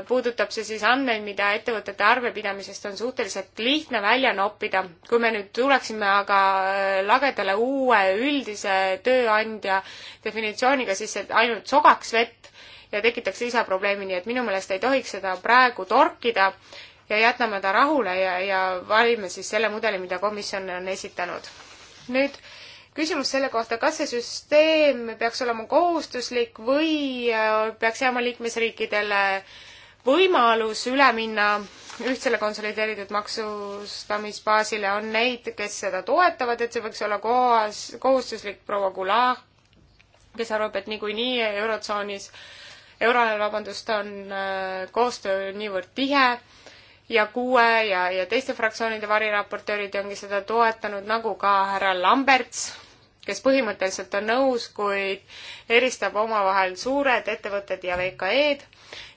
puudutab see siis andmeid, mida ettevõtete arvepidamisest on suhteliselt lihtne välja noppida. kui me nüüd tuleksime aga äh, lagedale uue üldise tööandja definitsiooniga, siis see ainult sogaks vett ja tekitaks lisaprobleemi, nii et minu meelest ei tohiks seda praegu torkida ja jätame ta rahule ja, ja valime siis selle mudeli, mida komisjon on esitanud. nüüd küsimus selle kohta, kas see süsteem peaks olema kohustuslik või äh, peaks jääma liikmesriikidele võimalus üle minna ühtsele konsolideeritud maksustamisbaasile, on neid, kes seda toetavad, et see võiks olla kohas, kohustuslik proua Goulart, kes arvab, et niikuinii Eurotsoonis, euroalal, vabandust, on äh, koostöö niivõrd tihe ja kuue ja, ja teiste fraktsioonide variraportöörid ongi seda toetanud, nagu ka härra Lamberts, kes põhimõtteliselt on nõus, kuid eristab omavahel suured ettevõtted ja VKE-d.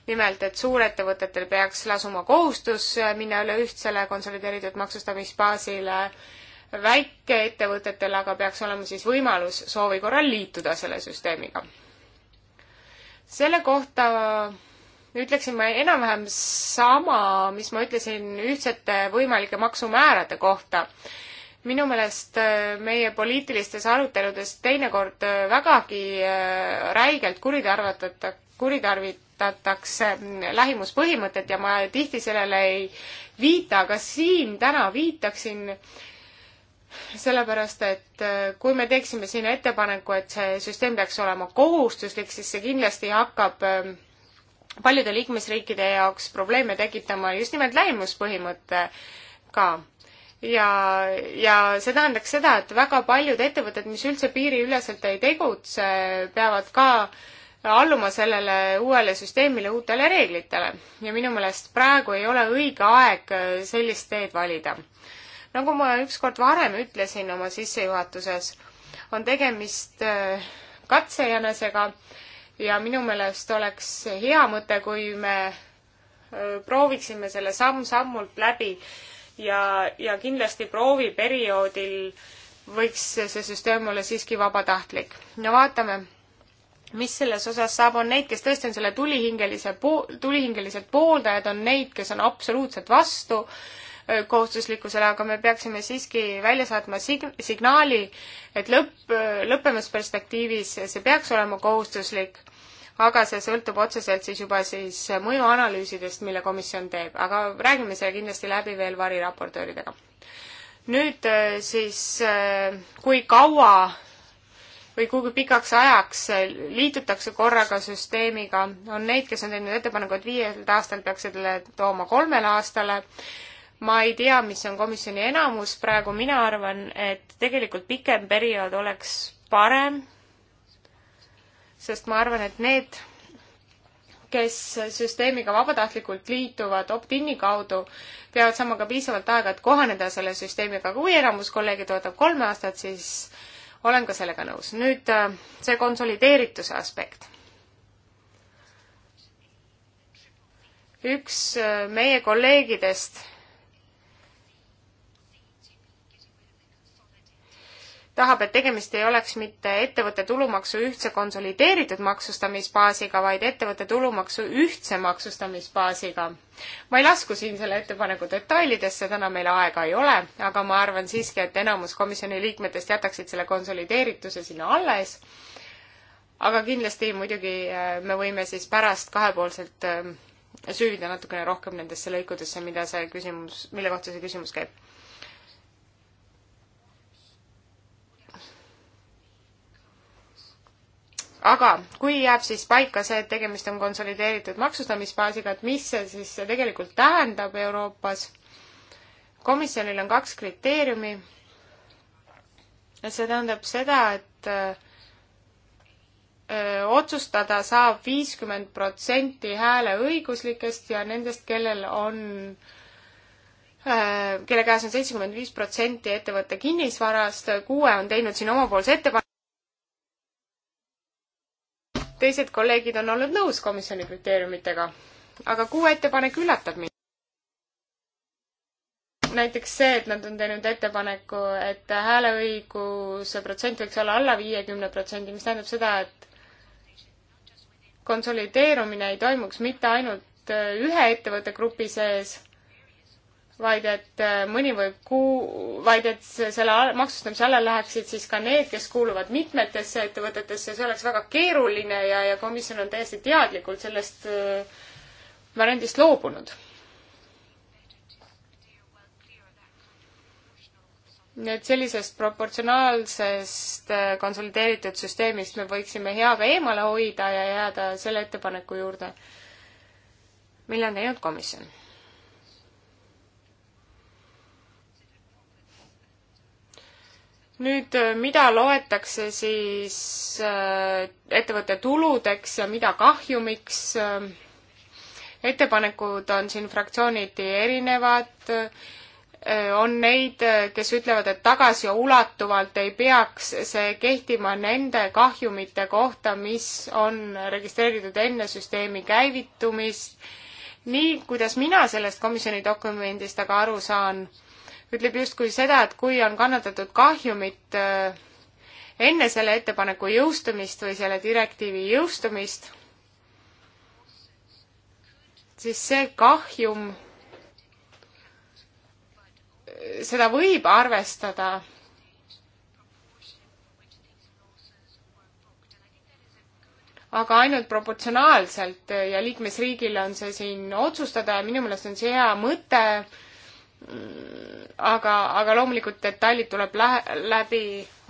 nimelt, et suurettevõtetel peaks lasuma kohustus minna üle ühtsele konsolideeritud maksustamisbaasile, väikeettevõtetel aga peaks olema siis võimalus soovi korral liituda selle süsteemiga. selle kohta ütleksin ma enam-vähem sama, mis ma ütlesin ühtsete võimalike maksumäärade kohta. minu meelest äh, meie poliitilistes aruteludes teinekord äh, vägagi äh, räigelt kuritarvatata, kuritarvitatakse mm, lähimuspõhimõtet ja ma tihti sellele ei viita, aga siin täna viitaksin sellepärast, et kui me teeksime siin ettepaneku, et see süsteem peaks olema kohustuslik, siis see kindlasti hakkab äh, paljude liikmesriikide jaoks probleeme tekitama just nimelt lähimuspõhimõte ka. ja, ja see tähendaks seda, et väga paljud ettevõtted, mis üldse piiriüleselt ei tegutse, peavad ka alluma sellele uuele süsteemile, uutele reeglitele ja minu meelest praegu ei ole õige aeg sellist teed valida. nagu ma ükskord varem ütlesin oma sissejuhatuses, on tegemist äh, katsejänesega, ja minu meelest oleks hea mõte, kui me prooviksime selle samm-sammult läbi ja, ja kindlasti prooviperioodil võiks see süsteem olla siiski vabatahtlik. no vaatame, mis selles osas saab, on neid, kes tõesti on selle tulihingelise pool, tulihingeliselt pooldajad, on neid, kes on absoluutselt vastu kohustuslikkusele, aga me peaksime siiski välja saatma sig-, signaali, et lõpp, lõppemisperspektiivis see peaks olema kohustuslik, aga see sõltub otseselt siis juba siis mõjuanalüüsidest, mille komisjon teeb, aga räägime selle kindlasti läbi veel variraportööridega. nüüd siis, kui kaua või kui pikaks ajaks liitutakse korraga süsteemiga, on neid, kes on teinud ettepaneku, et viielt aastalt peaks selle tooma kolmele aastale ma ei tea, mis on komisjoni enamus praegu, mina arvan, et tegelikult pikem periood oleks parem, sest ma arvan, et need, kes süsteemiga vabatahtlikult liituvad opt-in'i kaudu, peavad saama ka piisavalt aega, et kohaneda selle süsteemiga. kui enamus kolleege toetab kolme aastat, siis olen ka sellega nõus. nüüd äh, see konsolideerituse aspekt üks äh, meie kolleegidest tahab, et tegemist ei oleks mitte ettevõtte tulumaksu ühtse konsolideeritud maksustamisbaasiga, vaid ettevõtte tulumaksu ühtse maksustamisbaasiga. ma ei lasku siin selle ettepaneku detailidesse, täna meil aega ei ole, aga ma arvan siiski, et enamus komisjoni liikmetest jätaksid selle konsolideerituse sinna alles. aga kindlasti muidugi äh, me võime siis pärast kahepoolselt äh, süüvida natukene rohkem nendesse lõikudesse, mida see küsimus, mille kohta see küsimus käib aga kui jääb siis paika see, et tegemist on konsolideeritud maksustamisbaasiga, et mis see siis tegelikult tähendab Euroopas, komisjonil on kaks kriteeriumi. see tähendab seda, et äh, öö, otsustada saab viiskümmend protsenti hääleõiguslikest ja nendest, kellel on äh, kelle käes on seitsekümmend viis protsenti ettevõtte kinnisvarast, kuue on teinud siin omapoolse ettepaneku teised kolleegid on olnud nõus komisjoni kriteeriumitega, aga kuue ettepanek üllatab mind. näiteks see, et nad on teinud ettepaneku, et hääleõiguse protsent võiks olla alla viiekümne protsendi, mis tähendab seda, et konsolideerumine ei toimuks mitte ainult ühe ettevõtte grupi sees vaid et äh, mõni võib kuu, vaid et selle maksustamise alla läheksid siis ka need, kes kuuluvad mitmetesse ettevõtetesse, see oleks väga keeruline ja, ja komisjon on täiesti teadlikult sellest äh, variandist loobunud. nii et sellisest proportsionaalsest äh, konsolideeritud süsteemist me võiksime heaga eemale hoida ja jääda selle ettepaneku juurde, mille on teinud komisjon nüüd, äh, mida loetakse siis äh, ettevõtte tuludeks ja mida kahjumiks? Äh, ettepanekud on siin fraktsiooniti erinevad. on neid, kes ütlevad, et tagasiulatuvalt ei peaks see kehtima nende kahjumite kohta, mis on registreeritud enne süsteemi käivitumist. nii, kuidas mina sellest komisjoni dokumendist aga aru saan ütleb justkui seda, et kui on kannatatud kahjumit äh, enne selle ettepaneku jõustumist või selle direktiivi jõustumist, siis see kahjum, seda võib arvestada aga ainult proportsionaalselt ja liikmesriigil on see siin otsustada ja minu meelest on see hea mõte, aga, aga loomulikult detailid tuleb lähe, läbi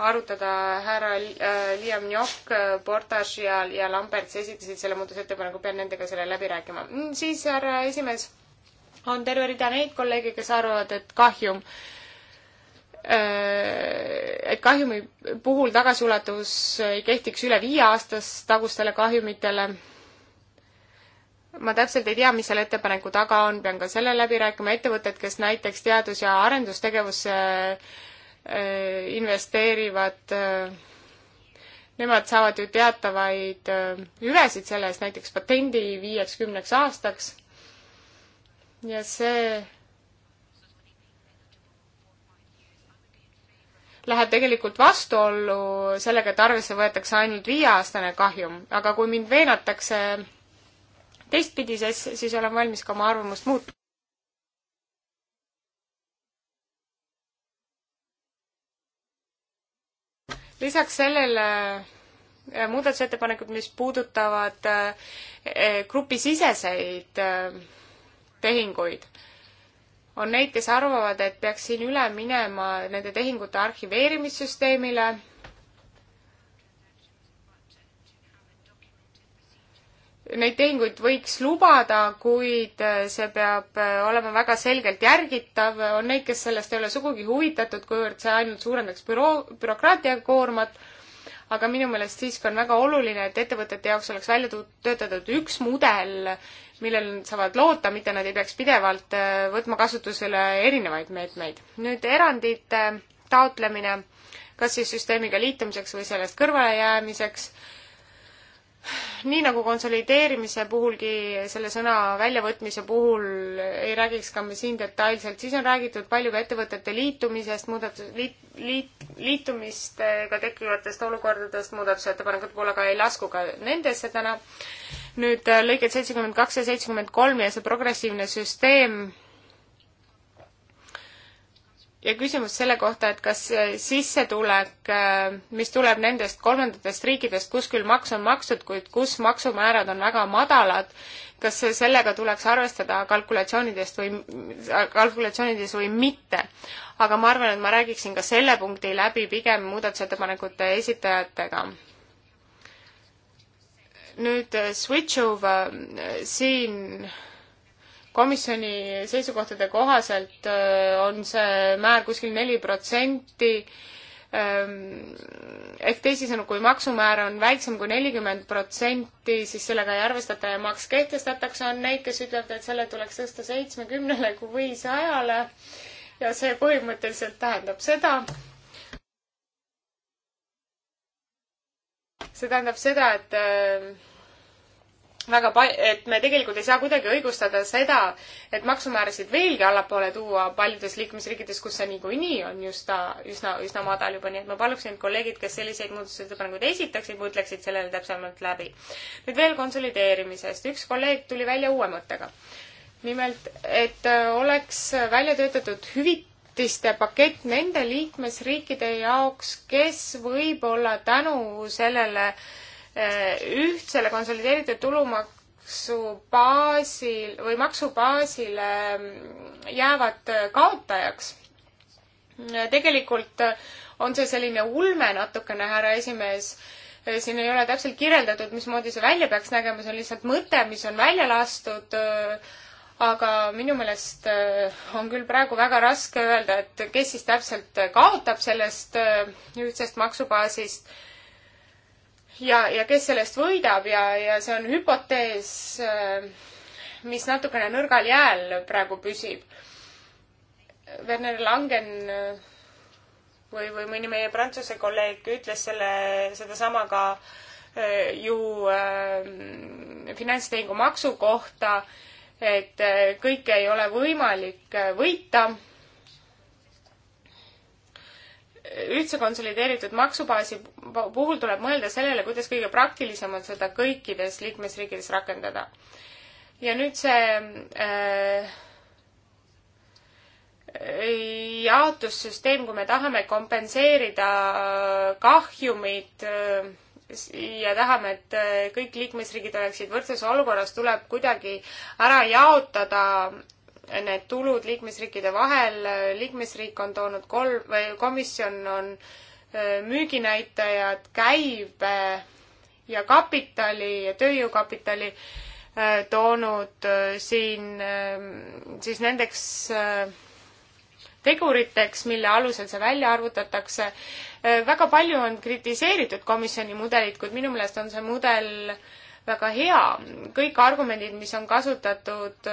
arutada, härra äh, Liam Njok, äh, Portaž ja, ja Lamberts esitasid selle muudatusettepaneku, pean nendega selle läbi rääkima mm,. siis, härra esimees, on terve rida neid kolleege, kes arvavad, et kahjum äh, et kahjumi puhul tagasiulatus ei kehtiks üle viie aastas tagustele kahjumitele ma täpselt ei tea, mis selle ettepaneku taga on, pean ka selle läbi rääkima, ettevõtted, kes näiteks teadus- ja arendustegevusse äh, investeerivad, äh, nemad saavad ju teatavaid äh, hüvesid selle eest, näiteks patendi viieks-kümneks aastaks ja see läheb tegelikult vastuollu sellega, et arvesse võetakse ainult viieaastane kahjum, aga kui mind veenatakse teistpidises, siis olen valmis ka oma arvamust muutma. lisaks sellele äh, muudatusettepanekud, mis puudutavad äh, grupisiseseid äh, tehinguid, on neid, kes arvavad, et peaks siin üle minema nende tehingute arhiveerimissüsteemile neid tehinguid võiks lubada, kuid äh, see peab äh, olema väga selgelt järgitav, on neid, kes sellest ei ole sugugi huvitatud, kuivõrd see ainult suurendaks büroo, bürokraatia koormat, aga minu meelest siiski on väga oluline, et ettevõtete jaoks oleks välja töötatud üks mudel, millele nad saavad loota, mitte nad ei peaks pidevalt äh, võtma kasutusele erinevaid meetmeid. nüüd erandite taotlemine, kas siis süsteemiga liitumiseks või sellest kõrvalejäämiseks nii nagu konsolideerimise puhulgi, selle sõna väljavõtmise puhul ei räägiks ka me siin detailselt, siis on räägitud palju ka ettevõtete liitumisest, muudatus, liit, liit, liitumistega tekkivatest olukordadest, muudatusettepanekud pole ka, ei lasku ka nendesse täna. nüüd lõiked seitsekümmend kaks ja seitsekümmend kolm ja see progressiivne süsteem ja küsimus selle kohta, et kas äh, sissetulek, äh, mis tuleb nendest kolmandatest riikidest, kus küll maks on makstud, kuid kus maksumäärad on väga madalad, kas sellega tuleks arvestada kalkulatsioonidest või, äh, kalkulatsioonides või mitte. aga ma arvan, et ma räägiksin ka selle punkti läbi pigem muudatusettepanekute esitajatega nüüd switch over siin komisjoni seisukohtade kohaselt on see määr kuskil neli protsenti ehk teisisõnu, kui maksumäär on väiksem kui nelikümmend protsenti, siis sellega ei arvestata ja maks kehtestatakse, on neid, kes ütlevad, et selle tuleks tõsta seitsmekümnele või sajale ja see põhimõtteliselt tähendab seda, see tähendab seda, et väga pa-, et me tegelikult ei saa kuidagi õigustada seda, et maksumäärasid veelgi allapoole tuua paljudes liikmesriikides, kus see niikuinii on just ta, üsna, üsna madal juba, nii et ma paluksin, et kolleegid, kes selliseid muudatusettepanekuid esitaksid, mõtleksid sellele täpsemalt läbi. nüüd veel konsolideerimisest. üks kolleeg tuli välja uue mõttega. nimelt, et äh, oleks välja töötatud hüvit-, hüvitiste pakett nende liikmesriikide jaoks, kes võib-olla tänu sellele äh, Äh, ühtsele konsolideeritud tulumaksubaasil või maksubaasile ähm, jäävad äh, kaotajaks. Äh, tegelikult on see selline ulme natukene, härra esimees, siin ei ole täpselt kirjeldatud, mismoodi see välja peaks nägema, see on lihtsalt mõte, mis on välja lastud, aga minu meelest on küll praegu väga raske öelda, et kes siis täpselt kaotab sellest ühtsest maksubaasist ja, ja kes sellest võidab ja, ja see on hüpotees, mis natukene nõrgal jääl praegu püsib. Werner Langen või, või mõni meie prantsuse kolleeg ütles selle, sedasama ka eh, ju äh, eh, finantstehingu maksu kohta, et eh, kõike ei ole võimalik võita ühtse konsolideeritud maksubaasi puhul tuleb mõelda sellele, kuidas kõige praktilisem on seda kõikides liikmesriikides rakendada. ja nüüd see äh, jaotussüsteem, kui me tahame kompenseerida kahjumid äh, ja tahame, et äh, kõik liikmesriigid oleksid võrdses olukorras, tuleb kuidagi ära jaotada need tulud liikmesriikide vahel, liikmesriik on toonud kolm, või komisjon on äh, müüginäitajad, käibe ja kapitali ja tööjõukapitali äh, toonud äh, siin siis nendeks teguriteks, mille alusel see välja arvutatakse. väga palju on kritiseeritud komisjoni mudelit, kuid minu meelest on see mudel väga hea. kõik argumendid, mis on kasutatud,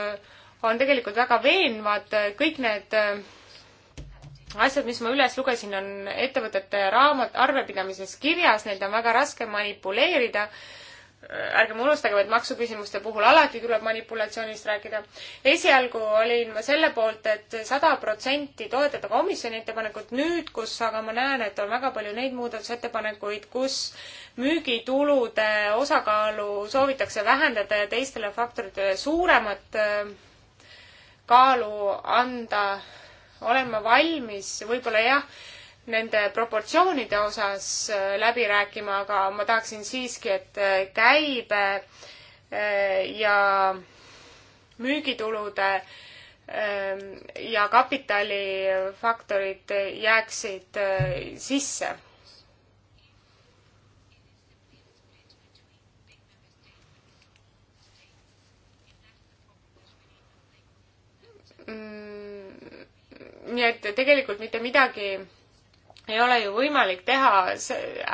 on tegelikult väga veenvad, kõik need äh, asjad, mis ma üles lugesin, on ettevõtete raamat, arvepidamises kirjas, neid on väga raske manipuleerida. Äh, ärgem unustagem, et maksuküsimuste puhul alati tuleb manipulatsioonist rääkida. esialgu olin ma selle poolt et, et sada protsenti toetada komisjoni ettepanekut, nüüd, kus aga ma näen, et on väga palju neid muudatusettepanekuid, kus müügitulude osakaalu soovitakse vähendada ja teistele faktoritele suuremat äh, kaalu anda, olema valmis võib-olla jah, nende proportsioonide osas äh, läbi rääkima, aga ma tahaksin siiski, et äh, käibe äh, ja müügitulude ähm, ja kapitalifaktorid jääksid sisse nii et tegelikult mitte midagi ei ole ju võimalik teha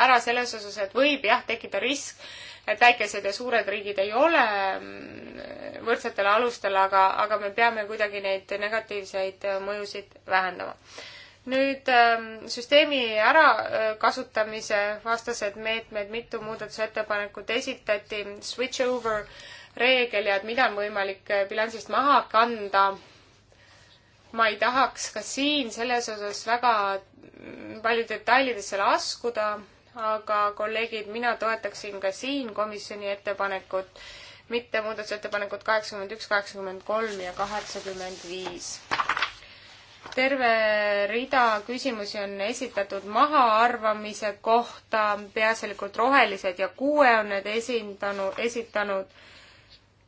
ära selles osas, et võib jah tekkida risk, et väikesed ja suured riigid ei ole mm, võrdsetel alustel, aga, aga me peame kuidagi neid negatiivseid mõjusid vähendama. nüüd ähm, süsteemi ärakasutamise vastased meetmed, mitu muudatusettepanekut esitati, switch over reegel ja et mida on võimalik bilansist maha kanda ma ei tahaks ka siin selles osas väga palju detailidesse laskuda, aga kolleegid, mina toetaksin ka siin komisjoni ettepanekut, mitte muudatusettepanekut kaheksakümmend üks, kaheksakümmend kolm ja kaheksakümmend viis. terve rida küsimusi on esitatud mahaarvamise kohta, peaasjalikult rohelised ja kuue on need esindanud, esitanud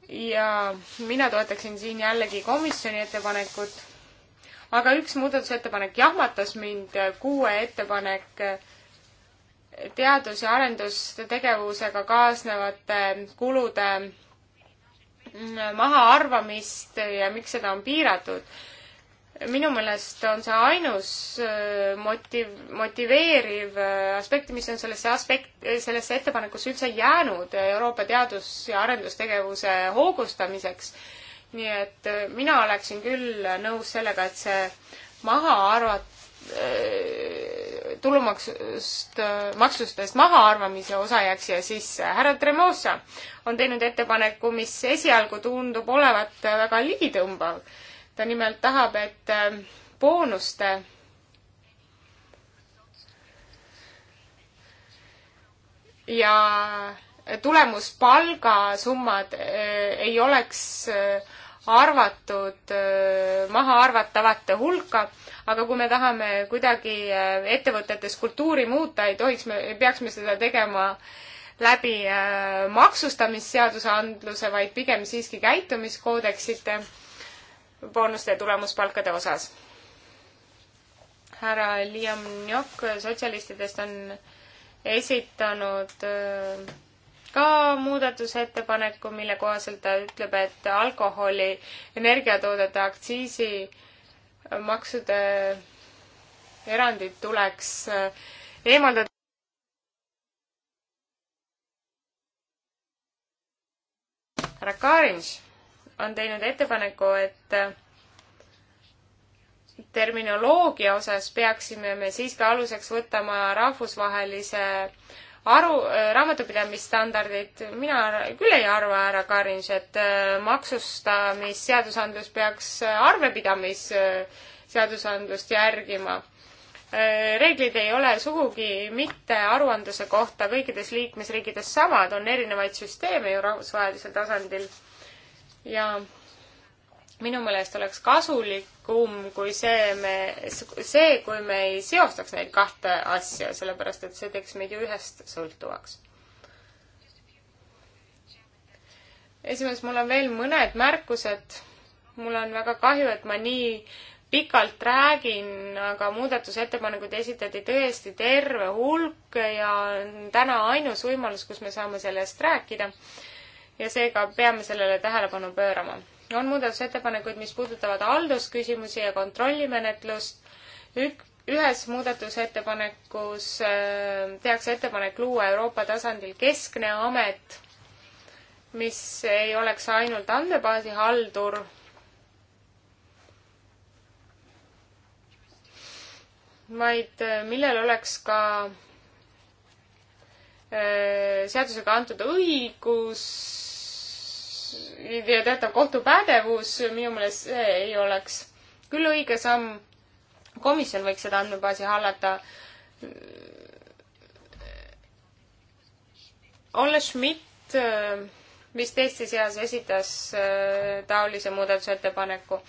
ja mina toetaksin siin jällegi komisjoni ettepanekut aga üks muudatusettepanek jahmatas mind, kuue ettepanek teadus- ja arendustegevusega kaasnevate kulude mahaarvamist ja miks seda on piiratud. minu meelest on see ainus äh, motiv-, motiveeriv äh, aspekt, mis on sellesse aspekt, sellesse ettepanekusse üldse jäänud Euroopa teadus- ja arendustegevuse hoogustamiseks nii et äh, mina oleksin küll nõus sellega, et see maha arvat-, äh, tulumaksust, äh, maksustest mahaarvamise osa jääks siia sisse. härra Tremosa on teinud ettepaneku, mis esialgu tundub olevat väga ligitõmbav. ta nimelt tahab, et boonuste ja tulemuspalga summad eh, ei oleks eh, arvatud, eh, maha arvatavate hulka, aga kui me tahame kuidagi ettevõtetes kultuuri muuta, ei tohiks me, peaksime seda tegema läbi maksustamisseadusandluse, vaid pigem siiski käitumiskoodeksite boonuste ja tulemuspalkade osas. härra Liam Njok sotsialistidest on esitanud äh, ka muudatusettepaneku, mille kohaselt ta ütleb, et alkoholi, energiatoodete aktsiisi maksude erandid tuleks äh, eemaldada. härra Kaarins on teinud ettepaneku, et äh, terminoloogia osas peaksime me siiski aluseks võtama rahvusvahelise äh, aru, äh, raamatupidamisstandardid, mina küll ei arva, härra Karinš, et äh, maksustamisseadusandlus peaks äh, arvepidamisseadusandlust järgima. reeglid ei ole sugugi mitte aruandluse kohta kõikides liikmesriikides samad, on erinevaid süsteeme ju rahvusvahelisel tasandil ja minu meelest oleks kasulikum, kui see me, see, kui me ei seostaks neid kahte asja, sellepärast et see teeks meid ju ühest sõltuvaks. esimees, mul on veel mõned märkused. mul on väga kahju, et ma nii pikalt räägin, aga muudatusettepanekuid esitati tõesti terve hulk ja täna ainus võimalus, kus me saame sellest rääkida. ja seega peame sellele tähelepanu pöörama on muudatusettepanekuid, mis puudutavad haldusküsimusi ja kontrollimenetlust. Ük-, ühes muudatusettepanekus äh, tehakse ettepanek luua Euroopa tasandil keskne amet, mis ei oleks ainult andmebaasi haldur, vaid äh, millel oleks ka äh, seadusega antud õigus ja teatav kohtupädevus, minu meelest see ei oleks küll õige samm. komisjon võiks seda andmebaasi hallata. Olle Schmidt vist teiste seas esitas äh, taolise muudatusettepaneku.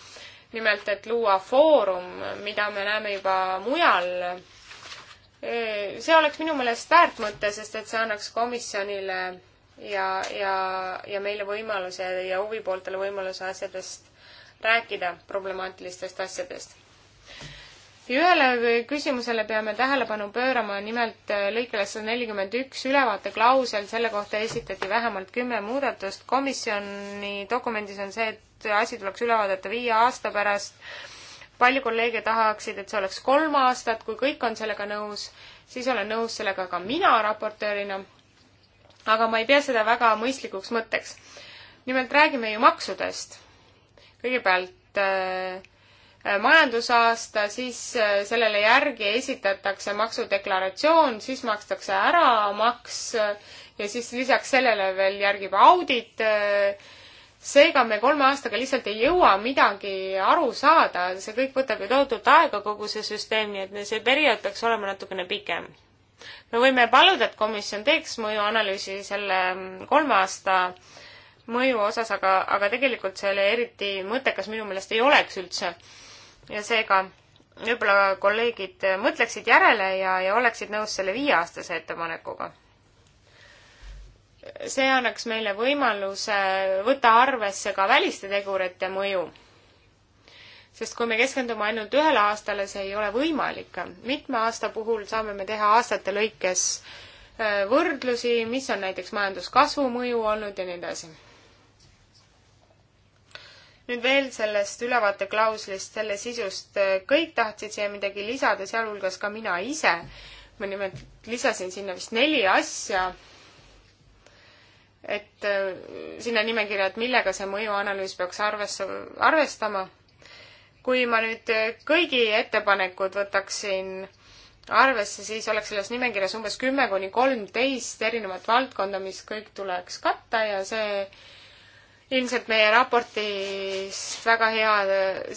nimelt, et luua foorum, mida me näeme juba mujal äh, see oleks minu meelest väärt mõte, sest et see annaks komisjonile ja, ja, ja meile võimaluse ja huvipooltele võimaluse asjadest rääkida, problemaatilistest asjadest. ühele küsimusele peame tähelepanu pöörama, nimelt äh, lõikele sada nelikümmend üks ülevaateklausel, selle kohta esitati vähemalt kümme muudatust. komisjoni dokumendis on see, et asi tuleks üle vaadata viie aasta pärast. palju kolleege tahaksid, et see oleks kolm aastat, kui kõik on sellega nõus, siis olen nõus sellega ka mina raportöörina aga ma ei pea seda väga mõistlikuks mõtteks. nimelt räägime ju maksudest. kõigepealt äh, majandusaasta, siis äh, sellele järgi esitatakse maksudeklaratsioon, siis makstakse ära maks äh, ja siis lisaks sellele veel järgib audit. Äh, seega me kolme aastaga lihtsalt ei jõua midagi aru saada, see kõik võtab ju tohutult aega, kogu see süsteem, nii et see periood peaks olema natukene pikem me võime paluda, et komisjon teeks mõjuanalüüsi selle kolme aasta mõju osas, aga, aga tegelikult see oli eriti mõttekas minu meelest ei oleks üldse. ja seega võib-olla kolleegid mõtleksid järele ja, ja oleksid nõus selle viieaastase ettepanekuga. see annaks meile võimaluse võtta arvesse ka väliste tegurite mõju sest kui me keskendume ainult ühele aastale, see ei ole võimalik. mitme aasta puhul saame me teha aastate lõikes äh, võrdlusi, mis on näiteks majanduskasvu mõju olnud ja nii edasi. nüüd veel sellest ülevaateklauslist, selle sisust, äh, kõik tahtsid siia midagi lisada, sealhulgas ka mina ise. ma nimelt lisasin sinna vist neli asja et äh, sinna nimekirja, et millega see mõjuanalüüs peaks arvesse, arvestama kui ma nüüd kõigi ettepanekud võtaksin arvesse, siis oleks selles nimekirjas umbes kümme kuni kolmteist erinevat valdkonda, mis kõik tuleks katta ja see ilmselt meie raportist väga hea,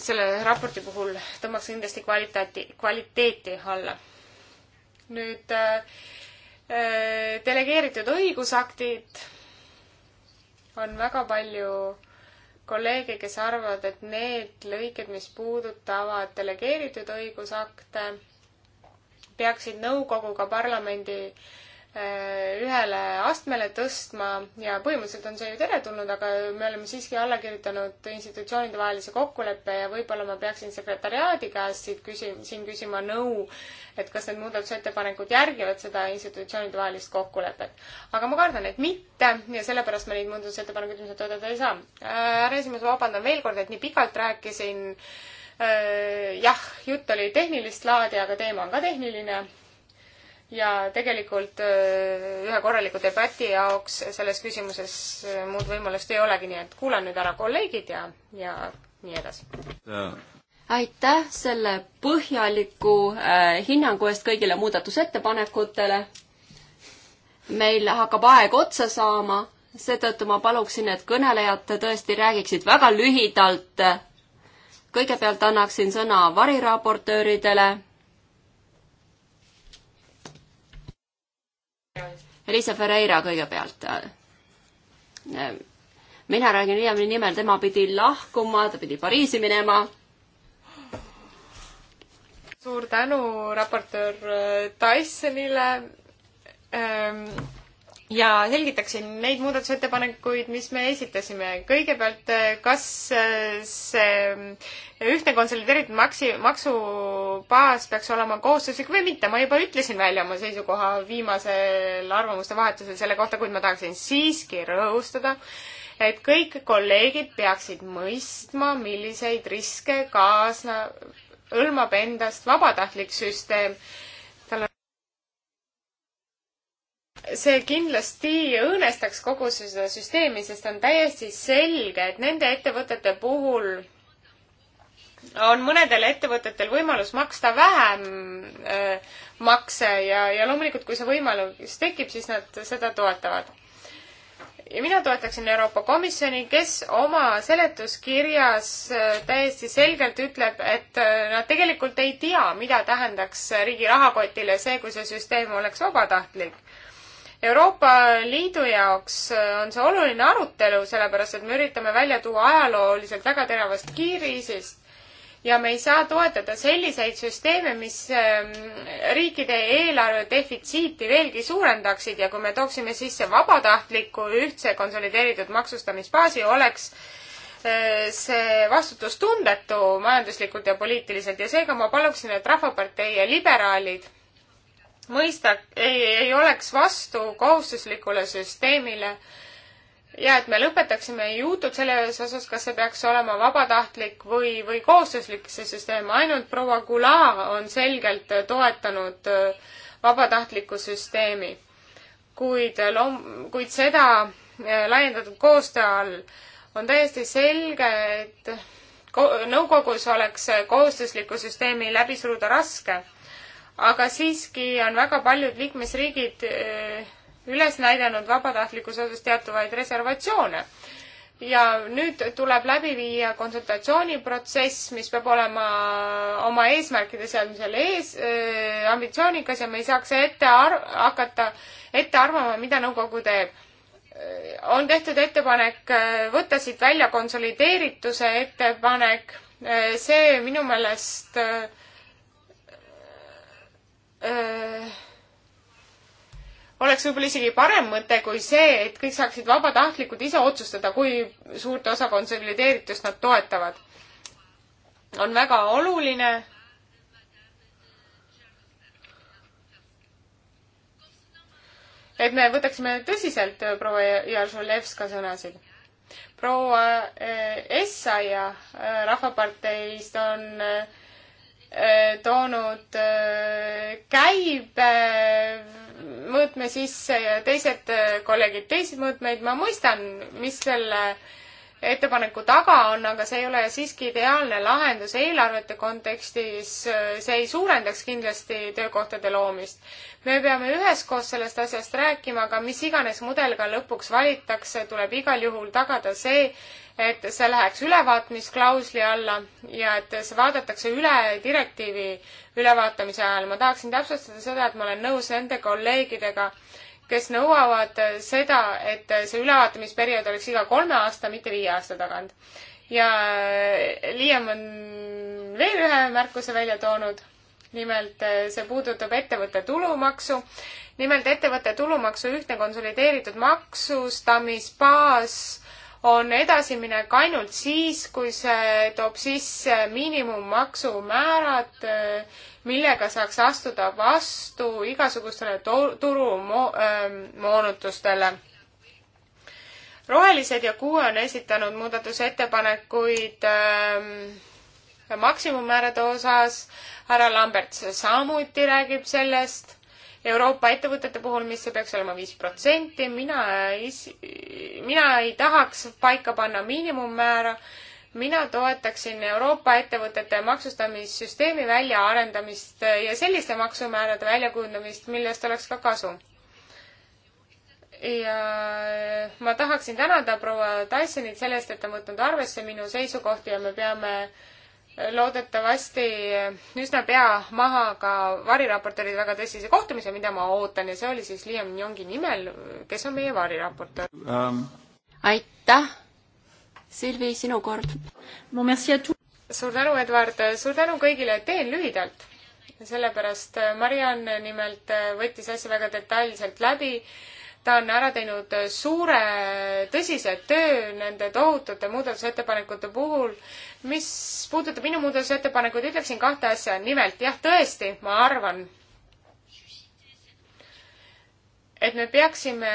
selle raporti puhul tõmbaks kindlasti kvaliteeti, kvaliteeti alla. nüüd äh, äh delegeeritud õigusaktid on väga palju kolleege, kes arvavad, et need lõiked, mis puudutavad delegeeritud õigusakte, peaksid nõukoguga parlamendi Äh, ühele astmele tõstma ja põhimõtteliselt on see ju teretulnud, aga me oleme siiski alla kirjutanud institutsioonide vahelise kokkuleppe ja võib-olla ma peaksin sekretäriaadi käest siit küsi-, siin küsima nõu, et kas need muudatusettepanekud järgivad seda institutsioonide vahelist kokkulepet. aga ma kardan, et mitte ja sellepärast ma neid muudatusettepanekuid ilmselt oodata ei saa. Äh, härra esimees, vabandan veel kord, et nii pikalt rääkisin. Äh, jah, jutt oli tehnilist laadi, aga teema on ka tehniline ja tegelikult äh, ühe korraliku debati jaoks selles küsimuses äh, muud võimalust ei olegi, nii et kuulan nüüd ära kolleegid ja, ja nii edasi. aitäh selle põhjaliku äh, hinnangu eest kõigile muudatusettepanekutele. meil hakkab aeg otsa saama, seetõttu ma paluksin, et kõnelejad tõesti räägiksid väga lühidalt. kõigepealt annaksin sõna variraportööridele Elisa Ferreira kõigepealt. mina räägin Liiami nimel, tema pidi lahkuma, ta pidi Pariisi minema. suur tänu raportöör Tysonile ähm ja selgitaksin neid muudatusettepanekuid, mis me esitasime. kõigepealt, eh, kas eh, see ühtne konsolideeritud maksi, maksubaas peaks olema kohustuslik või mitte, ma juba ütlesin välja oma seisukoha viimasel arvamuste vahetusel selle kohta, kuid ma tahaksin siiski rõhustada, et kõik kolleegid peaksid mõistma, milliseid riske kaasneb, hõlmab endast vabatahtlik süsteem see kindlasti õõnestaks kogu seda süsteemi, sest on täiesti selge, et nende ettevõtete puhul on mõnedel ettevõtetel võimalus maksta vähem äh, makse ja, ja loomulikult, kui see võimalus tekib, siis nad seda toetavad. ja mina toetaksin Euroopa Komisjoni, kes oma seletuskirjas äh, täiesti selgelt ütleb, et äh, nad tegelikult ei tea, mida tähendaks riigi rahakotile see, kui see süsteem oleks vabatahtlik Euroopa Liidu jaoks äh, on see oluline arutelu, sellepärast et me üritame välja tuua ajalooliselt väga teravast kiirisist ja me ei saa toetada selliseid süsteeme, mis ähm, riikide eelarve defitsiiti veelgi suurendaksid ja kui me tooksime sisse vabatahtliku ühtse konsolideeritud maksustamisbaasi, oleks äh, see vastutustundetu majanduslikult ja poliitiliselt ja seega ma paluksin, et Rahvapartei ja liberaalid mõista, ei, ei oleks vastu kohustuslikule süsteemile ja et me lõpetaksime jutud selles osas, kas see peaks olema vabatahtlik või, või kohustuslik, see süsteem. ainult proua Gula on selgelt toetanud äh, vabatahtlikku süsteemi. kuid äh, loom-, kuid seda äh, laiendatud koostöö all on täiesti selge, et ko-, nõukogus oleks kohustusliku süsteemi läbi suruda raske aga siiski on väga paljud liikmesriigid eh, üles näidanud vabatahtlikkuse osas teatavaid reservatsioone. ja nüüd tuleb läbi viia konsultatsiooniprotsess, mis peab olema oma eesmärkide seadmisel ees äh,, ambitsioonikas ja me ei saaks ette ar-, hakata ette arvama, mida nõukogu teeb eh, on tehtud ettepanek võtta siit välja konsolideerituse ettepanek, see minu meelest äh, öö, äh, oleks võib-olla isegi parem mõte kui see, et kõik saaksid vabatahtlikult ise otsustada, kui suurt osa konsolideeritust nad toetavad. on väga oluline. et me võtaksime tõsiselt proua Jaržolevska sõnasid. proua äh, Essaja äh, Rahvaparteist on äh, Äh, toonud äh, käibe äh, mõõtme sisse ja teised kolleegid teisi mõõtmeid. ma mõistan, mis selle ettepaneku taga on, aga see ei ole siiski ideaalne lahendus eelarvete kontekstis. see ei suurendaks kindlasti töökohtade loomist. me peame üheskoos sellest asjast rääkima, aga mis iganes mudel ka lõpuks valitakse, tuleb igal juhul tagada see, et see läheks ülevaatamisklausli alla ja et see vaadatakse üle direktiivi ülevaatamise ajal. ma tahaksin täpsustada seda, et ma olen nõus nende kolleegidega, kes nõuavad seda, et see ülevaatamisperiood oleks iga kolme aasta, mitte viie aasta tagant. ja Liam on veel ühe märkuse välja toonud. nimelt see puudutab ettevõtte tulumaksu. nimelt ettevõtte tulumaksu ühtne konsolideeritud maksustamisbaas on edasiminek ainult siis, kui see toob sisse miinimummaksumäärad, millega saaks astuda vastu igasugustele turumoonutustele ähm, rohelised ja kuue on esitanud muudatusettepanekuid ähm, maksimummäärade osas. härra Lambert samuti räägib sellest. Euroopa ettevõtete puhul, mis peaks olema viis protsenti, mina is-, mina ei tahaks paika panna miinimummäära, mina toetaksin Euroopa ettevõtete maksustamissüsteemi väljaarendamist ja selliste maksumäärade väljakujundamist, millest oleks ka kasu. ja ma tahaksin tänada proua Tysonit selle eest, et ta on võtnud arvesse minu seisukohti ja me peame äh, loodetavasti üsna pea maha ka variraportöörid väga tõsise kohtumise, mida ma ootan ja see oli siis Liam Youngi nimel, kes on meie variraportöör um.. aitäh, Silvi, sinu kord. suur tänu, Eduard, suur tänu kõigile, teen lühidalt. sellepärast Mariann nimelt võttis asja väga detailselt läbi ta on ära teinud suure tõsise töö nende tohutute muudatusettepanekute puhul. mis puudutab minu muudatusettepanekuid, ütleksin kahte asja. nimelt jah, tõesti, ma arvan, et me peaksime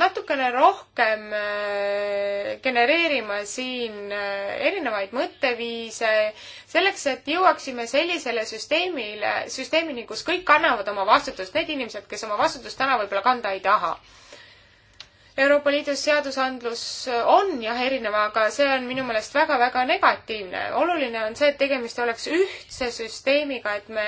natukene rohkem äh, genereerima siin äh, erinevaid mõtteviise selleks, et jõuaksime sellisele süsteemile, süsteemini, kus kõik kannavad oma vastutust, need inimesed, kes oma vastutust täna võib-olla kanda ei taha Euroopa Liidus seadusandlus äh, on jah erinev, aga see on minu meelest väga-väga negatiivne. oluline on see, et tegemist oleks ühtse süsteemiga, et me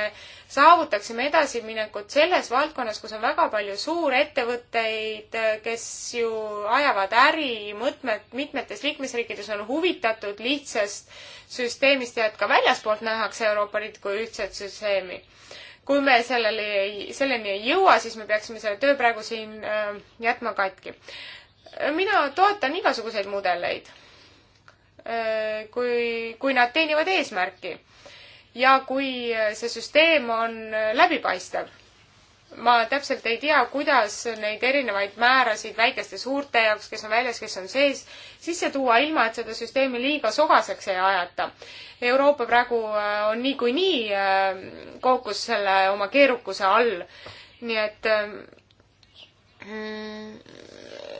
saavutaksime edasiminekut selles valdkonnas, kus on väga palju suurettevõtteid, äh, kes ju ajavad äri, mõtmed, mitmetes liikmesriikides on huvitatud lihtsast süsteemist ja et ka väljaspoolt nähakse Euroopa Liitu kui ühtset süsteemi kui me sellele, selleni ei jõua, siis me peaksime selle töö praegu siin äh, jätma katki. mina toetan igasuguseid mudeleid, äh, kui, kui nad teenivad eesmärki ja kui see süsteem on läbipaistev ma täpselt ei tea, kuidas neid erinevaid määrasid väikeste suurte jaoks, kes on väljas, kes on sees, sisse tuua, ilma et seda süsteemi liiga sogaseks ei ajata. Euroopa praegu äh, on niikuinii nii äh, kookus selle oma keerukuse all. nii et äh,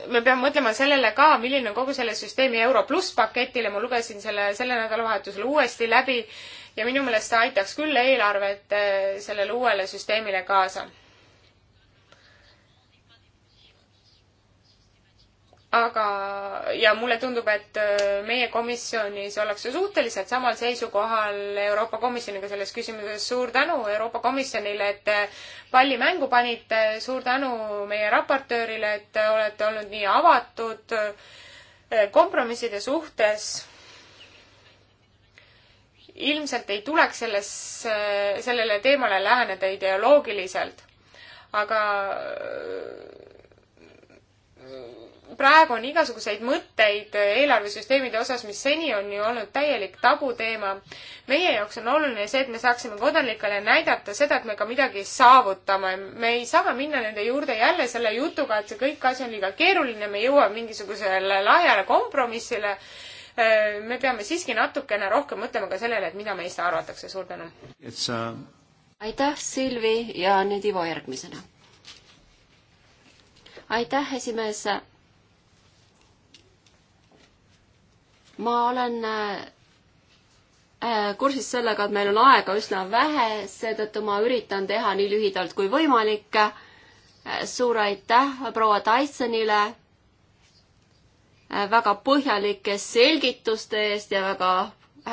me peame mõtlema sellele ka, milline on kogu selle süsteemi Euro pluss paketile, ma lugesin selle selle nädalavahetusel uuesti läbi ja minu meelest see aitaks küll eelarvet sellele uuele süsteemile kaasa aga, ja mulle tundub, et äh, meie komisjonis ollakse suhteliselt samal seisukohal Euroopa Komisjoniga selles küsimuses. suur tänu Euroopa Komisjonile, et te äh, palli mängu panite. suur tänu meie raportöörile, et te olete olnud nii avatud äh, kompromisside suhtes. ilmselt ei tuleks selles, sellele teemale läheneda ideoloogiliselt, aga praegu on igasuguseid mõtteid eelarvesüsteemide osas, mis seni on ju olnud täielik tabuteema. meie jaoks on oluline see, et me saaksime kodanikele näidata seda, et me ka midagi saavutame. me ei saa minna nende juurde jälle selle jutuga, et see kõik asi on liiga keeruline, me jõuame mingisugusele lahjale kompromissile. me peame siiski natukene rohkem mõtlema ka sellele, et mida meist arvatakse. suur tänu! Uh... aitäh, Silvi ja nüüd Ivo järgmisena aitäh, esimees ma olen äh, kursis sellega, et meil on aega üsna vähe, seetõttu ma üritan teha nii lühidalt kui võimalik. Äh, suur aitäh proua Tysonile äh, väga põhjalike selgituste eest ja väga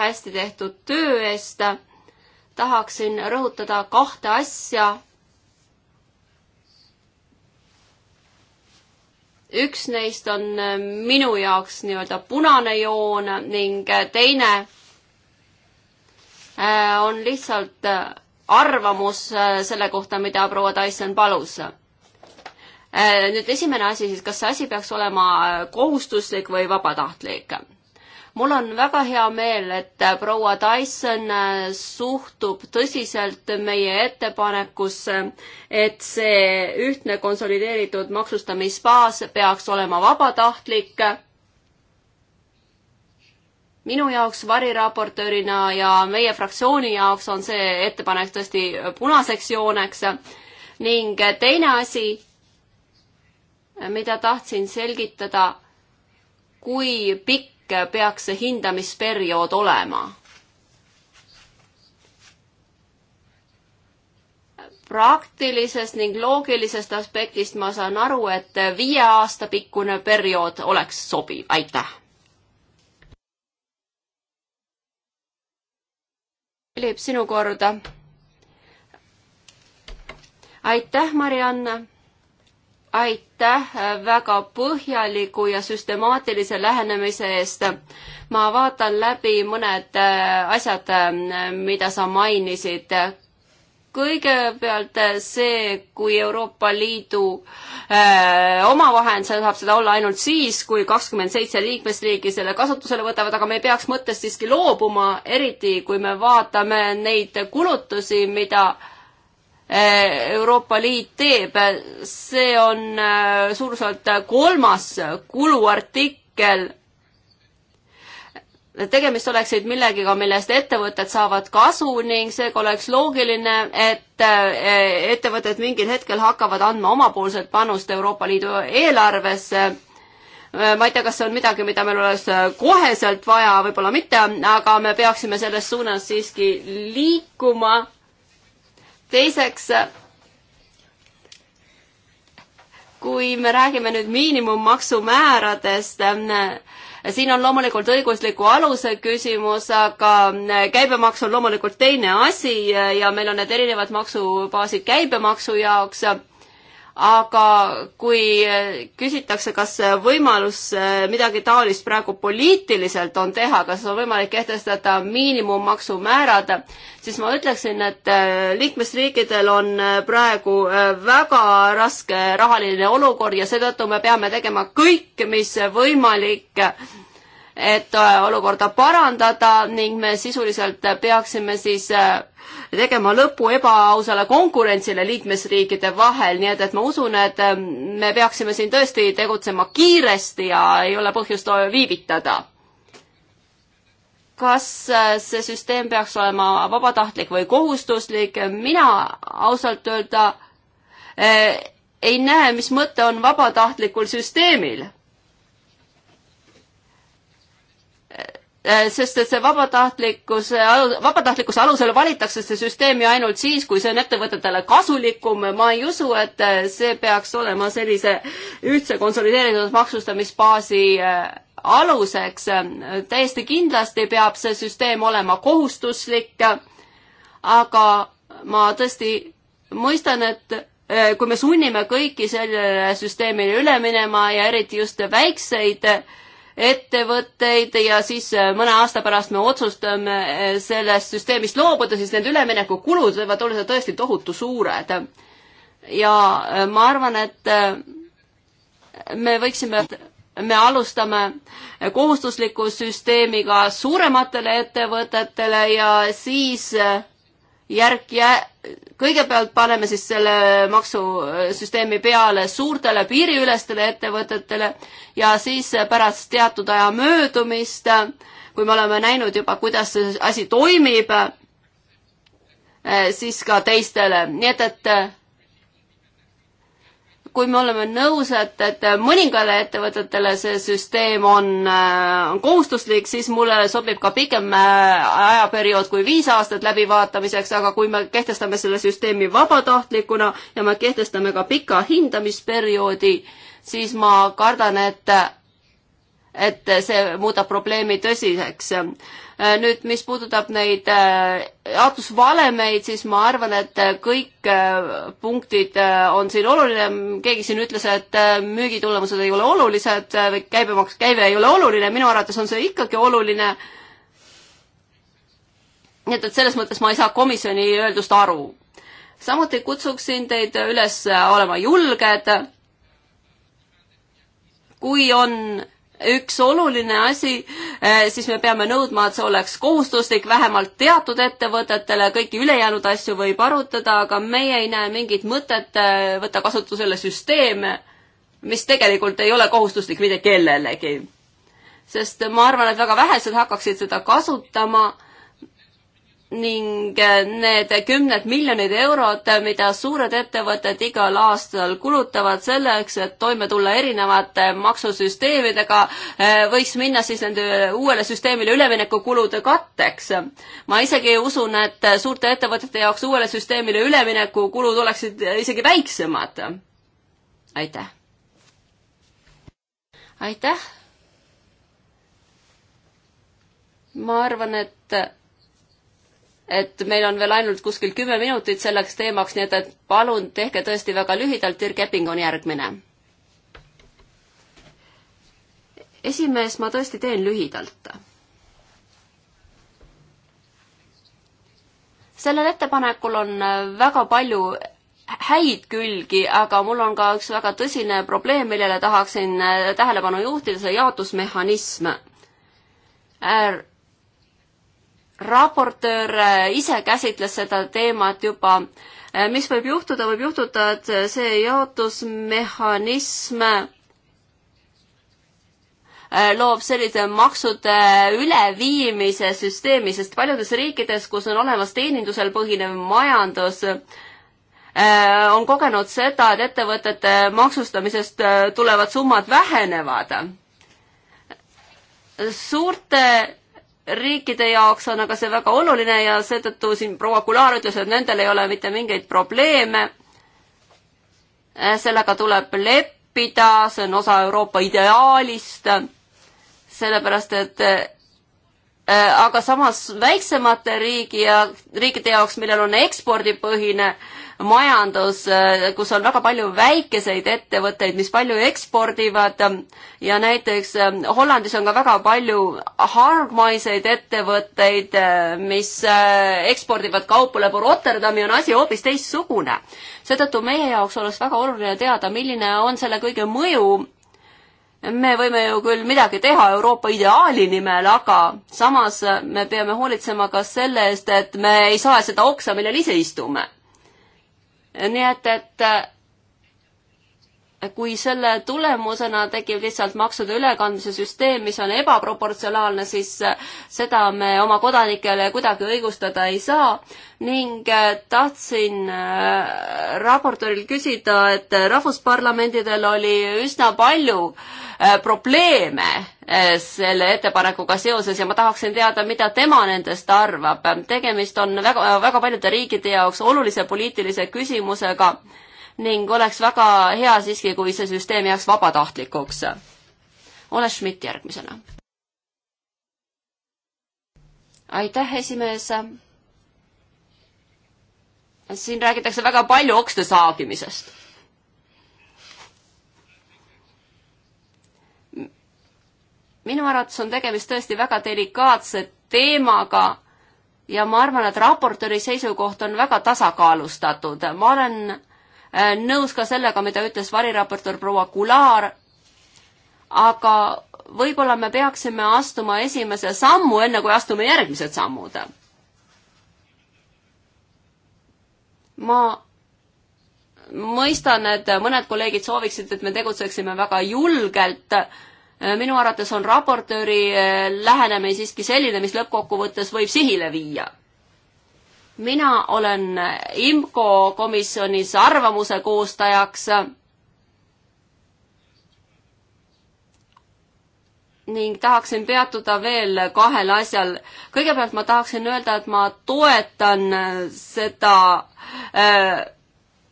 hästi tehtud töö eest. tahaksin rõhutada kahte asja üks neist on äh, minu jaoks nii-öelda punane joon ning äh, teine äh, on lihtsalt arvamus selle kohta, mida proua Tyson palus. nüüd esimene asi siis, kas see asi peaks olema kohustuslik või vabatahtlik? mul on väga hea meel, et äh, proua Tyson äh, suhtub tõsiselt meie ettepanekusse, et see ühtne konsolideeritud maksustamisbaas peaks olema vabatahtlik. minu jaoks variraportöörina ja meie fraktsiooni jaoks on see ettepanek tõesti punaseks jooneks ning äh, teine asi, mida tahtsin selgitada, kui pikk pikk peaks see hindamisperiood olema? praktilisest ning loogilisest aspektist ma saan aru, et viie aasta pikkune periood oleks sobiv, aitäh. Philip, sinu korda aitäh, Marianne! aitäh väga põhjaliku ja süstemaatilise lähenemise eest. ma vaatan läbi mõned äh, asjad, äh, mida sa mainisid. kõigepealt äh, see, kui Euroopa Liidu äh, omavahend, see saab seda olla ainult siis, kui kakskümmend seitse liikmesriigi selle kasutusele võtavad, aga me ei peaks mõttest siiski loobuma, eriti kui me vaatame neid kulutusi, mida äh, Euroopa Liit teeb, see on äh, suuruselt kolmas kuluartikkel. tegemist oleksid millegiga, millest ettevõtted saavad kasu ning seega oleks loogiline, et äh, ettevõtted mingil hetkel hakkavad andma omapoolset panust Euroopa Liidu eelarvesse äh, ma ei tea, kas see on midagi, mida meil oleks koheselt vaja, võib-olla mitte, aga me peaksime selles suunas siiski liikuma teiseks, kui me räägime nüüd miinimummaksumääradest, siin on loomulikult õigusliku aluse küsimus, aga käibemaks on loomulikult teine asi ja meil on need erinevad maksubaasid käibemaksu jaoks aga kui eh, küsitakse, kas eh, võimalus eh, midagi taolist praegu poliitiliselt on teha, kas on võimalik kehtestada miinimummaksumäärad, siis ma ütleksin, et liikmesriikidel on praegu väga raske rahaline olukord ja seetõttu me peame tegema kõik, mis võimalik et äh, olukorda parandada ning me sisuliselt peaksime siis äh, tegema lõpu ebaausale konkurentsile liikmesriikide vahel, nii et, et ma usun, et äh, me peaksime siin tõesti tegutsema kiiresti ja ei ole põhjust viivitada. kas see süsteem peaks olema vabatahtlik või kohustuslik, mina ausalt öelda ei näe, mis mõte on vabatahtlikul süsteemil Äh, sest et see vabatahtlikkuse, vabatahtlikkuse alusel valitakse see süsteem ju ainult siis, kui see on ettevõtetele kasulikum. ma ei usu, et äh, see peaks olema sellise ühtse konsolideeritud maksustamisbaasi äh, aluseks. täiesti kindlasti peab see süsteem olema kohustuslik. aga ma tõesti mõistan, et kui me sunnime kõiki sellele süsteemile üle minema ja eriti just väikseid ettevõtteid ja siis äh, mõne aasta pärast me otsustame äh, sellest süsteemist loobuda, siis need üleminekukulud võivad olla tõesti tohutu suured. ja äh, ma arvan, et me võiksime me alustame kohustusliku süsteemiga suurematele ettevõtetele ja siis äh, järk jää-, kõigepealt paneme siis selle maksusüsteemi peale suurtele piiriülestele ettevõtetele ja siis pärast teatud aja möödumist, kui me oleme näinud juba, kuidas see asi toimib, eh, siis ka teistele, nii et, et kui me oleme nõus, et, et mõningale ettevõtetele see süsteem on, äh, on kohustuslik, siis mulle sobib ka pikem äh, ajaperiood kui viis aastat läbivaatamiseks, aga kui me kehtestame selle süsteemi vabatahtlikuna ja me kehtestame ka pika hindamisperioodi, siis ma kardan, et et see muudab probleemi tõsiseks Äh, nüüd, mis puudutab neid äh, jaotusvalemeid, siis ma arvan, et äh, kõik punktid on siin oluline, keegi siin ütles, et müügitulemused ei ole olulised või käibemaks, käive ei ole oluline, minu arvates on see ikkagi oluline. nii et, et selles mõttes ma ei saa komisjoni öeldust aru. samuti kutsuksin teid üles olema julged. kui on üks oluline asi, eh, siis me peame nõudma, et see oleks kohustuslik vähemalt teatud ettevõtetele, kõiki ülejäänud asju võib arutada, aga meie ei näe mingit mõtet eh, võtta kasutusele süsteeme, mis tegelikult ei ole kohustuslik mitte kellelegi. sest ma arvan, et väga vähesed hakkaksid seda kasutama ning äh, need kümned miljonid eurod, mida suured ettevõtted igal aastal kulutavad selleks, et toime tulla erinevate maksusüsteemidega, äh, võiks minna siis nende uuele süsteemile üleminekukulude katteks. ma isegi usun, et suurte ettevõtete jaoks uuele süsteemile üleminekukulud oleksid isegi väiksemad. aitäh. aitäh. ma arvan, et et meil on veel ainult kuskil kümme minutit selleks teemaks, nii et, et palun tehke tõesti väga lühidalt, Dirk Epping on järgmine. esimees, ma tõesti teen lühidalt. sellel ettepanekul on väga palju häid külgi, aga mul on ka üks väga tõsine probleem, millele tahaksin tähelepanu juhtida, see jaotusmehhanism raportöör äh, ise käsitles seda teemat juba. Äh, mis võib juhtuda, võib juhtuda, et see jaotusmehhanism äh, loob sellise maksude üleviimise süsteemi, sest paljudes riikides, kus on olemas teenindusel põhinev majandus, on kogenud seda, et ettevõtete maksustamisest tulevad summad vähenevad. suurte riikide jaoks on aga see väga oluline ja seetõttu siin proua Kulaar ütles, et nendel ei ole mitte mingeid probleeme. sellega tuleb leppida, see on osa Euroopa ideaalist, sellepärast et äh, aga samas väiksemate riigi ja riikide jaoks, millel on ekspordipõhine äh, majandus, kus on väga palju väikeseid ettevõtteid, mis palju ekspordivad ja näiteks ähm, Hollandis on ka väga palju hargmaiseid ettevõtteid, äh, mis äh, ekspordivad kaupu läbi Rotterdami, on asi hoopis teistsugune. seetõttu meie jaoks oleks väga oluline teada, milline on selle kõige mõju me võime ju küll midagi teha Euroopa ideaali nimel, aga samas me peame hoolitsema ka selle eest, et me ei saa seda oksa, millel ise istume nii et, et kui selle tulemusena tekib lihtsalt maksude ülekandmise süsteem, mis on ebaproportsionaalne, siis äh, seda me oma kodanikele kuidagi õigustada ei saa ning äh, tahtsin äh, raportööril küsida, et rahvusparlamendidel oli üsna palju probleeme selle ettepanekuga seoses ja ma tahaksin teada, mida tema nendest arvab. tegemist on väga, väga paljude riikide jaoks olulise poliitilise küsimusega ning oleks väga hea siiski, kui see süsteem jääks vabatahtlikuks. Ole Schmidt järgmisena. aitäh, esimees. siin räägitakse väga palju okste saagimisest minu arvates on tegemist tõesti väga delikaatse teemaga ja ma arvan, et raportööri seisukoht on väga tasakaalustatud. ma olen Äh, nõus ka sellega, mida ütles variraportöör proua Kular, aga võib-olla me peaksime astuma esimese sammu, enne kui astume järgmised sammud. ma mõistan, et mõned kolleegid sooviksid, et me tegutseksime väga julgelt. Äh, minu arvates on raportööri äh, lähenemine siiski selline, mis lõppkokkuvõttes võib sihile viia mina olen IMCO komisjonis arvamuse koostajaks ning tahaksin peatuda veel kahel asjal. kõigepealt ma tahaksin öelda, et ma toetan seda äh,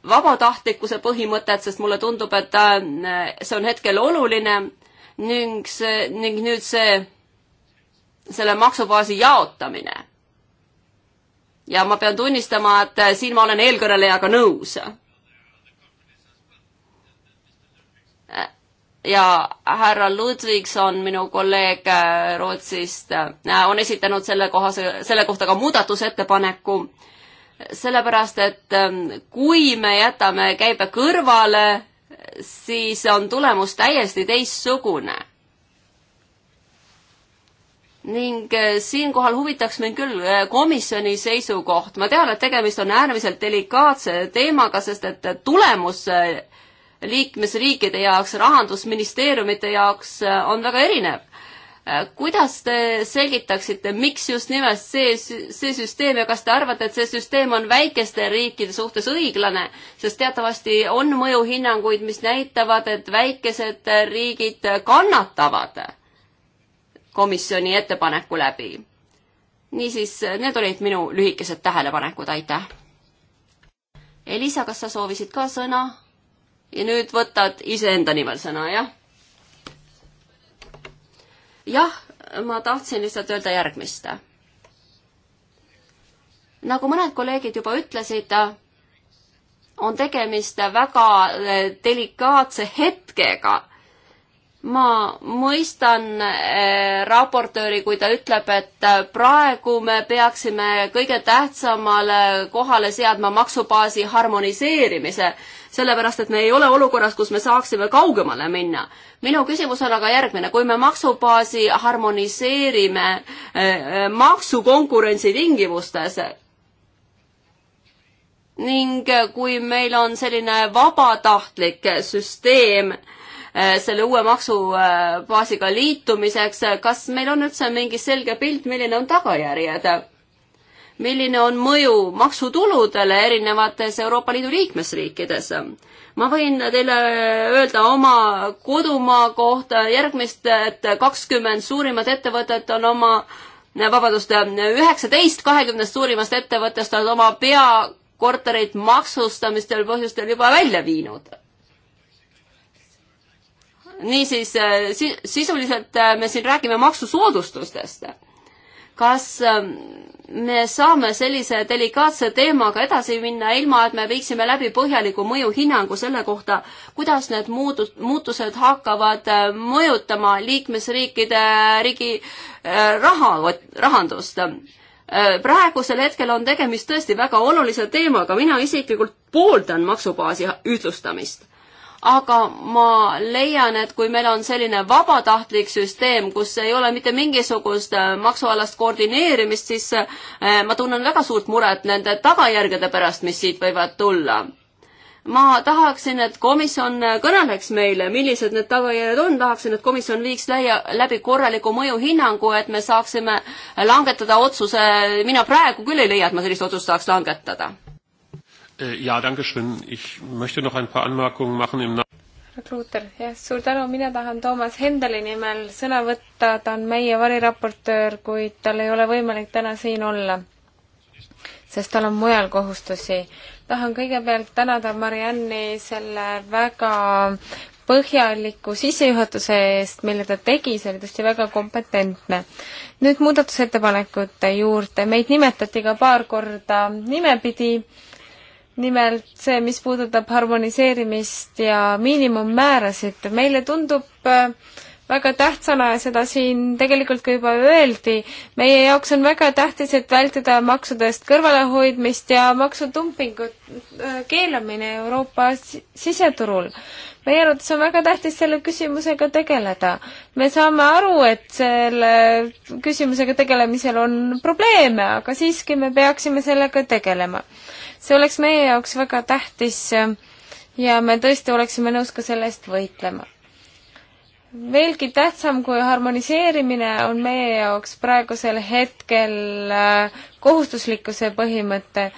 vabatahtlikkuse põhimõtet, sest mulle tundub, et äh, see on hetkel oluline ning see, ning nüüd see, selle maksubaasi jaotamine ja ma pean tunnistama, et siin ma olen eelkõnelejaga nõus. ja härra Ludvigson, minu kolleeg Rootsist, on esitanud selle kohase, selle kohta ka muudatusettepaneku, sellepärast et ähm, kui me jätame käibe kõrvale, siis on tulemus täiesti teistsugune ning äh, siinkohal huvitaks mind küll äh, komisjoni seisukoht. ma tean, et tegemist on äärmiselt delikaatse teemaga, sest et äh, tulemus liikmesriikide jaoks, rahandusministeeriumite jaoks on väga erinev. kuidas te selgitaksite, miks just nimelt see, see süsteem ja kas te arvate, et see süsteem on väikeste riikide suhtes õiglane, sest teatavasti on mõjuhinnanguid, mis näitavad, et väikesed riigid kannatavad komisjoni ettepaneku läbi. niisiis, need olid minu lühikesed tähelepanekud, aitäh. Elisa, kas sa soovisid ka sõna? ja nüüd võtad iseenda nimel sõna, jah? jah, ma tahtsin lihtsalt öelda järgmist. nagu mõned kolleegid juba ütlesid, on tegemist väga delikaatse hetkega ma mõistan eh, raportööri, kui ta ütleb, et eh, praegu me peaksime kõige tähtsamale kohale seadma maksubaasi harmoniseerimise, sellepärast et me ei ole olukorras, kus me saaksime kaugemale minna. minu küsimus on aga järgmine, kui me maksubaasi harmoniseerime eh, maksukonkurentsi tingimustes, ning kui meil on selline vabatahtlik süsteem, Äh, selle uue maksubaasiga liitumiseks, kas meil on üldse mingi selge pilt, milline on tagajärjed? milline on mõju maksutuludele erinevates Euroopa Liidu liikmesriikides? ma võin teile öelda oma kodumaa kohta järgmist, et kakskümmend suurimat ettevõtet on oma, vabandust, üheksateist kahekümnest suurimast ettevõttest on oma peakorterid maksustamistel põhjustel juba välja viinud niisiis äh, sisuliselt äh, me siin räägime maksusoodustustest. kas ähm, me saame sellise delikaatse teemaga edasi minna, ilma et me viiksime läbi põhjaliku mõjuhinnangu selle kohta, kuidas need muudu-, muutused hakkavad äh, mõjutama liikmesriikide riigi raha, rahandust? praegusel hetkel on tegemist tõesti väga olulise teemaga, mina isiklikult pooldan maksubaasi ühtlustamist aga ma leian, et kui meil on selline vabatahtlik süsteem, kus ei ole mitte mingisugust äh, maksualast koordineerimist, siis äh, ma tunnen väga suurt muret nende tagajärgede pärast, mis siit võivad tulla. ma tahaksin, et komisjon äh, kõneleks meile, millised need tagajärjed on, tahaksin, et komisjon viiks läia, läbi korraliku mõjuhinnangu, et me saaksime langetada otsuse, mina praegu küll ei leia, et ma sellist otsust saaks langetada Äh, ja, danke schön. Ich möchte noch ein paar Anmerkungen machen im Namen. Ruuter, jah, suur tänu, mina tahan Toomas Hendeli nimel sõna võtta, ta on meie variraportöör, kuid tal ei ole võimalik täna siin olla, sest tal on mujal kohustusi. tahan kõigepealt tänada Marianni selle väga põhjaliku sissejuhatuse eest, mille ta tegi, see oli tõesti väga kompetentne. nüüd muudatusettepanekute juurde, meid nimetati ka paar korda nimepidi nimelt see, mis puudutab harmoniseerimist ja miinimummäärasid. meile tundub äh, väga tähtsana ja seda siin tegelikult ka juba öeldi, meie jaoks on väga tähtis, et vältida maksudest kõrvalehoidmist ja maksutumpingut, äh, keelamine Euroopa siseturul. meie arvates on väga tähtis selle küsimusega tegeleda. me saame aru, et selle küsimusega tegelemisel on probleeme, aga siiski me peaksime sellega tegelema see oleks meie jaoks väga tähtis äh, ja me tõesti oleksime nõus ka selle eest võitlema. veelgi tähtsam kui harmoniseerimine on meie jaoks praegusel hetkel äh, kohustuslikkuse põhimõte.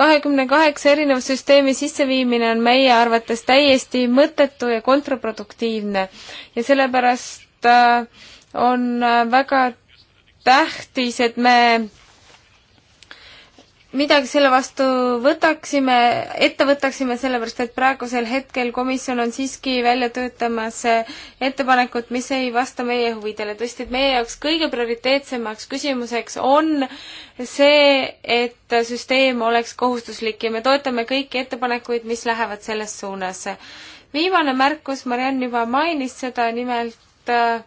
kahekümne kaheksa erineva süsteemi sisseviimine on meie arvates täiesti mõttetu ja kontraproduktiivne ja sellepärast äh, on väga tähtis, et me midagi selle vastu võtaksime, ette võtaksime, sellepärast et praegusel hetkel komisjon on siiski välja töötamas ettepanekut, mis ei vasta meie huvidele. tõesti, et meie jaoks kõige prioriteetsemaks küsimuseks on see, et süsteem oleks kohustuslik ja me toetame kõiki ettepanekuid, mis lähevad selles suunas. viimane märkus, Mariann juba mainis seda, nimelt äh,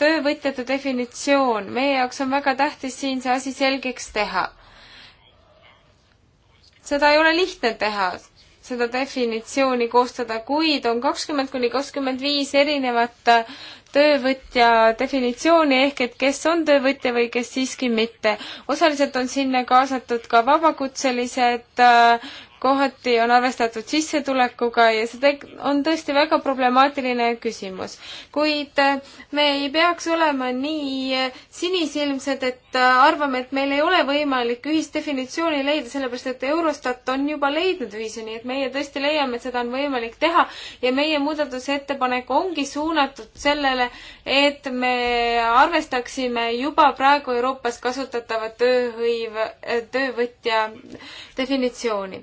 töövõtjate definitsioon, meie jaoks on väga tähtis siin see asi selgeks teha. seda ei ole lihtne teha, seda definitsiooni koostada, kuid on kakskümmend kuni kakskümmend viis erinevat äh, töövõtja definitsiooni ehk et kes on töövõtja või kes siiski mitte. osaliselt on sinna kaasatud ka vabakutselised äh, kohati on arvestatud sissetulekuga ja see on tõesti väga problemaatiline küsimus. kuid äh, me ei peaks olema nii äh, sinisilmsed, et äh, arvame, et meil ei ole võimalik ühist definitsiooni leida, sellepärast et Eurostat on juba leidnud ühise, nii et meie tõesti leiame, et seda on võimalik teha ja meie muudatusettepanek ongi suunatud sellele, et me arvestaksime juba praegu Euroopas kasutatavat tööhõiv, töövõtja definitsiooni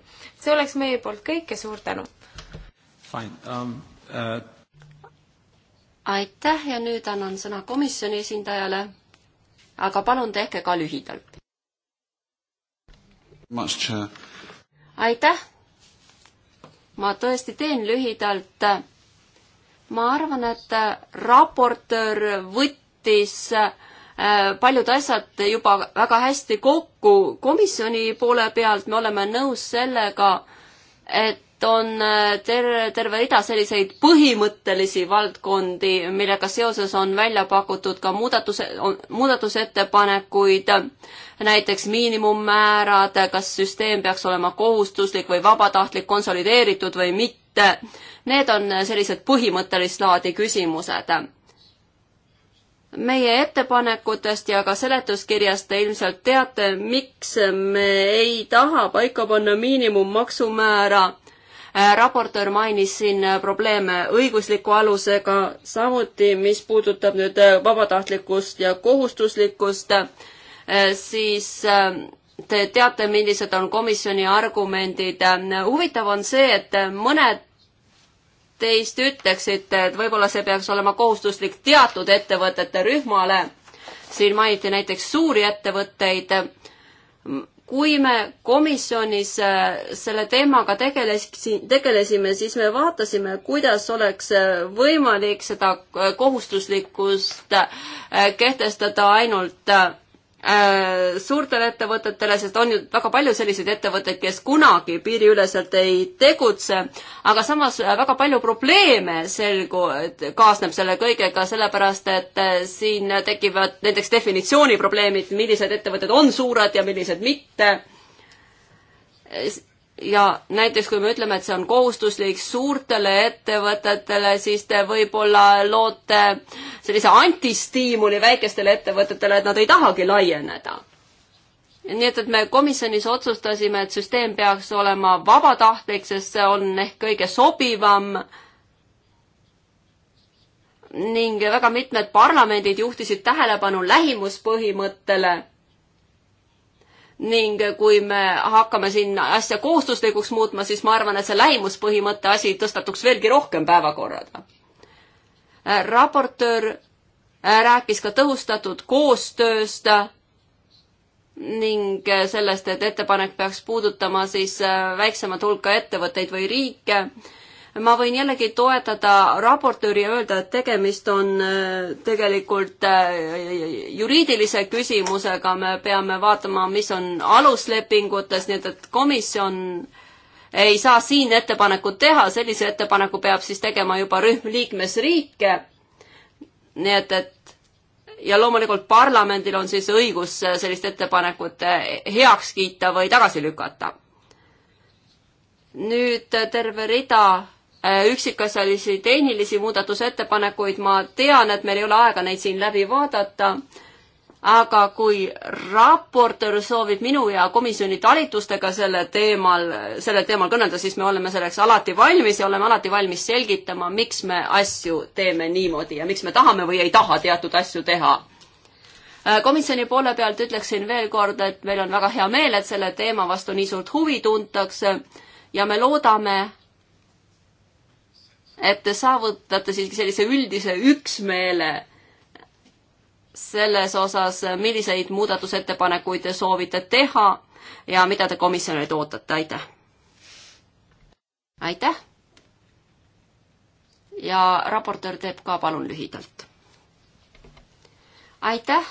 see oleks meie poolt kõik ja suur tänu! Um, uh... aitäh ja nüüd annan sõna komisjoni esindajale, aga palun tehke ka lühidalt. Uh, aitäh! ma tõesti teen lühidalt. ma arvan, et raportöör võttis äh, Äh, paljud asjad juba väga hästi kokku. komisjoni poole pealt me oleme nõus sellega, et on äh, terve, terve rida selliseid põhimõttelisi valdkondi, millega seoses on välja pakutud ka muudatuse, muudatusettepanekuid, näiteks miinimummäärad, kas süsteem peaks olema kohustuslik või vabatahtlik, konsolideeritud või mitte. Need on sellised põhimõttelist laadi küsimused meie ettepanekutest ja ka seletuskirjast te ilmselt teate, miks me ei taha paika panna miinimummaksumäära. Äh, raportöör mainis siin äh, probleeme õigusliku alusega, samuti mis puudutab nüüd äh, vabatahtlikkust ja kohustuslikkust, siis te teate, millised on komisjoni argumendid. huvitav on see, et mõned teist ütleksite, et võib-olla see peaks olema kohustuslik teatud ettevõtete rühmale. siin mainiti näiteks suuri ettevõtteid. kui me komisjonis äh, selle teemaga tegelesime, tegelesime, siis me vaatasime, kuidas oleks äh, võimalik seda äh, kohustuslikkust kehtestada ainult Äh, suurtele ettevõtetele, sest on ju väga palju selliseid ettevõtteid, kes kunagi piiriüleselt ei tegutse, aga samas äh, väga palju probleeme selgu-, kaasneb selle kõigega, sellepärast et äh, siin tekivad näiteks definitsiooniprobleemid, millised ettevõtted on suured ja millised mitte ja näiteks kui me ütleme, et see on kohustuslik suurtele ettevõtetele, siis te võib-olla loote sellise antistiimuli väikestele ettevõtetele, et nad ei tahagi laieneda. nii et, et me komisjonis otsustasime, et süsteem peaks olema vabatahtlik, sest see on ehk kõige sobivam ning väga mitmed parlamendid juhtisid tähelepanu lähimuspõhimõttele ning kui me hakkame siin asja kohustuslikuks muutma, siis ma arvan, et see lähimuspõhimõtte asi tõstatuks veelgi rohkem päevakorrale. raportöör äh, rääkis ka tõhustatud koostööst ning sellest, et ettepanek peaks puudutama siis äh, väiksemat hulka ettevõtteid või riike ma võin jällegi toetada raportööri ja öelda, et tegemist on äh, tegelikult äh, juriidilise küsimusega, me peame vaatama, mis on aluslepingutes, nii et, et komisjon ei saa siin ettepanekut teha, sellise ettepaneku peab siis tegema juba rühm liikmesriike. nii et, et ja loomulikult parlamendil on siis õigus äh, sellist ettepanekut heaks kiita või tagasi lükata. nüüd terve rida Äh, üksikasjalisi tehnilisi muudatusettepanekuid, ma tean, et meil ei ole aega neid siin läbi vaadata, aga kui raportöör soovib minu ja komisjoni talitustega selle teemal, sellel teemal kõnelda, siis me oleme selleks alati valmis ja oleme alati valmis selgitama, miks me asju teeme niimoodi ja miks me tahame või ei taha teatud asju teha äh, komisjoni poole pealt ütleksin veel kord, et meil on väga hea meel, et selle teema vastu nii suurt huvi tuntakse ja me loodame, et te saavutate siiski sellise üldise üksmeele selles osas, milliseid muudatusettepanekuid te soovite teha ja mida te komisjonilt ootate, aitäh! aitäh! ja raportöör teeb ka palun lühidalt. aitäh!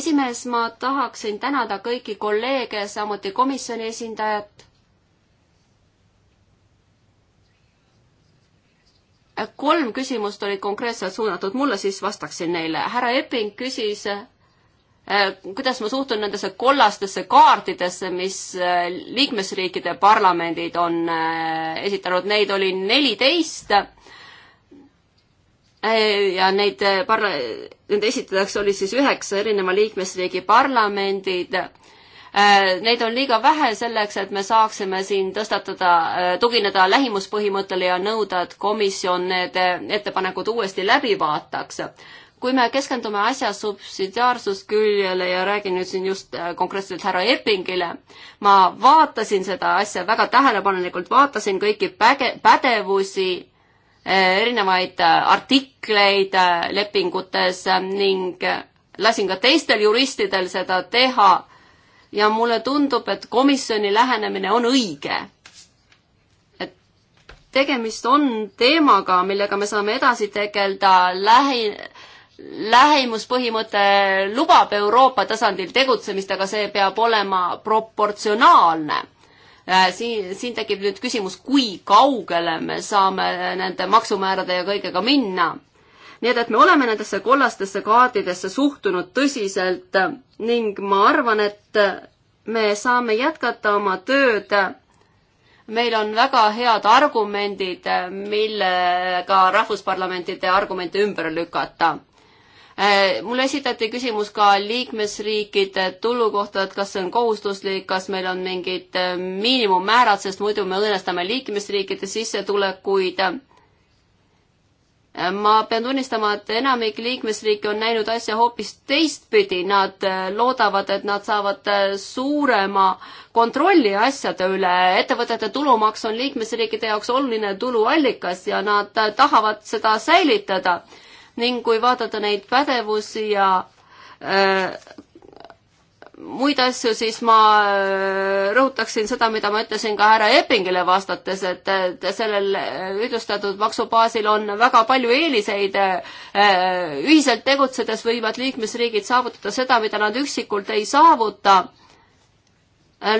esimees, ma tahaksin tänada kõiki kolleege, samuti komisjoni esindajat kolm küsimust olid konkreetselt suunatud mulle, siis vastaksin neile. härra Epping küsis, äh, kuidas ma suhtun nendesse kollastesse kaartidesse, mis äh, liikmesriikide parlamendid on äh, esitanud, neid oli neliteist ja neid parla-, nende esitajaks oli siis üheksa erineva liikmesriigi parlamendid Äh, neid on liiga vähe selleks, et me saaksime siin tõstatada, äh, tugineda lähimuspõhimõttele ja nõuda, et komisjon need äh, ettepanekud uuesti läbi vaataks kui me keskendume asja subsidiaarsusküljele ja räägin nüüd siin just konkreetselt härra Eppingile, ma vaatasin seda asja väga tähelepanelikult, vaatasin kõiki päge-, pädevusi, erinevaid artikleid lepingutes ning lasin ka teistel juristidel seda teha ja mulle tundub, et komisjoni lähenemine on õige. et tegemist on teemaga, millega me saame edasi tegeleda lähi, lähimuspõhimõte lubab Euroopa tasandil tegutsemist, aga see peab olema proportsionaalne. Äh, siin, siin tekib nüüd küsimus, kui kaugele me saame nende maksumäärade ja kõigega minna nii et, et me oleme nendesse kollastesse kaardidesse suhtunud tõsiselt ning ma arvan, et me saame jätkata oma tööd. meil on väga head argumendid, millega rahvusparlamentide argumente ümber lükata eh, mulle esitati küsimus ka liikmesriikide tulu kohta, et kas see on kohustuslik, kas meil on mingid eh, miinimummäärad, sest muidu me õõnestame liikmesriikide sissetulekuid ma pean tunnistama, et enamik liikmesriike on näinud asja hoopis teistpidi, nad äh, loodavad, et nad saavad äh, suurema kontrolli asjade üle, ettevõtete tulumaks on liikmesriikide jaoks oluline tuluallikas ja nad äh, tahavad seda säilitada. ning kui vaadata neid pädevusi ja muid asju, siis ma äh, rõhutaksin seda, mida ma ütlesin ka härra Eppingile vastates, et sellel äh, ühtlustatud maksubaasil on väga palju eeliseid. Äh, ühiselt tegutsedes võivad liikmesriigid saavutada seda, mida nad üksikult ei saavuta.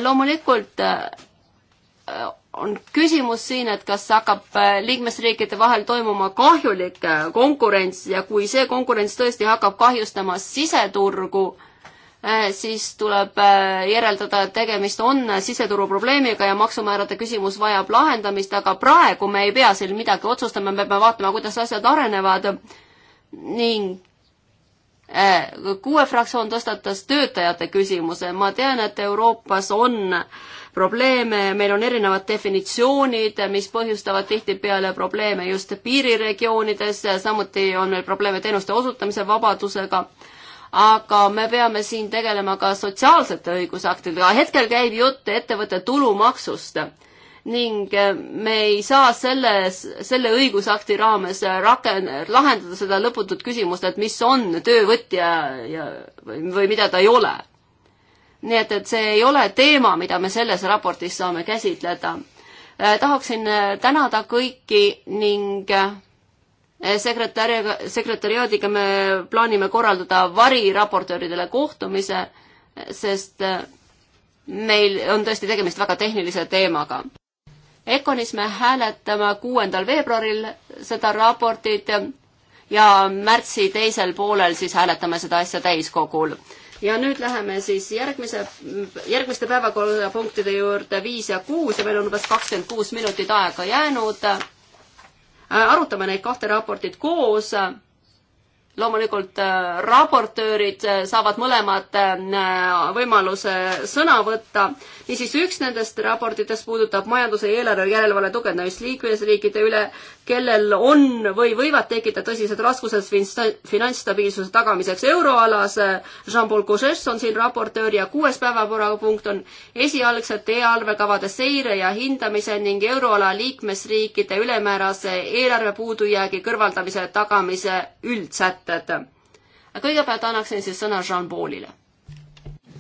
loomulikult on küsimus siin, et kas hakkab liikmesriikide vahel toimuma kahjulik konkurents ja kui see konkurents tõesti hakkab kahjustama siseturgu, Äh, siis tuleb äh, järeldada, et tegemist on siseturu probleemiga ja maksumäärade küsimus vajab lahendamist, aga praegu me ei pea siin midagi otsustama, me peame vaatama, kuidas asjad arenevad ning äh, kuue fraktsioon tõstatas töötajate küsimuse, ma tean, et Euroopas on probleeme, meil on erinevad definitsioonid, mis põhjustavad tihtipeale probleeme just piiriregioonides, samuti on meil probleeme teenuste osutamise vabadusega aga me peame siin tegelema ka sotsiaalsete õigusaktidega. hetkel käib jutt ettevõtte tulumaksust ning eh, me ei saa selles, selle õigusakti raames raken-, lahendada seda lõputut küsimust, et mis on töövõtja ja, või, või mida ta ei ole. nii et, et see ei ole teema, mida me selles raportis saame käsitleda. Eh, tahaksin eh, tänada kõiki ning sekretäriga, sekretäriaadiga me plaanime korraldada variraportööridele kohtumise, sest äh, meil on tõesti tegemist väga tehnilise teemaga. Econis me hääletame kuuendal veebruaril seda raportit ja märtsi teisel poolel siis hääletame seda asja täiskogul. ja nüüd läheme siis järgmise, järgmiste päevakorrapunktide juurde viis ja kuus ja meil on umbes kakskümmend kuus minutit aega jäänud Äh, arutame neid kahte raportit koos. loomulikult äh, raportöörid äh, saavad mõlemad võimaluse sõna võtta niisiis, üks nendest raportitest puudutab majanduse ja eelarve järelevalve tugevdamist liikmesriikide üle, kellel on või võivad tekkida tõsised raskused finantsstabiilsuse tagamiseks euroalas. Äh, Jean-Paul Couches on siin raportöör ja kuues päevakorrapunkt on esialgsete eelarvekavade seire ja hindamise ning euroala liikmesriikide ülemäärase eelarve puudujäägi kõrvaldamise tagamise üldsätted. kõigepealt annaksin siis sõna Jean-Paulile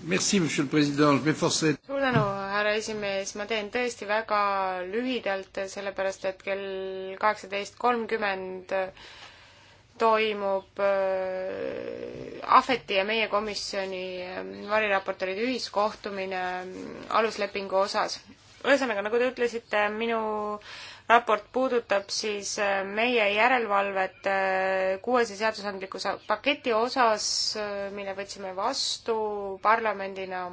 suur tänu, härra esimees, ma teen tõesti väga lühidalt, sellepärast et kell kaheksateist kolmkümmend toimub äh, Ahveti ja meie komisjoni äh, variraportoride ühiskohtumine aluslepingu osas. ühesõnaga, nagu te ütlesite, minu raport puudutab siis äh, meie järelevalvet äh, kuuese seadusandliku paketi osas, äh, mille võtsime vastu parlamendina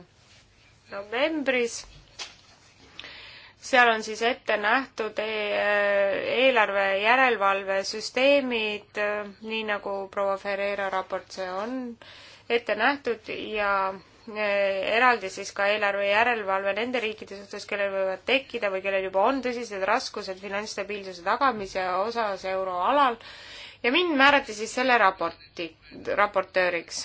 novembris. seal on siis ette nähtud e-, eelarve järelevalvesüsteemid, nii nagu proua Ferreira raport see on ette nähtud ja Eh, eraldi siis ka eelarve järelevalve nende riikide suhtes, kellel võivad tekkida või kellel juba on tõsised raskused finantsstabiilsuse tagamise osas euroalal ja mind määrati siis selle raporti, raportööriks.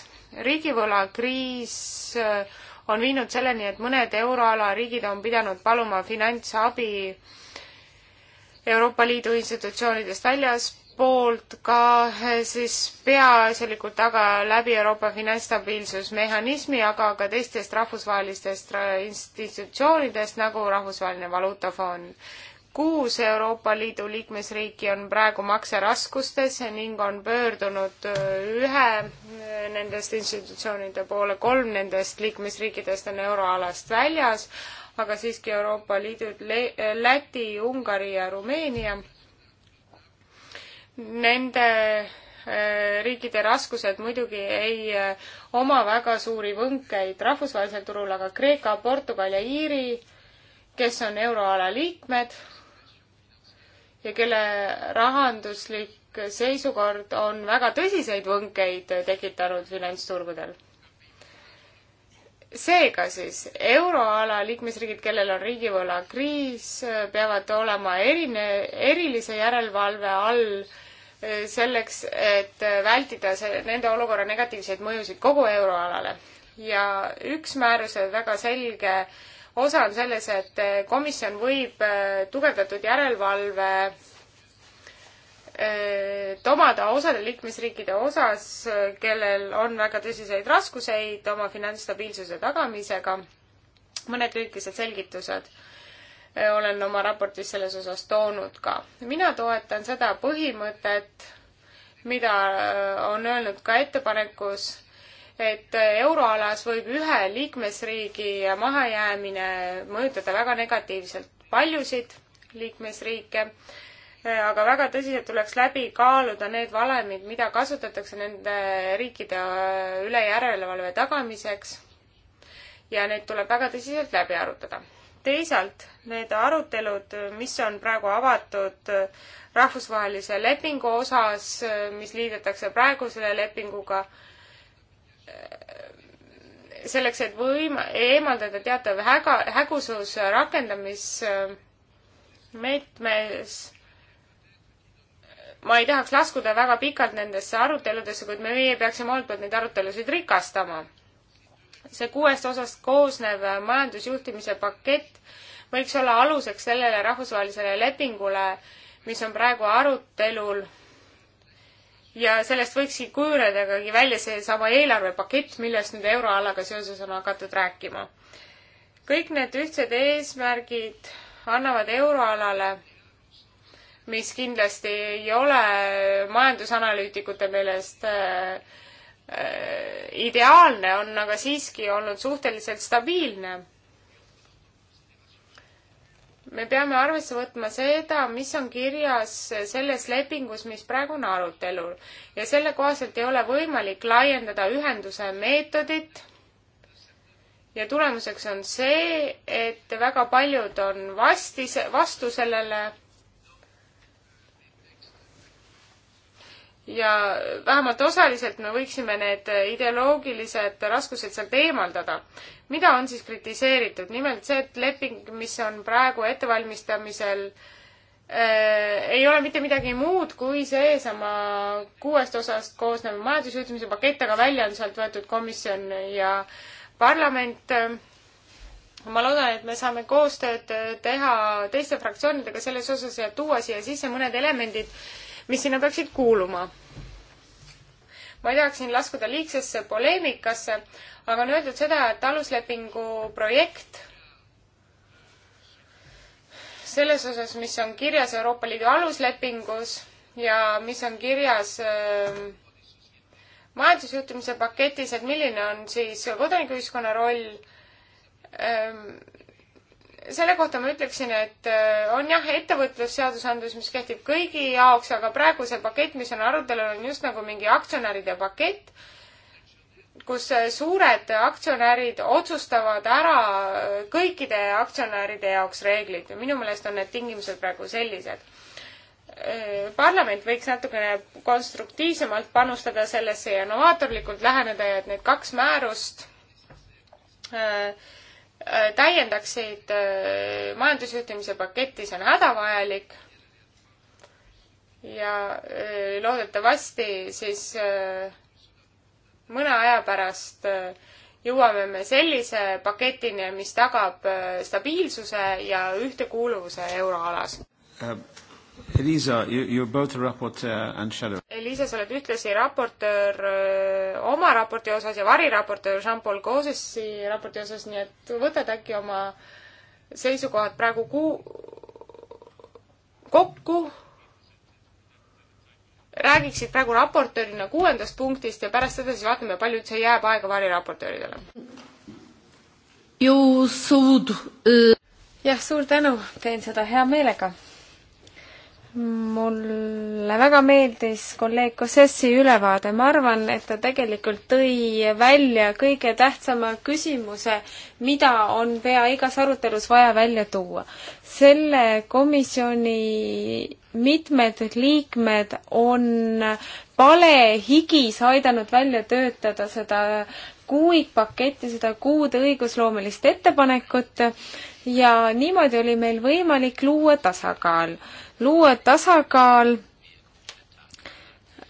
riigivõlakriis eh, on viinud selleni, et mõned euroala riigid on pidanud paluma finantsabi Euroopa Liidu institutsioonidest väljas poolt ka eh, siis peaasjalikult aga läbi Euroopa finantsstabiilsusmehhanismi, aga ka teistest rahvusvahelistest äh, institutsioonidest nagu Rahvusvaheline Valuutafond. kuus Euroopa Liidu liikmesriiki on praegu makseraskustes ning on pöördunud äh, ühe äh, nendest institutsioonide poole, kolm nendest liikmesriikidest on euroalast väljas, aga siiski Euroopa Liidud, Läti, Ungari ja Rumeenia nende äh, riikide raskused muidugi ei äh, oma väga suuri võnkeid rahvusvahelisel turul, aga Kreeka, Portugal ja Iiri, kes on euroala liikmed ja kelle rahanduslik seisukord on väga tõsiseid võnkeid tekitanud finantsturgudel. seega siis euroala liikmesriigid, kellel on riigivõlakriis, peavad olema erine, erilise järelevalve all selleks, et vältida see, nende olukorra negatiivseid mõjusid kogu euroalale. ja üks määruse väga selge osa on selles, et komisjon võib äh, tugevdatud järelevalve äh, omada osade liikmesriikide osas, kellel on väga tõsiseid raskuseid oma finantsstabiilsuse tagamisega. mõned lühikesed selgitused Äh, olen oma raportis selles osas toonud ka. mina toetan seda põhimõtet, mida äh, on öelnud ka ettepanekus, et äh, euroalas võib ühe liikmesriigi mahajäämine mõjutada väga negatiivselt paljusid liikmesriike, aga väga tõsiselt tuleks läbi kaaluda need valemid, mida kasutatakse nende riikide üle järelevalve tagamiseks ja need tuleb väga tõsiselt läbi arutada teisalt need arutelud, mis on praegu avatud rahvusvahelise lepingu osas, mis liidetakse praegusele lepinguga, selleks, et võim-, eemaldada teatav häga, hägusus rakendamismeetmes ma ei tahaks laskuda väga pikalt nendesse aruteludesse, kuid meie peaksime omalt poolt neid arutelusid rikastama see kuuest osast koosnev majandusjuhtimise pakett võiks olla aluseks sellele rahvusvahelisele lepingule, mis on praegu arutelul. ja sellest võikski kujuneda ikkagi välja seesama eelarvepakett, millest nüüd euroalaga seoses on hakatud rääkima. kõik need ühtsed eesmärgid annavad euroalale mis kindlasti ei ole majandusanalüütikute meelest äh, Äh, ideaalne, on aga siiski olnud suhteliselt stabiilne. me peame arvesse võtma seda, mis on kirjas selles lepingus, mis praegu on arutelul ja selle kohaselt ei ole võimalik laiendada ühenduse meetodit ja tulemuseks on see, et väga paljud on vastis, vastu sellele ja vähemalt osaliselt me võiksime need ideoloogilised raskused sealt eemaldada. mida on siis kritiseeritud? nimelt see, et leping, mis on praegu ettevalmistamisel äh, ei ole mitte midagi muud kui seesama kuuest osast koosnev majandusjuhtimise pakett, aga välja on sealt võetud komisjon ja parlament. ma loodan, et me saame koostööd teha teiste fraktsioonidega selles osas ja tuua siia sisse mõned elemendid, mis sinna peaksid kuuluma. ma ei tahaks siin laskuda liigsesse poleemikasse, aga on öeldud seda, et aluslepingu projekt selles osas, mis on kirjas Euroopa Liidu aluslepingus ja mis on kirjas öö, ähm, majandusjuhtimise paketis, et milline on siis kodanikuühiskonna roll, ähm, selle kohta ma ütleksin, et äh, on jah, ettevõtlusseadusandlus, mis kehtib kõigi jaoks, aga praegu see pakett, mis on arutelul, on just nagu mingi aktsionäride pakett, kus äh, suured aktsionärid otsustavad ära äh, kõikide aktsionäride jaoks reeglid ja minu meelest on need tingimused praegu sellised. parlament võiks natukene konstruktiivsemalt panustada sellesse ja novaatorlikult läheneda ja et need kaks määrust äh, täiendaksid äh, majandusjuhtimise paketti, see on hädavajalik. ja äh, loodetavasti siis äh, mõne aja pärast jõuame me sellise paketini, mis tagab stabiilsuse ja ühtekuuluvuse euroalas ähm.. Elisa, you, you both rapporteur and shadow. Elisa, sa oled ühtlasi raportöör oma raporti osas ja variraportöör Jean-Paul Gauzessi raporti osas, nii et võtad äkki oma seisukohad praegu ku-, kokku, räägiksid praegu raportöörina kuuendast punktist ja pärast seda siis vaatame, palju üldse jääb aega variraportööridele. jah, suur tänu, teen seda hea meelega mulle väga meeldis kolleeg Kossessi ülevaade, ma arvan, et ta tegelikult tõi välja kõige tähtsama küsimuse, mida on pea igas arutelus vaja välja tuua. selle komisjoni mitmed liikmed on palehigis aidanud välja töötada seda kuuikpaketti, seda kuud õigusloomelist ettepanekut ja niimoodi oli meil võimalik luua tasakaal luua tasakaal,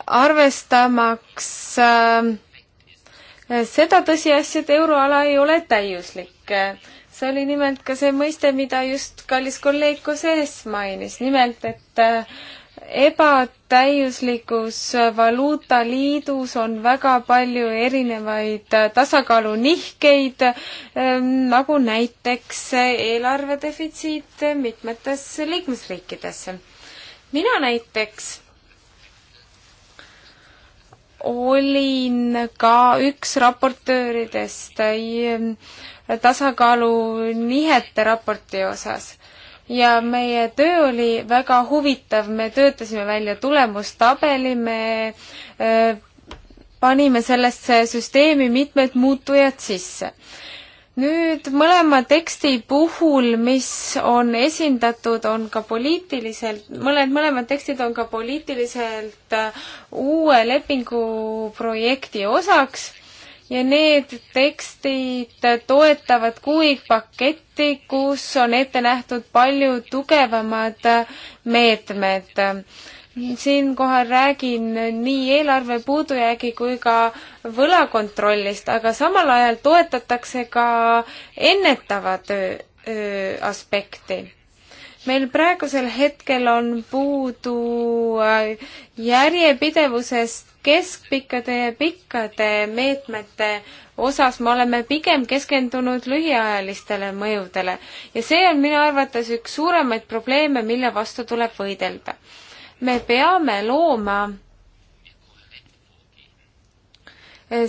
arvestamaks äh, seda tõsiasja, et euroala ei ole täiuslik. see oli nimelt ka see mõiste, mida just kallis kolleeg Koses mainis, nimelt et äh, ebatäiuslikus valuutaliidus on väga palju erinevaid tasakaalunihkeid, ehm, nagu näiteks eelarve defitsiit mitmetes liikmesriikides. mina näiteks olin ka üks raportööridest ehm, tasakaalunihete raporti osas ja meie töö oli väga huvitav, me töötasime välja tulemustabeli, me öö, äh, panime sellesse süsteemi mitmed muutujad sisse. nüüd mõlema teksti puhul, mis on esindatud, on ka poliitiliselt, mõned mõlemad tekstid on ka poliitiliselt äh, uue lepinguprojekti osaks ja need tekstid toetavad kuuikpaketti, kus on ette nähtud palju tugevamad meetmed. siinkohal räägin nii eelarve puudujäägi kui ka võlakontrollist, aga samal ajal toetatakse ka ennetava töö aspekti meil praegusel hetkel on puudu äh, järjepidevusest keskpikkade ja pikkade meetmete osas me oleme pigem keskendunud lühiajalistele mõjudele ja see on minu arvates üks suuremaid probleeme, mille vastu tuleb võidelda. me peame looma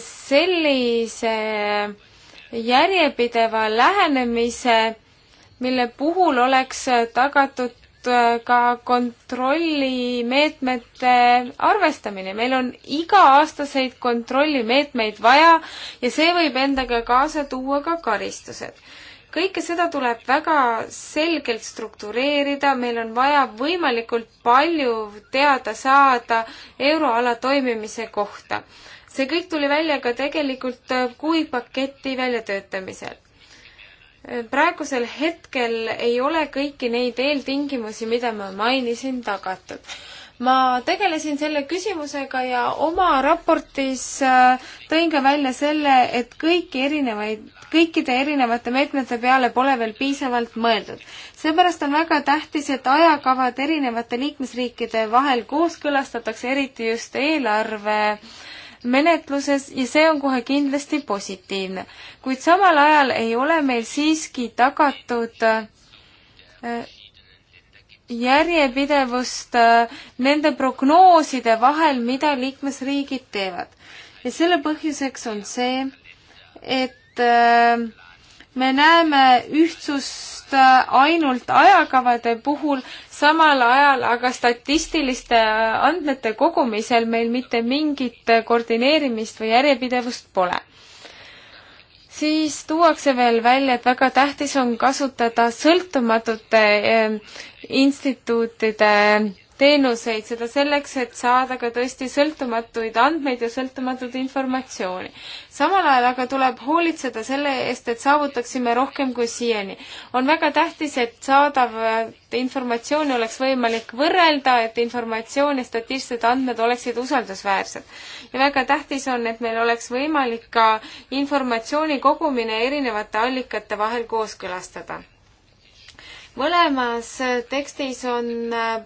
sellise järjepideva lähenemise mille puhul oleks tagatud äh, ka kontrollimeetmete arvestamine. meil on iga-aastaseid kontrollimeetmeid vaja ja see võib endaga kaasa tuua ka karistused. kõike seda tuleb väga selgelt struktureerida, meil on vaja võimalikult palju teada saada euroala toimimise kohta. see kõik tuli välja ka tegelikult äh, kuupaketi väljatöötamisel praegusel hetkel ei ole kõiki neid eeltingimusi, mida ma mainisin, tagatud. ma tegelesin selle küsimusega ja oma raportis äh, tõin ka välja selle, et kõiki erinevaid, kõikide erinevate meetmete peale pole veel piisavalt mõeldud. seepärast on väga tähtis, et ajakavad erinevate liikmesriikide vahel kooskõlastatakse, eriti just eelarve äh, menetluses ja see on kohe kindlasti positiivne. kuid samal ajal ei ole meil siiski tagatud äh, järjepidevust äh, nende prognooside vahel, mida liikmesriigid teevad. ja selle põhjuseks on see, et äh, me näeme ühtsust just äh, ainult ajakavade puhul, samal ajal aga statistiliste äh, andmete kogumisel meil mitte mingit äh, koordineerimist või järjepidevust pole. siis tuuakse veel välja, et väga tähtis on kasutada sõltumatute instituutide teenuseid, seda selleks, et saada ka tõesti sõltumatuid andmeid ja sõltumatut informatsiooni. samal ajal aga tuleb hoolitseda selle eest, et saavutaksime rohkem kui siiani. on väga tähtis, et saadav informatsiooni oleks võimalik võrrelda, et informatsioon ja statistilised andmed oleksid usaldusväärsed. ja väga tähtis on, et meil oleks võimalik ka informatsiooni kogumine erinevate allikate vahel kooskõlastada mõlemas tekstis on äh,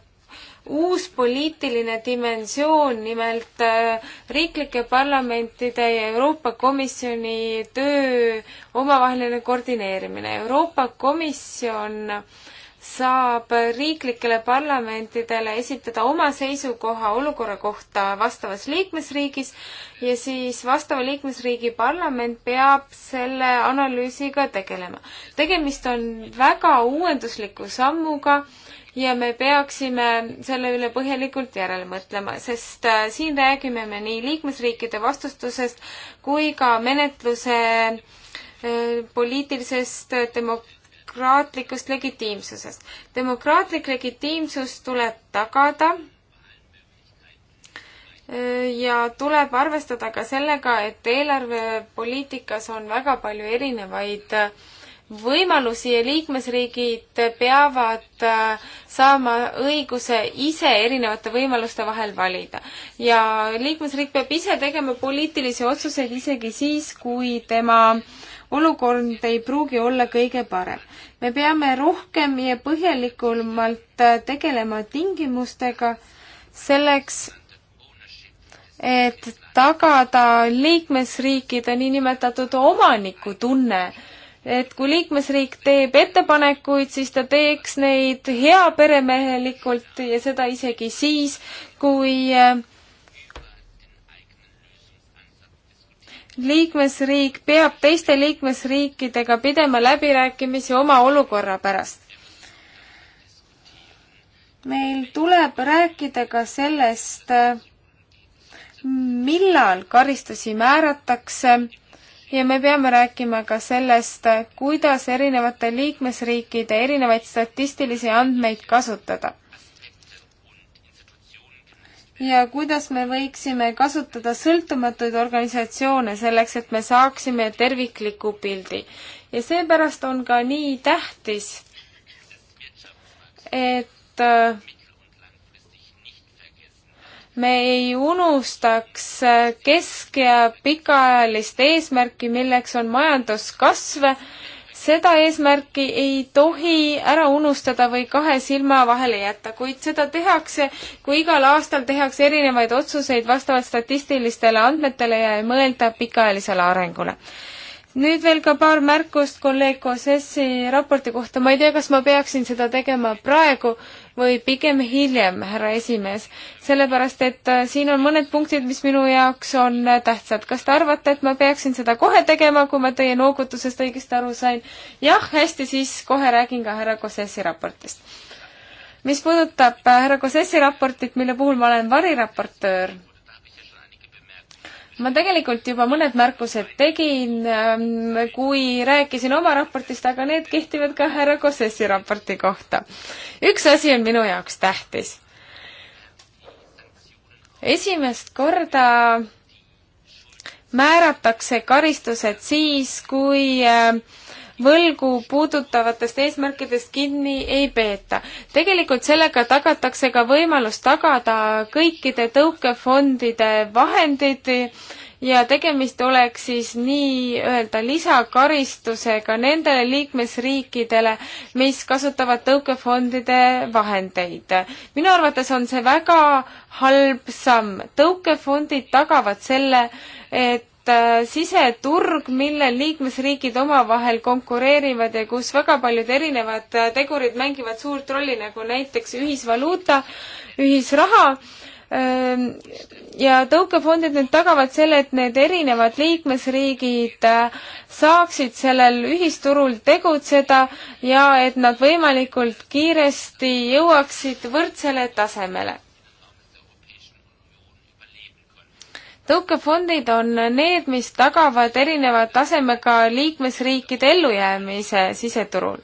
uus poliitiline dimensioon, nimelt äh, riiklike parlamentide ja Euroopa Komisjoni töö omavaheline koordineerimine. Euroopa Komisjon saab riiklikele parlamentidele esitada oma seisukoha olukorra kohta vastavas liikmesriigis ja siis vastava liikmesriigi parlament peab selle analüüsiga tegelema. tegemist on väga uuendusliku sammuga ja me peaksime selle üle põhjalikult järele mõtlema, sest äh, siin räägime me nii liikmesriikide vastustusest kui ka menetluse äh, poliitilisest äh, demokraatlikust legitiimsusest. demokraatlik legitiimsus tuleb tagada ja tuleb arvestada ka sellega, et eelarvepoliitikas on väga palju erinevaid äh, võimalusi ja liikmesriigid peavad äh, saama õiguse ise erinevate võimaluste vahel valida. ja liikmesriik peab ise tegema poliitilisi otsuseid isegi siis, kui tema olukord ei pruugi olla kõige parem. me peame rohkem ja põhjalikumalt äh, tegelema tingimustega selleks, et tagada liikmesriikide niinimetatud omaniku tunne et kui liikmesriik teeb ettepanekuid, siis ta teeks neid heaperemehelikult ja seda isegi siis, kui äh, liikmesriik peab teiste liikmesriikidega pidema läbirääkimisi oma olukorra pärast. meil tuleb rääkida ka sellest, äh, millal karistusi määratakse ja me peame rääkima ka sellest, kuidas erinevate liikmesriikide erinevaid statistilisi andmeid kasutada. ja kuidas me võiksime kasutada sõltumatuid organisatsioone selleks, et me saaksime tervikliku pildi. ja seepärast on ka nii tähtis, et me ei unustaks kesk- ja pikaajalist eesmärki, milleks on majanduskasv, seda eesmärki ei tohi ära unustada või kahe silma vahele jätta, kuid seda tehakse, kui igal aastal tehakse erinevaid otsuseid vastavalt statistilistele andmetele ja ei mõelda pikaajalisele arengule nüüd veel ka paar märkust kolleeg Kosessi raporti kohta. ma ei tea, kas ma peaksin seda tegema praegu või pigem hiljem, härra esimees, sellepärast et äh, siin on mõned punktid, mis minu jaoks on äh, tähtsad. kas te arvate, et ma peaksin seda kohe tegema, kui ma teie noogutusest õigesti aru sain? jah, hästi, siis kohe räägin ka härra Kosessi raportist. mis puudutab äh, härra Kosessi raportit, mille puhul ma olen variraportöör ma tegelikult juba mõned märkused tegin, ähm, kui rääkisin oma raportist, aga need kehtivad ka härra Kossessi raporti kohta. üks asi on minu jaoks tähtis. esimest korda määratakse karistused siis, kui äh, võlgu puudutavatest eesmärkidest kinni ei peeta. tegelikult sellega tagatakse ka võimalus tagada kõikide tõukefondide vahendid ja tegemist oleks siis nii-öelda lisakaristusega nendele liikmesriikidele, mis kasutavad tõukefondide vahendeid. minu arvates on see väga halb samm. tõukefondid tagavad selle, et Äh, siseturg, millel liikmesriigid omavahel konkureerivad ja kus väga paljud erinevad äh, tegurid mängivad suurt rolli, nagu näiteks ühisvaluuta, ühisraha ähm, ja tõukefondid nüüd tagavad selle, et need erinevad liikmesriigid äh, saaksid sellel ühisturul tegutseda ja et nad võimalikult kiiresti jõuaksid võrdsele tasemele. tõukefondid on need, mis tagavad erineva tasemega liikmesriikide ellujäämise siseturul.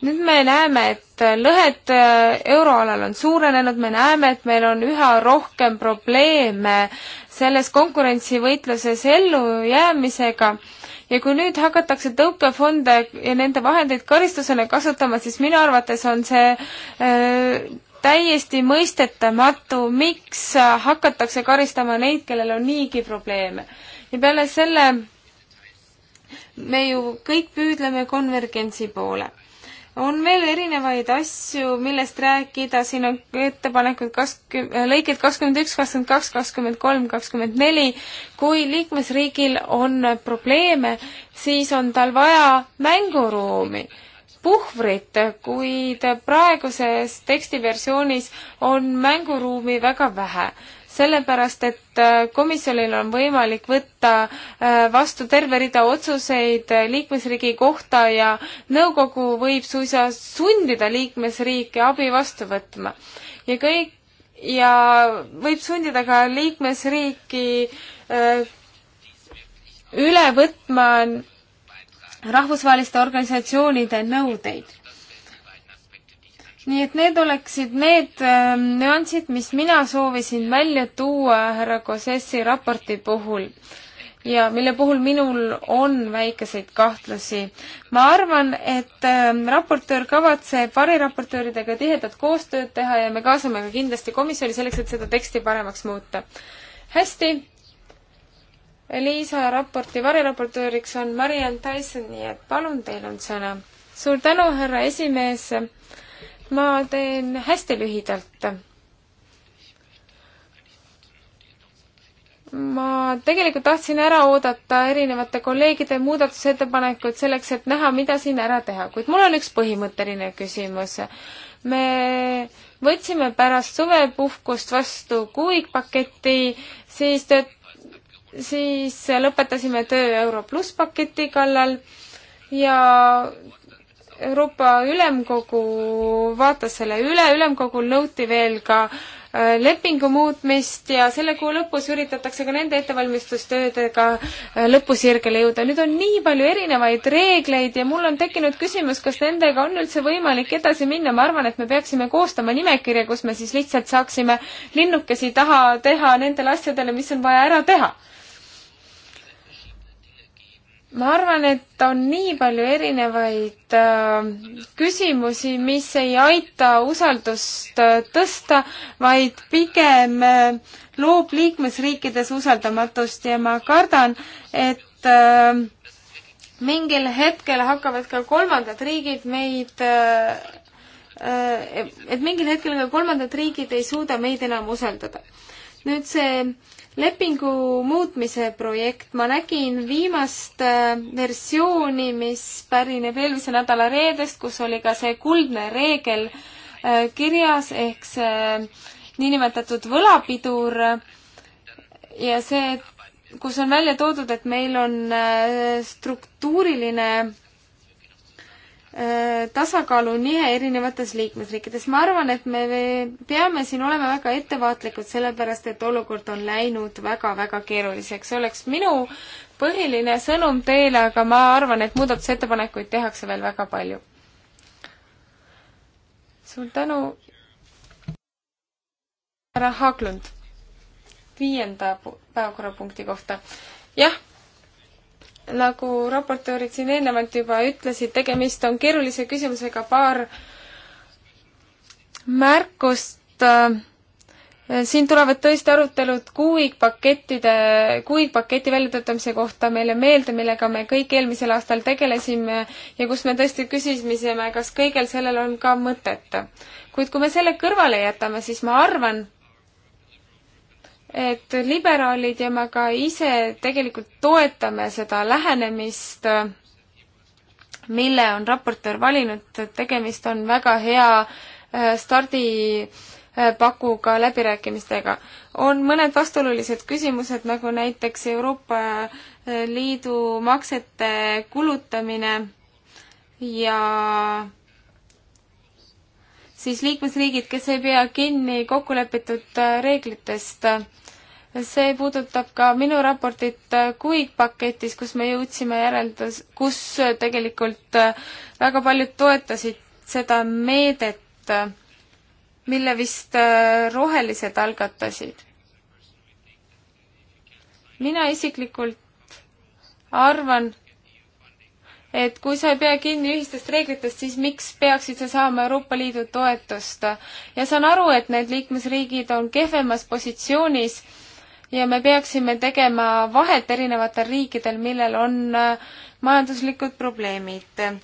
nüüd me näeme, et lõhed äh, euroalal on suurenenud, me näeme, et meil on üha rohkem probleeme selles konkurentsivõitluses ellujäämisega ja kui nüüd hakatakse tõukefonde ja nende vahendeid karistusena kasutama, siis minu arvates on see äh, täiesti mõistetamatu, miks hakatakse karistama neid, kellel on niigi probleeme. ja peale selle me ju kõik püüdleme konvergentsi poole. on veel erinevaid asju, millest rääkida, siin on ettepanekud kakskümmend, lõiked kakskümmend üks, kakskümmend kaks, kakskümmend kolm, kakskümmend neli. kui liikmesriigil on probleeme, siis on tal vaja mänguruumi puhvrit, kuid praeguses tekstiversioonis on mänguruumi väga vähe. sellepärast, et äh, komisjonil on võimalik võtta äh, vastu terve rida otsuseid liikmesriigi kohta ja nõukogu võib suisa sundida liikmesriike abi vastu võtma. ja kõik, ja võib sundida ka liikmesriiki äh, üle võtma rahvusvaheliste organisatsioonide nõudeid nii et need oleksid need äh, nüansid, mis mina soovisin välja tuua härra Kosessi raporti puhul ja mille puhul minul on väikeseid kahtlusi. ma arvan, et äh, raportöör kavatseb variraportööridega tihedat koostööd teha ja me kaasame ka kindlasti komisjoni selleks, et seda teksti paremaks muuta. hästi, Liisa raporti variraportööriks on Mariann Tyson, nii et palun, teil on sõna. suur tänu, härra esimees. ma teen hästi lühidalt. ma tegelikult tahtsin ära oodata erinevate kolleegide muudatusettepanekud selleks, et näha, mida siin ära teha, kuid mul on üks põhimõtteline küsimus. me võtsime pärast suvepuhkust vastu kuuikpaketi, siis tööt-, siis lõpetasime töö Euro pluss paketi kallal ja Euroopa Ülemkogu vaatas selle üle, ülemkogul nõuti veel ka äh, lepingu muutmist ja selle kuu lõpus üritatakse ka nende ettevalmistustöödega äh, lõpusirgele jõuda. nüüd on nii palju erinevaid reegleid ja mul on tekkinud küsimus, kas nendega on üldse võimalik edasi minna, ma arvan, et me peaksime koostama nimekirja, kus me siis lihtsalt saaksime linnukesi taha teha nendele asjadele, mis on vaja ära teha ma arvan, et on nii palju erinevaid äh, küsimusi, mis ei aita usaldust äh, tõsta, vaid pigem äh, loob liikmesriikides usaldamatust ja ma kardan, et äh, mingil hetkel hakkavad ka kolmandad riigid meid äh, äh, et mingil hetkel ka kolmandad riigid ei suuda meid enam usaldada. nüüd see äh, lepingu muutmise projekt, ma nägin viimast äh, versiooni, mis pärineb eelmise nädala reedest, kus oli ka see kuldne reegel äh, kirjas ehk see niinimetatud võlapidur ja see, kus on välja toodud, et meil on äh, struktuuriline Äh, tasakaalu nihe erinevates liikmesriikides. ma arvan, et me peame siin olema väga ettevaatlikud, sellepärast et olukord on läinud väga-väga keeruliseks. see oleks minu põhiline sõnum teile, aga ma arvan, et muudatusettepanekuid tehakse veel väga palju. suur tänu, härra Haaglund, viienda päevakorrapunkti kohta. jah nagu raportöörid siin eelnevalt juba ütlesid, tegemist on keerulise küsimusega, paar märkust. Äh, siin tulevad tõesti arutelud kuuikpakettide, kuuikpaketi väljatöötamise kohta meile meelde, millega me kõik eelmisel aastal tegelesime ja kus me tõesti küsisime, kas kõigel sellel on ka mõtet. kuid kui me selle kõrvale jätame, siis ma arvan, et liberaalid ja me ka ise tegelikult toetame seda lähenemist, mille on raportöör valinud, et tegemist on väga hea äh, stardipakuga äh, läbirääkimistega. on mõned vastuolulised küsimused, nagu näiteks Euroopa äh, Liidu maksete kulutamine ja siis liikmesriigid, kes ei pea kinni kokkulepitud reeglitest see puudutab ka minu raportit kuigpaketis, kus me jõudsime järeldus, kus tegelikult väga paljud toetasid seda meedet, mille vist rohelised algatasid. mina isiklikult arvan, et kui sa ei pea kinni ühistest reeglitest, siis miks peaksid sa saama Euroopa Liidu toetust? ja saan aru, et need liikmesriigid on kehvemas positsioonis ja me peaksime tegema vahet erinevatel riikidel, millel on äh, majanduslikud probleemid. Äh,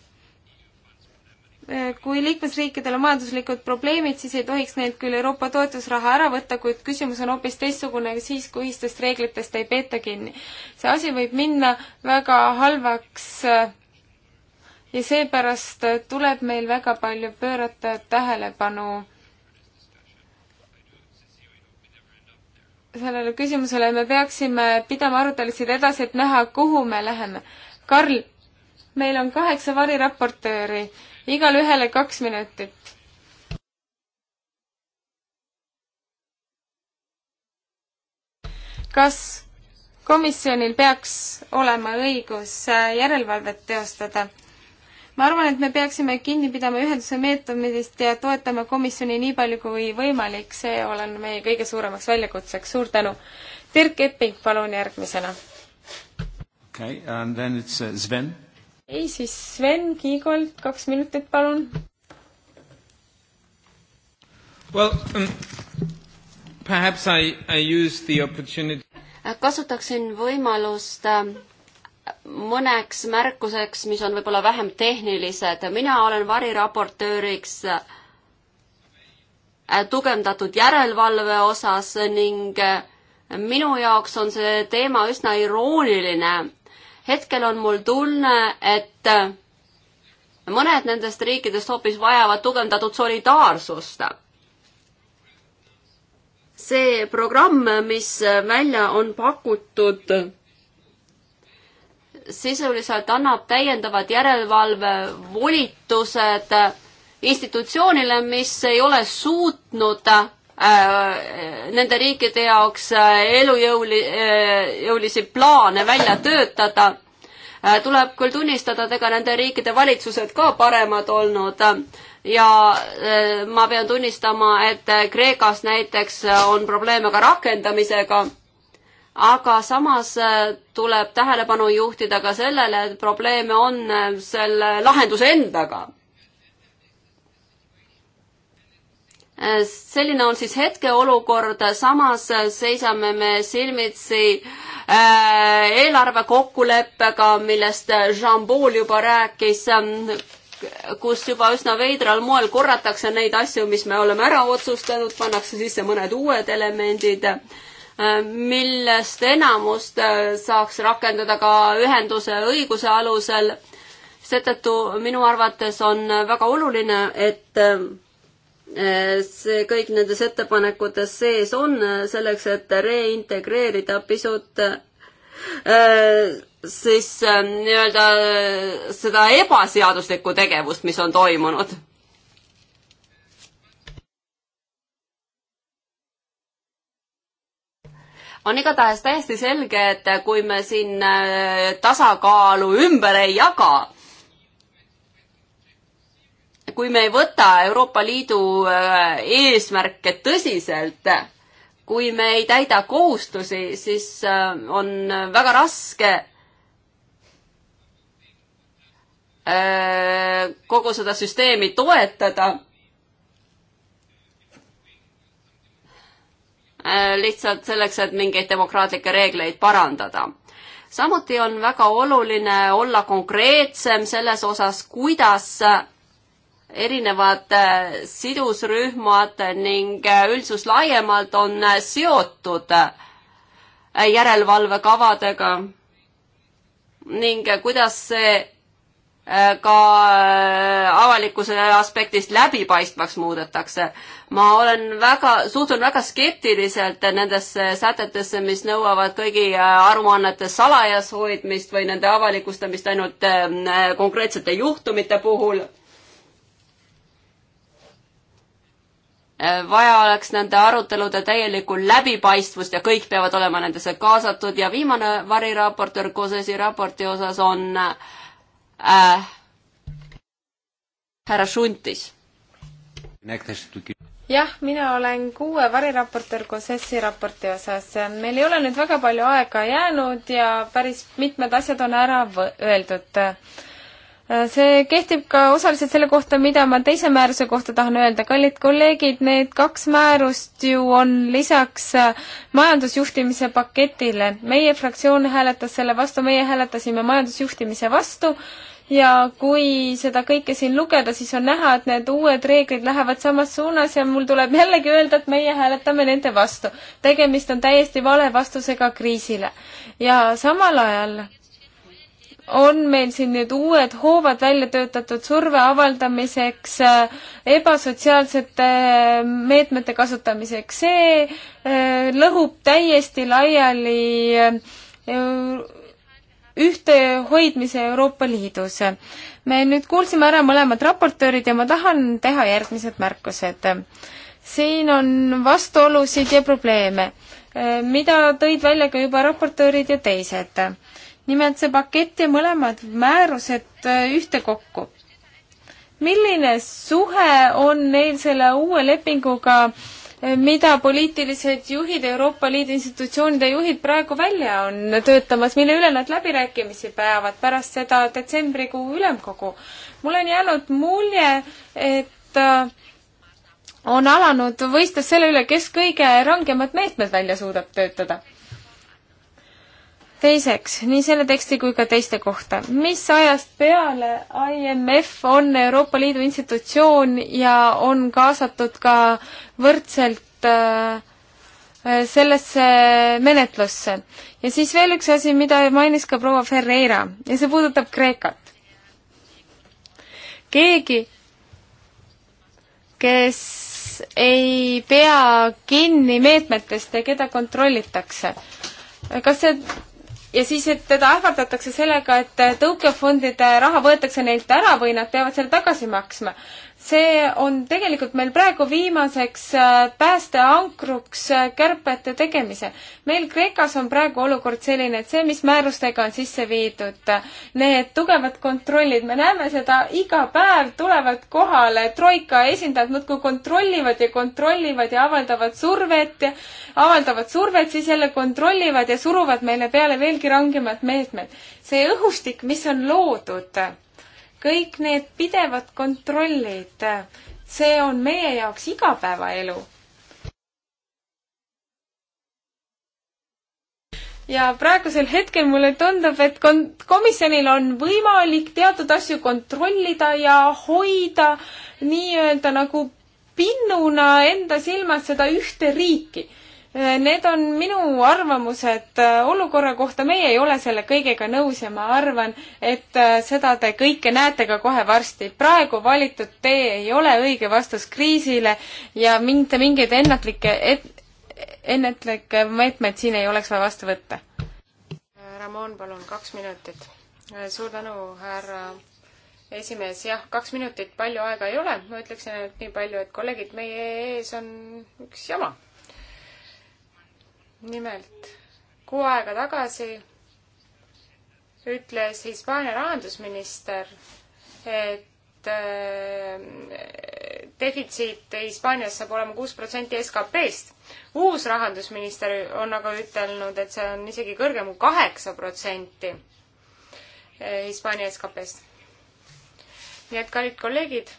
kui liikmesriikidel on majanduslikud probleemid, siis ei tohiks neilt küll Euroopa toetusraha ära võtta, kuid küsimus on hoopis teistsugune siis, kui ühistest reeglitest ei peeta kinni. see asi võib minna väga halvaks äh, ja seepärast tuleb meil väga palju pöörata tähelepanu sellele küsimusele, me peaksime pidama arutelusid edasi, et näha, kuhu me läheme. Karl, meil on kaheksa variraportööri, igale ühele kaks minutit. kas komisjonil peaks olema õigus järelevalvet teostada? ma arvan, et me peaksime kinni pidama ühenduse meetodist ja toetama komisjoni nii palju kui võimalik, see olen meie kõige suuremaks väljakutseks, suur tänu. Dirk Epping, palun järgmisena. okei okay,, and then it's uh, Sven. ei, siis Sven Kiigolt, kaks minutit, palun. Well um,, perhaps I, I use the opportunity. kasutaksin võimalust äh, mõneks märkuseks, mis on võib-olla vähem tehnilised. mina olen variraportööriks äh, tugevdatud järelevalve osas ning äh, minu jaoks on see teema üsna irooniline. hetkel on mul tunne, et äh, mõned nendest riikidest hoopis vajavad tugevdatud solidaarsust. see programm, mis välja on pakutud sisuliselt annab täiendavad järelevalvevolitused institutsioonile, mis ei ole suutnud äh, nende riikide jaoks äh, elujõuli, äh, jõulisi plaane välja töötada. tuleb küll tunnistada, et ega nende riikide valitsused ka paremad olnud ja ma pean tunnistama, et Kreekas näiteks on probleeme ka rakendamisega aga samas äh, tuleb tähelepanu juhtida ka sellele, et probleeme on äh, selle lahenduse endaga. Äh, selline on siis hetkeolukord, samas seisame me silmitsi eelarve kokkuleppega, millest Jean Paul juba rääkis, ähm, kus juba üsna veidral moel korratakse neid asju, mis me oleme ära otsustanud, pannakse sisse mõned uued elemendid millest enamust äh, saaks rakendada ka ühenduse õiguse alusel. seetõttu minu arvates on väga oluline, et äh, see kõik nendes ettepanekutes sees on selleks, et reintegreerida pisut äh, siis nii-öelda seda ebaseaduslikku tegevust, mis on toimunud on igatahes täiesti selge, et kui me siin äh, tasakaalu ümber ei jaga, kui me ei võta Euroopa Liidu äh, eesmärke tõsiselt, kui me ei täida kohustusi, siis äh, on väga raske kogu seda süsteemi toetada Äh, lihtsalt selleks, et mingeid demokraatlikke reegleid parandada. samuti on väga oluline olla konkreetsem selles osas, kuidas erinevad äh, sidusrühmad ning äh, üldsus laiemalt on seotud järelevalvekavadega ning kuidas see Äh, ka äh, avalikkuse aspektist läbipaistvaks muudetakse. ma olen väga, suhtun väga skeptiliselt nendesse sätetesse, mis nõuavad kõigi äh, aruannete salajas hoidmist või nende avalikustamist ainult konkreetsete juhtumite puhul. vaja oleks nende arutelude täielikku läbipaistvust ja kõik peavad olema nendesse kaasatud ja viimane variraportöör koos esiraporti osas on äh, äh, härra Šuntis. jah, mina olen kuue variraportöör koos ESSi raporti osas. meil ei ole nüüd väga palju aega jäänud ja päris mitmed asjad on ära öeldud. Äh, see kehtib ka osaliselt selle kohta, mida ma teise määruse kohta tahan öelda. kallid kolleegid, need kaks määrust ju on lisaks äh, majandusjuhtimise paketile. meie fraktsioon hääletas selle vastu, meie hääletasime majandusjuhtimise vastu ja kui seda kõike siin lugeda, siis on näha, et need uued reeglid lähevad samas suunas ja mul tuleb jällegi öelda, et meie hääletame nende vastu. tegemist on täiesti vale vastusega kriisile. ja samal ajal on meil siin nüüd uued hoovad välja töötatud surve avaldamiseks, äh, ebasotsiaalsete äh, meetmete kasutamiseks. see äh, lõhub täiesti laiali ühtehoidmise Euroopa Liidus. me nüüd kuulsime ära mõlemad raportöörid ja ma tahan teha järgmised märkused. siin on vastuolusid ja probleeme, mida tõid välja ka juba raportöörid ja teised nimelt see pakett ja mõlemad määrused äh, ühtekokku. milline suhe on neil selle uue lepinguga, äh, mida poliitilised juhid, Euroopa Liidu institutsioonide juhid praegu välja on töötamas, mille üle nad läbirääkimisi peavad pärast seda detsembrikuu ülemkogu? mul on jäänud mulje, et äh, on alanud võistlus selle üle, kes kõige rangemad meetmed välja suudab töötada teiseks, nii selle teksti kui ka teiste kohta, mis ajast peale IMF on Euroopa Liidu institutsioon ja on kaasatud ka võrdselt äh, sellesse menetlusse. ja siis veel üks asi, mida mainis ka proua Ferreira ja see puudutab Kreekat. keegi, kes ei pea kinni meetmetest ja keda kontrollitakse, kas see ja siis, et teda ähvardatakse sellega, et tõukefondide raha võetakse neilt ära või nad peavad selle tagasi maksma see on tegelikult meil praegu viimaseks äh, päästeankruks äh, kärbete tegemisel. meil Kreekas on praegu olukord selline, et see, mis määrustega on sisse viidud, äh, need tugevad kontrollid, me näeme seda iga päev, tulevad kohale troika esindajad muudkui kontrollivad ja kontrollivad ja avaldavad survet ja avaldavad survet, siis jälle kontrollivad ja suruvad meile peale veelgi rangemad meetmed. see õhustik, mis on loodud kõik need pidevad kontrollid, see on meie jaoks igapäevaelu. ja praegusel hetkel mulle tundub, et kon-, komisjonil on võimalik teatud asju kontrollida ja hoida nii-öelda nagu pinnuna enda silmas seda ühte riiki Need on minu arvamused olukorra kohta, meie ei ole selle kõigega nõus ja ma arvan, et äh, seda te kõike näete ka kohe varsti. praegu valitud tee ei ole õige vastus kriisile ja mitte mingeid ennatlikke et,, ennetlikke meetmeid siin ei oleks vaja vastu võtta. Ramon, palun, kaks minutit. suur tänu, härra esimees, jah, kaks minutit palju aega ei ole, ma ütleksin ainult nii palju, et kolleegid, meie ees on üks jama nimelt kuu aega tagasi ütles Hispaania rahandusminister, et äh, defitsiit Hispaanias saab olema kuus protsenti SKP-st. SKP uus rahandusminister on aga ütelnud, et see on isegi kõrgem kui kaheksa protsenti äh, Hispaania SKP-st. nii et, kallid kolleegid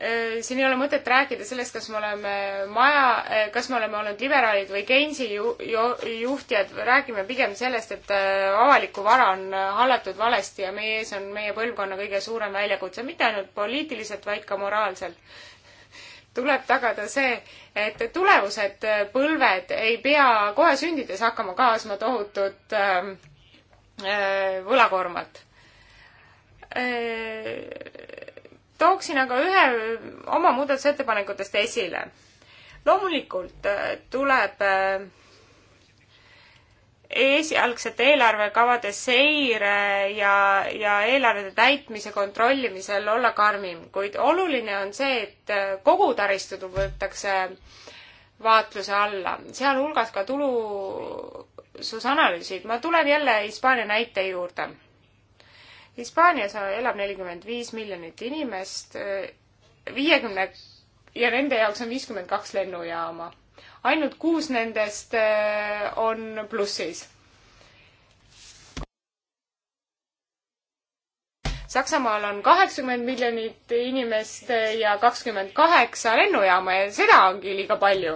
Äh, siin ei ole mõtet rääkida sellest, kas me oleme maja, äh, kas me oleme olnud liberaalid või Keinsi ju, ju, juhtijad, räägime pigem sellest, et äh, avalikku vara on hallatud valesti ja meie ees on meie põlvkonna kõige suurem väljakutse, mitte ainult poliitiliselt, vaid ka moraalselt. tuleb tagada see, et tulevased põlved ei pea kohe sündides hakkama kaasma tohutut äh, võlakoormat tooksin aga ühe oma muudatusettepanekutest esile. loomulikult äh, tuleb äh, esialgsete eelarvekavade seire ja, ja eelarvete täitmise kontrollimisel olla karmim, kuid oluline on see, et äh, kogu taristu võetakse vaatluse alla, sealhulgas ka tulususanalüüsid. ma tulen jälle Hispaania näite juurde Hispaanias elab nelikümmend viis miljonit inimest, eh, viiekümne ja nende jaoks on viiskümmend kaks lennujaama. ainult kuus nendest eh, on plussis. Saksamaal on kaheksakümmend miljonit inimest ja kakskümmend kaheksa lennujaama ja seda ongi liiga palju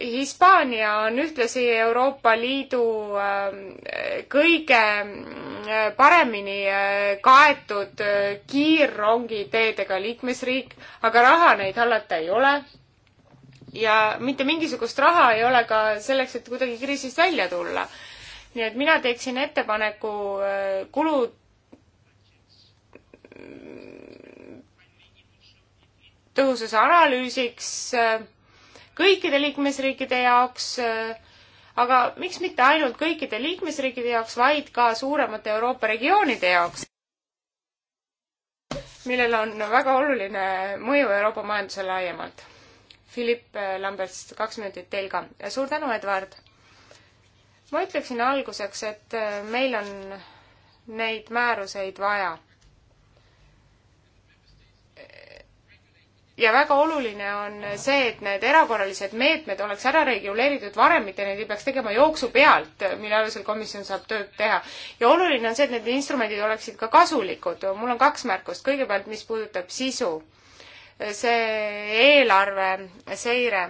Hispaania on ühtlasi Euroopa Liidu ähm, kõige äh, paremini äh, kaetud äh, kiirrongiteedega liikmesriik, aga raha neid hallata ei ole. ja mitte mingisugust raha ei ole ka selleks, et kuidagi kriisist välja tulla. nii et mina teeksin ettepaneku kulud tõhususe analüüsiks kõikide liikmesriikide jaoks, äh, aga miks mitte ainult kõikide liikmesriikide jaoks, vaid ka suuremate Euroopa regioonide jaoks, millel on väga oluline mõju Euroopa majandusele laiemalt. Philipp Lambert, kaks minutit teil ka. suur tänu, Edward! ma ütleksin alguseks, et äh, meil on neid määruseid vaja ja väga oluline on see, et need erakorralised meetmed oleks ära reguleeritud varem, mitte neid ei peaks tegema jooksu pealt, mille alusel komisjon saab tööd teha. ja oluline on see, et need instrumendid oleksid ka kasulikud. mul on kaks märkust. kõigepealt, mis puudutab sisu, see eelarve seire.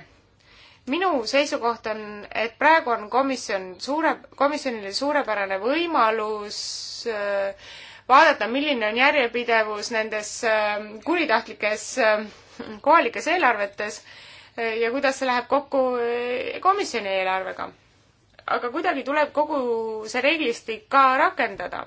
minu seisukoht on, et praegu on komisjon suure, komisjonile suurepärane võimalus äh, vaadata, milline on järjepidevus nendes äh, kuritahtlikes äh, kohalikes eelarvetes e, ja kuidas see läheb kokku e, komisjoni eelarvega. aga kuidagi tuleb kogu see reeglistik ka rakendada.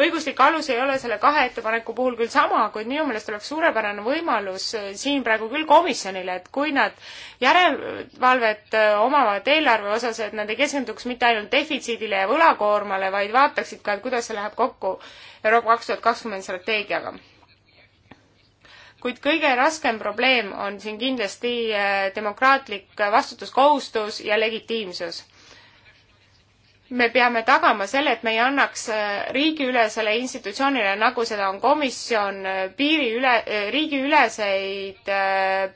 õiguslik alus ei ole selle kahe ettepaneku puhul küll sama, kuid minu meelest oleks suurepärane võimalus e, siin praegu küll komisjonile, et kui nad järelevalvet omavad eelarve osas, et nad ei keskenduks mitte ainult defitsiidile ja võlakoormale, vaid vaataksid ka, et kuidas see läheb kokku Euroopa kaks tuhat kakskümmend strateegiaga kuid kõige raskem probleem on siin kindlasti äh, demokraatlik äh, vastutuskohustus ja legitiimsus. me peame tagama selle, et me ei annaks äh, riigiülesele institutsioonile, nagu seda on komisjon, piiriüle, riigiüleseid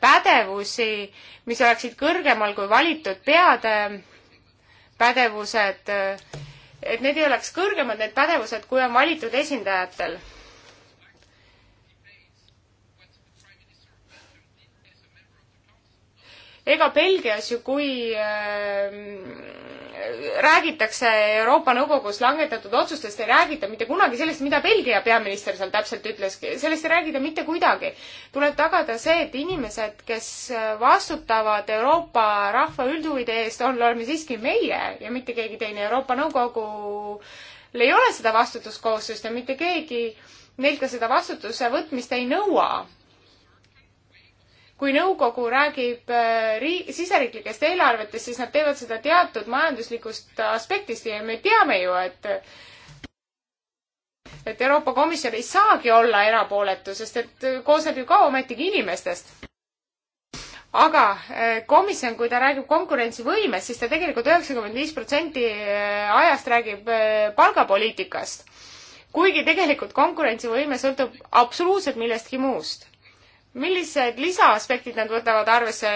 pädevusi, mis oleksid kõrgemal kui valitud peade pädevused, et need ei oleks kõrgemad, need pädevused, kui on valitud esindajatel ega Belgias ju, kui äh, räägitakse Euroopa Nõukogus langetatud otsustest, ei räägita mitte kunagi sellest, mida Belgia peaminister seal täpselt ütles, sellest ei räägita mitte kuidagi. tuleb tagada see, et inimesed, kes vastutavad Euroopa rahva üldhuvide eest, on, oleme siiski meie ja mitte keegi teine. Euroopa Nõukogul ei ole seda vastutuskohustust ja mitte keegi neilt ka seda vastutuse võtmist ei nõua kui nõukogu räägib äh, riik, siseriiklikest eelarvetest, siis nad teevad seda teatud majanduslikust aspektist ja me teame ju, et et Euroopa Komisjon ei saagi olla erapooletu, sest et koosneb ju ka ometigi inimestest. aga äh, komisjon, kui ta räägib konkurentsivõimest, siis ta tegelikult üheksakümmend viis protsenti äh, ajast räägib palgapoliitikast. kuigi tegelikult konkurentsivõime sõltub absoluutselt millestki muust millised lisaaspektid nad võtavad arvesse,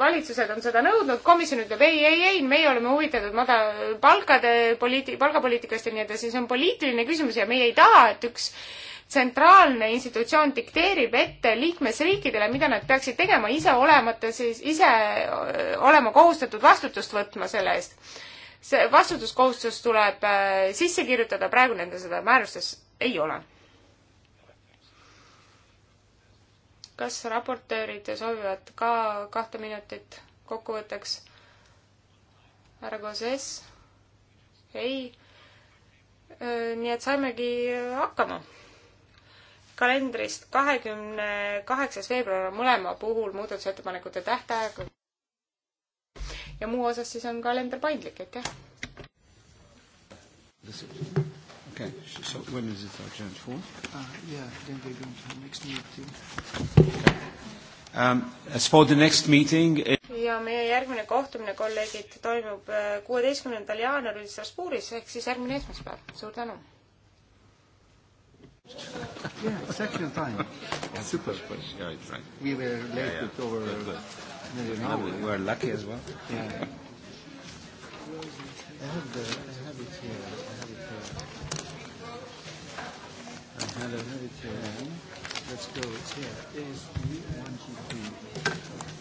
valitsused on seda nõudnud, komisjon ütleb ei, ei, ei, meie oleme huvitatud mada-, palkade poliiti-, palgapoliitikast ja nii edasi, see on poliitiline küsimus ja meie ei taha, et üks tsentraalne institutsioon dikteerib ette liikmesriikidele, mida nad peaksid tegema, ise olemata siis, ise olema kohustatud vastutust võtma selle eest. see vastutuskohustus tuleb sisse kirjutada, praegu nende seda määrustes ei ole kas raportöörid soovivad ka kahte minutit kokkuvõtteks? härra Kozes? ei. nii et saimegi hakkama. kalendrist kahekümne kaheksas veebruar on mõlema puhul muudatusettepanekute tähtaeg. ja muu osas siis on kalender paindlik, aitäh. Okay. So when is it urgent for? Uh, yeah, then we're going to the next meeting. Okay. Um, as for the next meeting it... ja meie järgmine kohtumine, kolleegid, toimub äh, kuueteistkümnendal jaanuaril Strasbourgis ehk siis järgmine esmaspäev. suur tänu. Yeah, exactly on time. Yeah, super. Yeah, it's right. We were late yeah, yeah. over nearly an hour. We were lucky as well. Yeah. I have the, I have it here. I had a note here. Let's go. It's here. Is 123.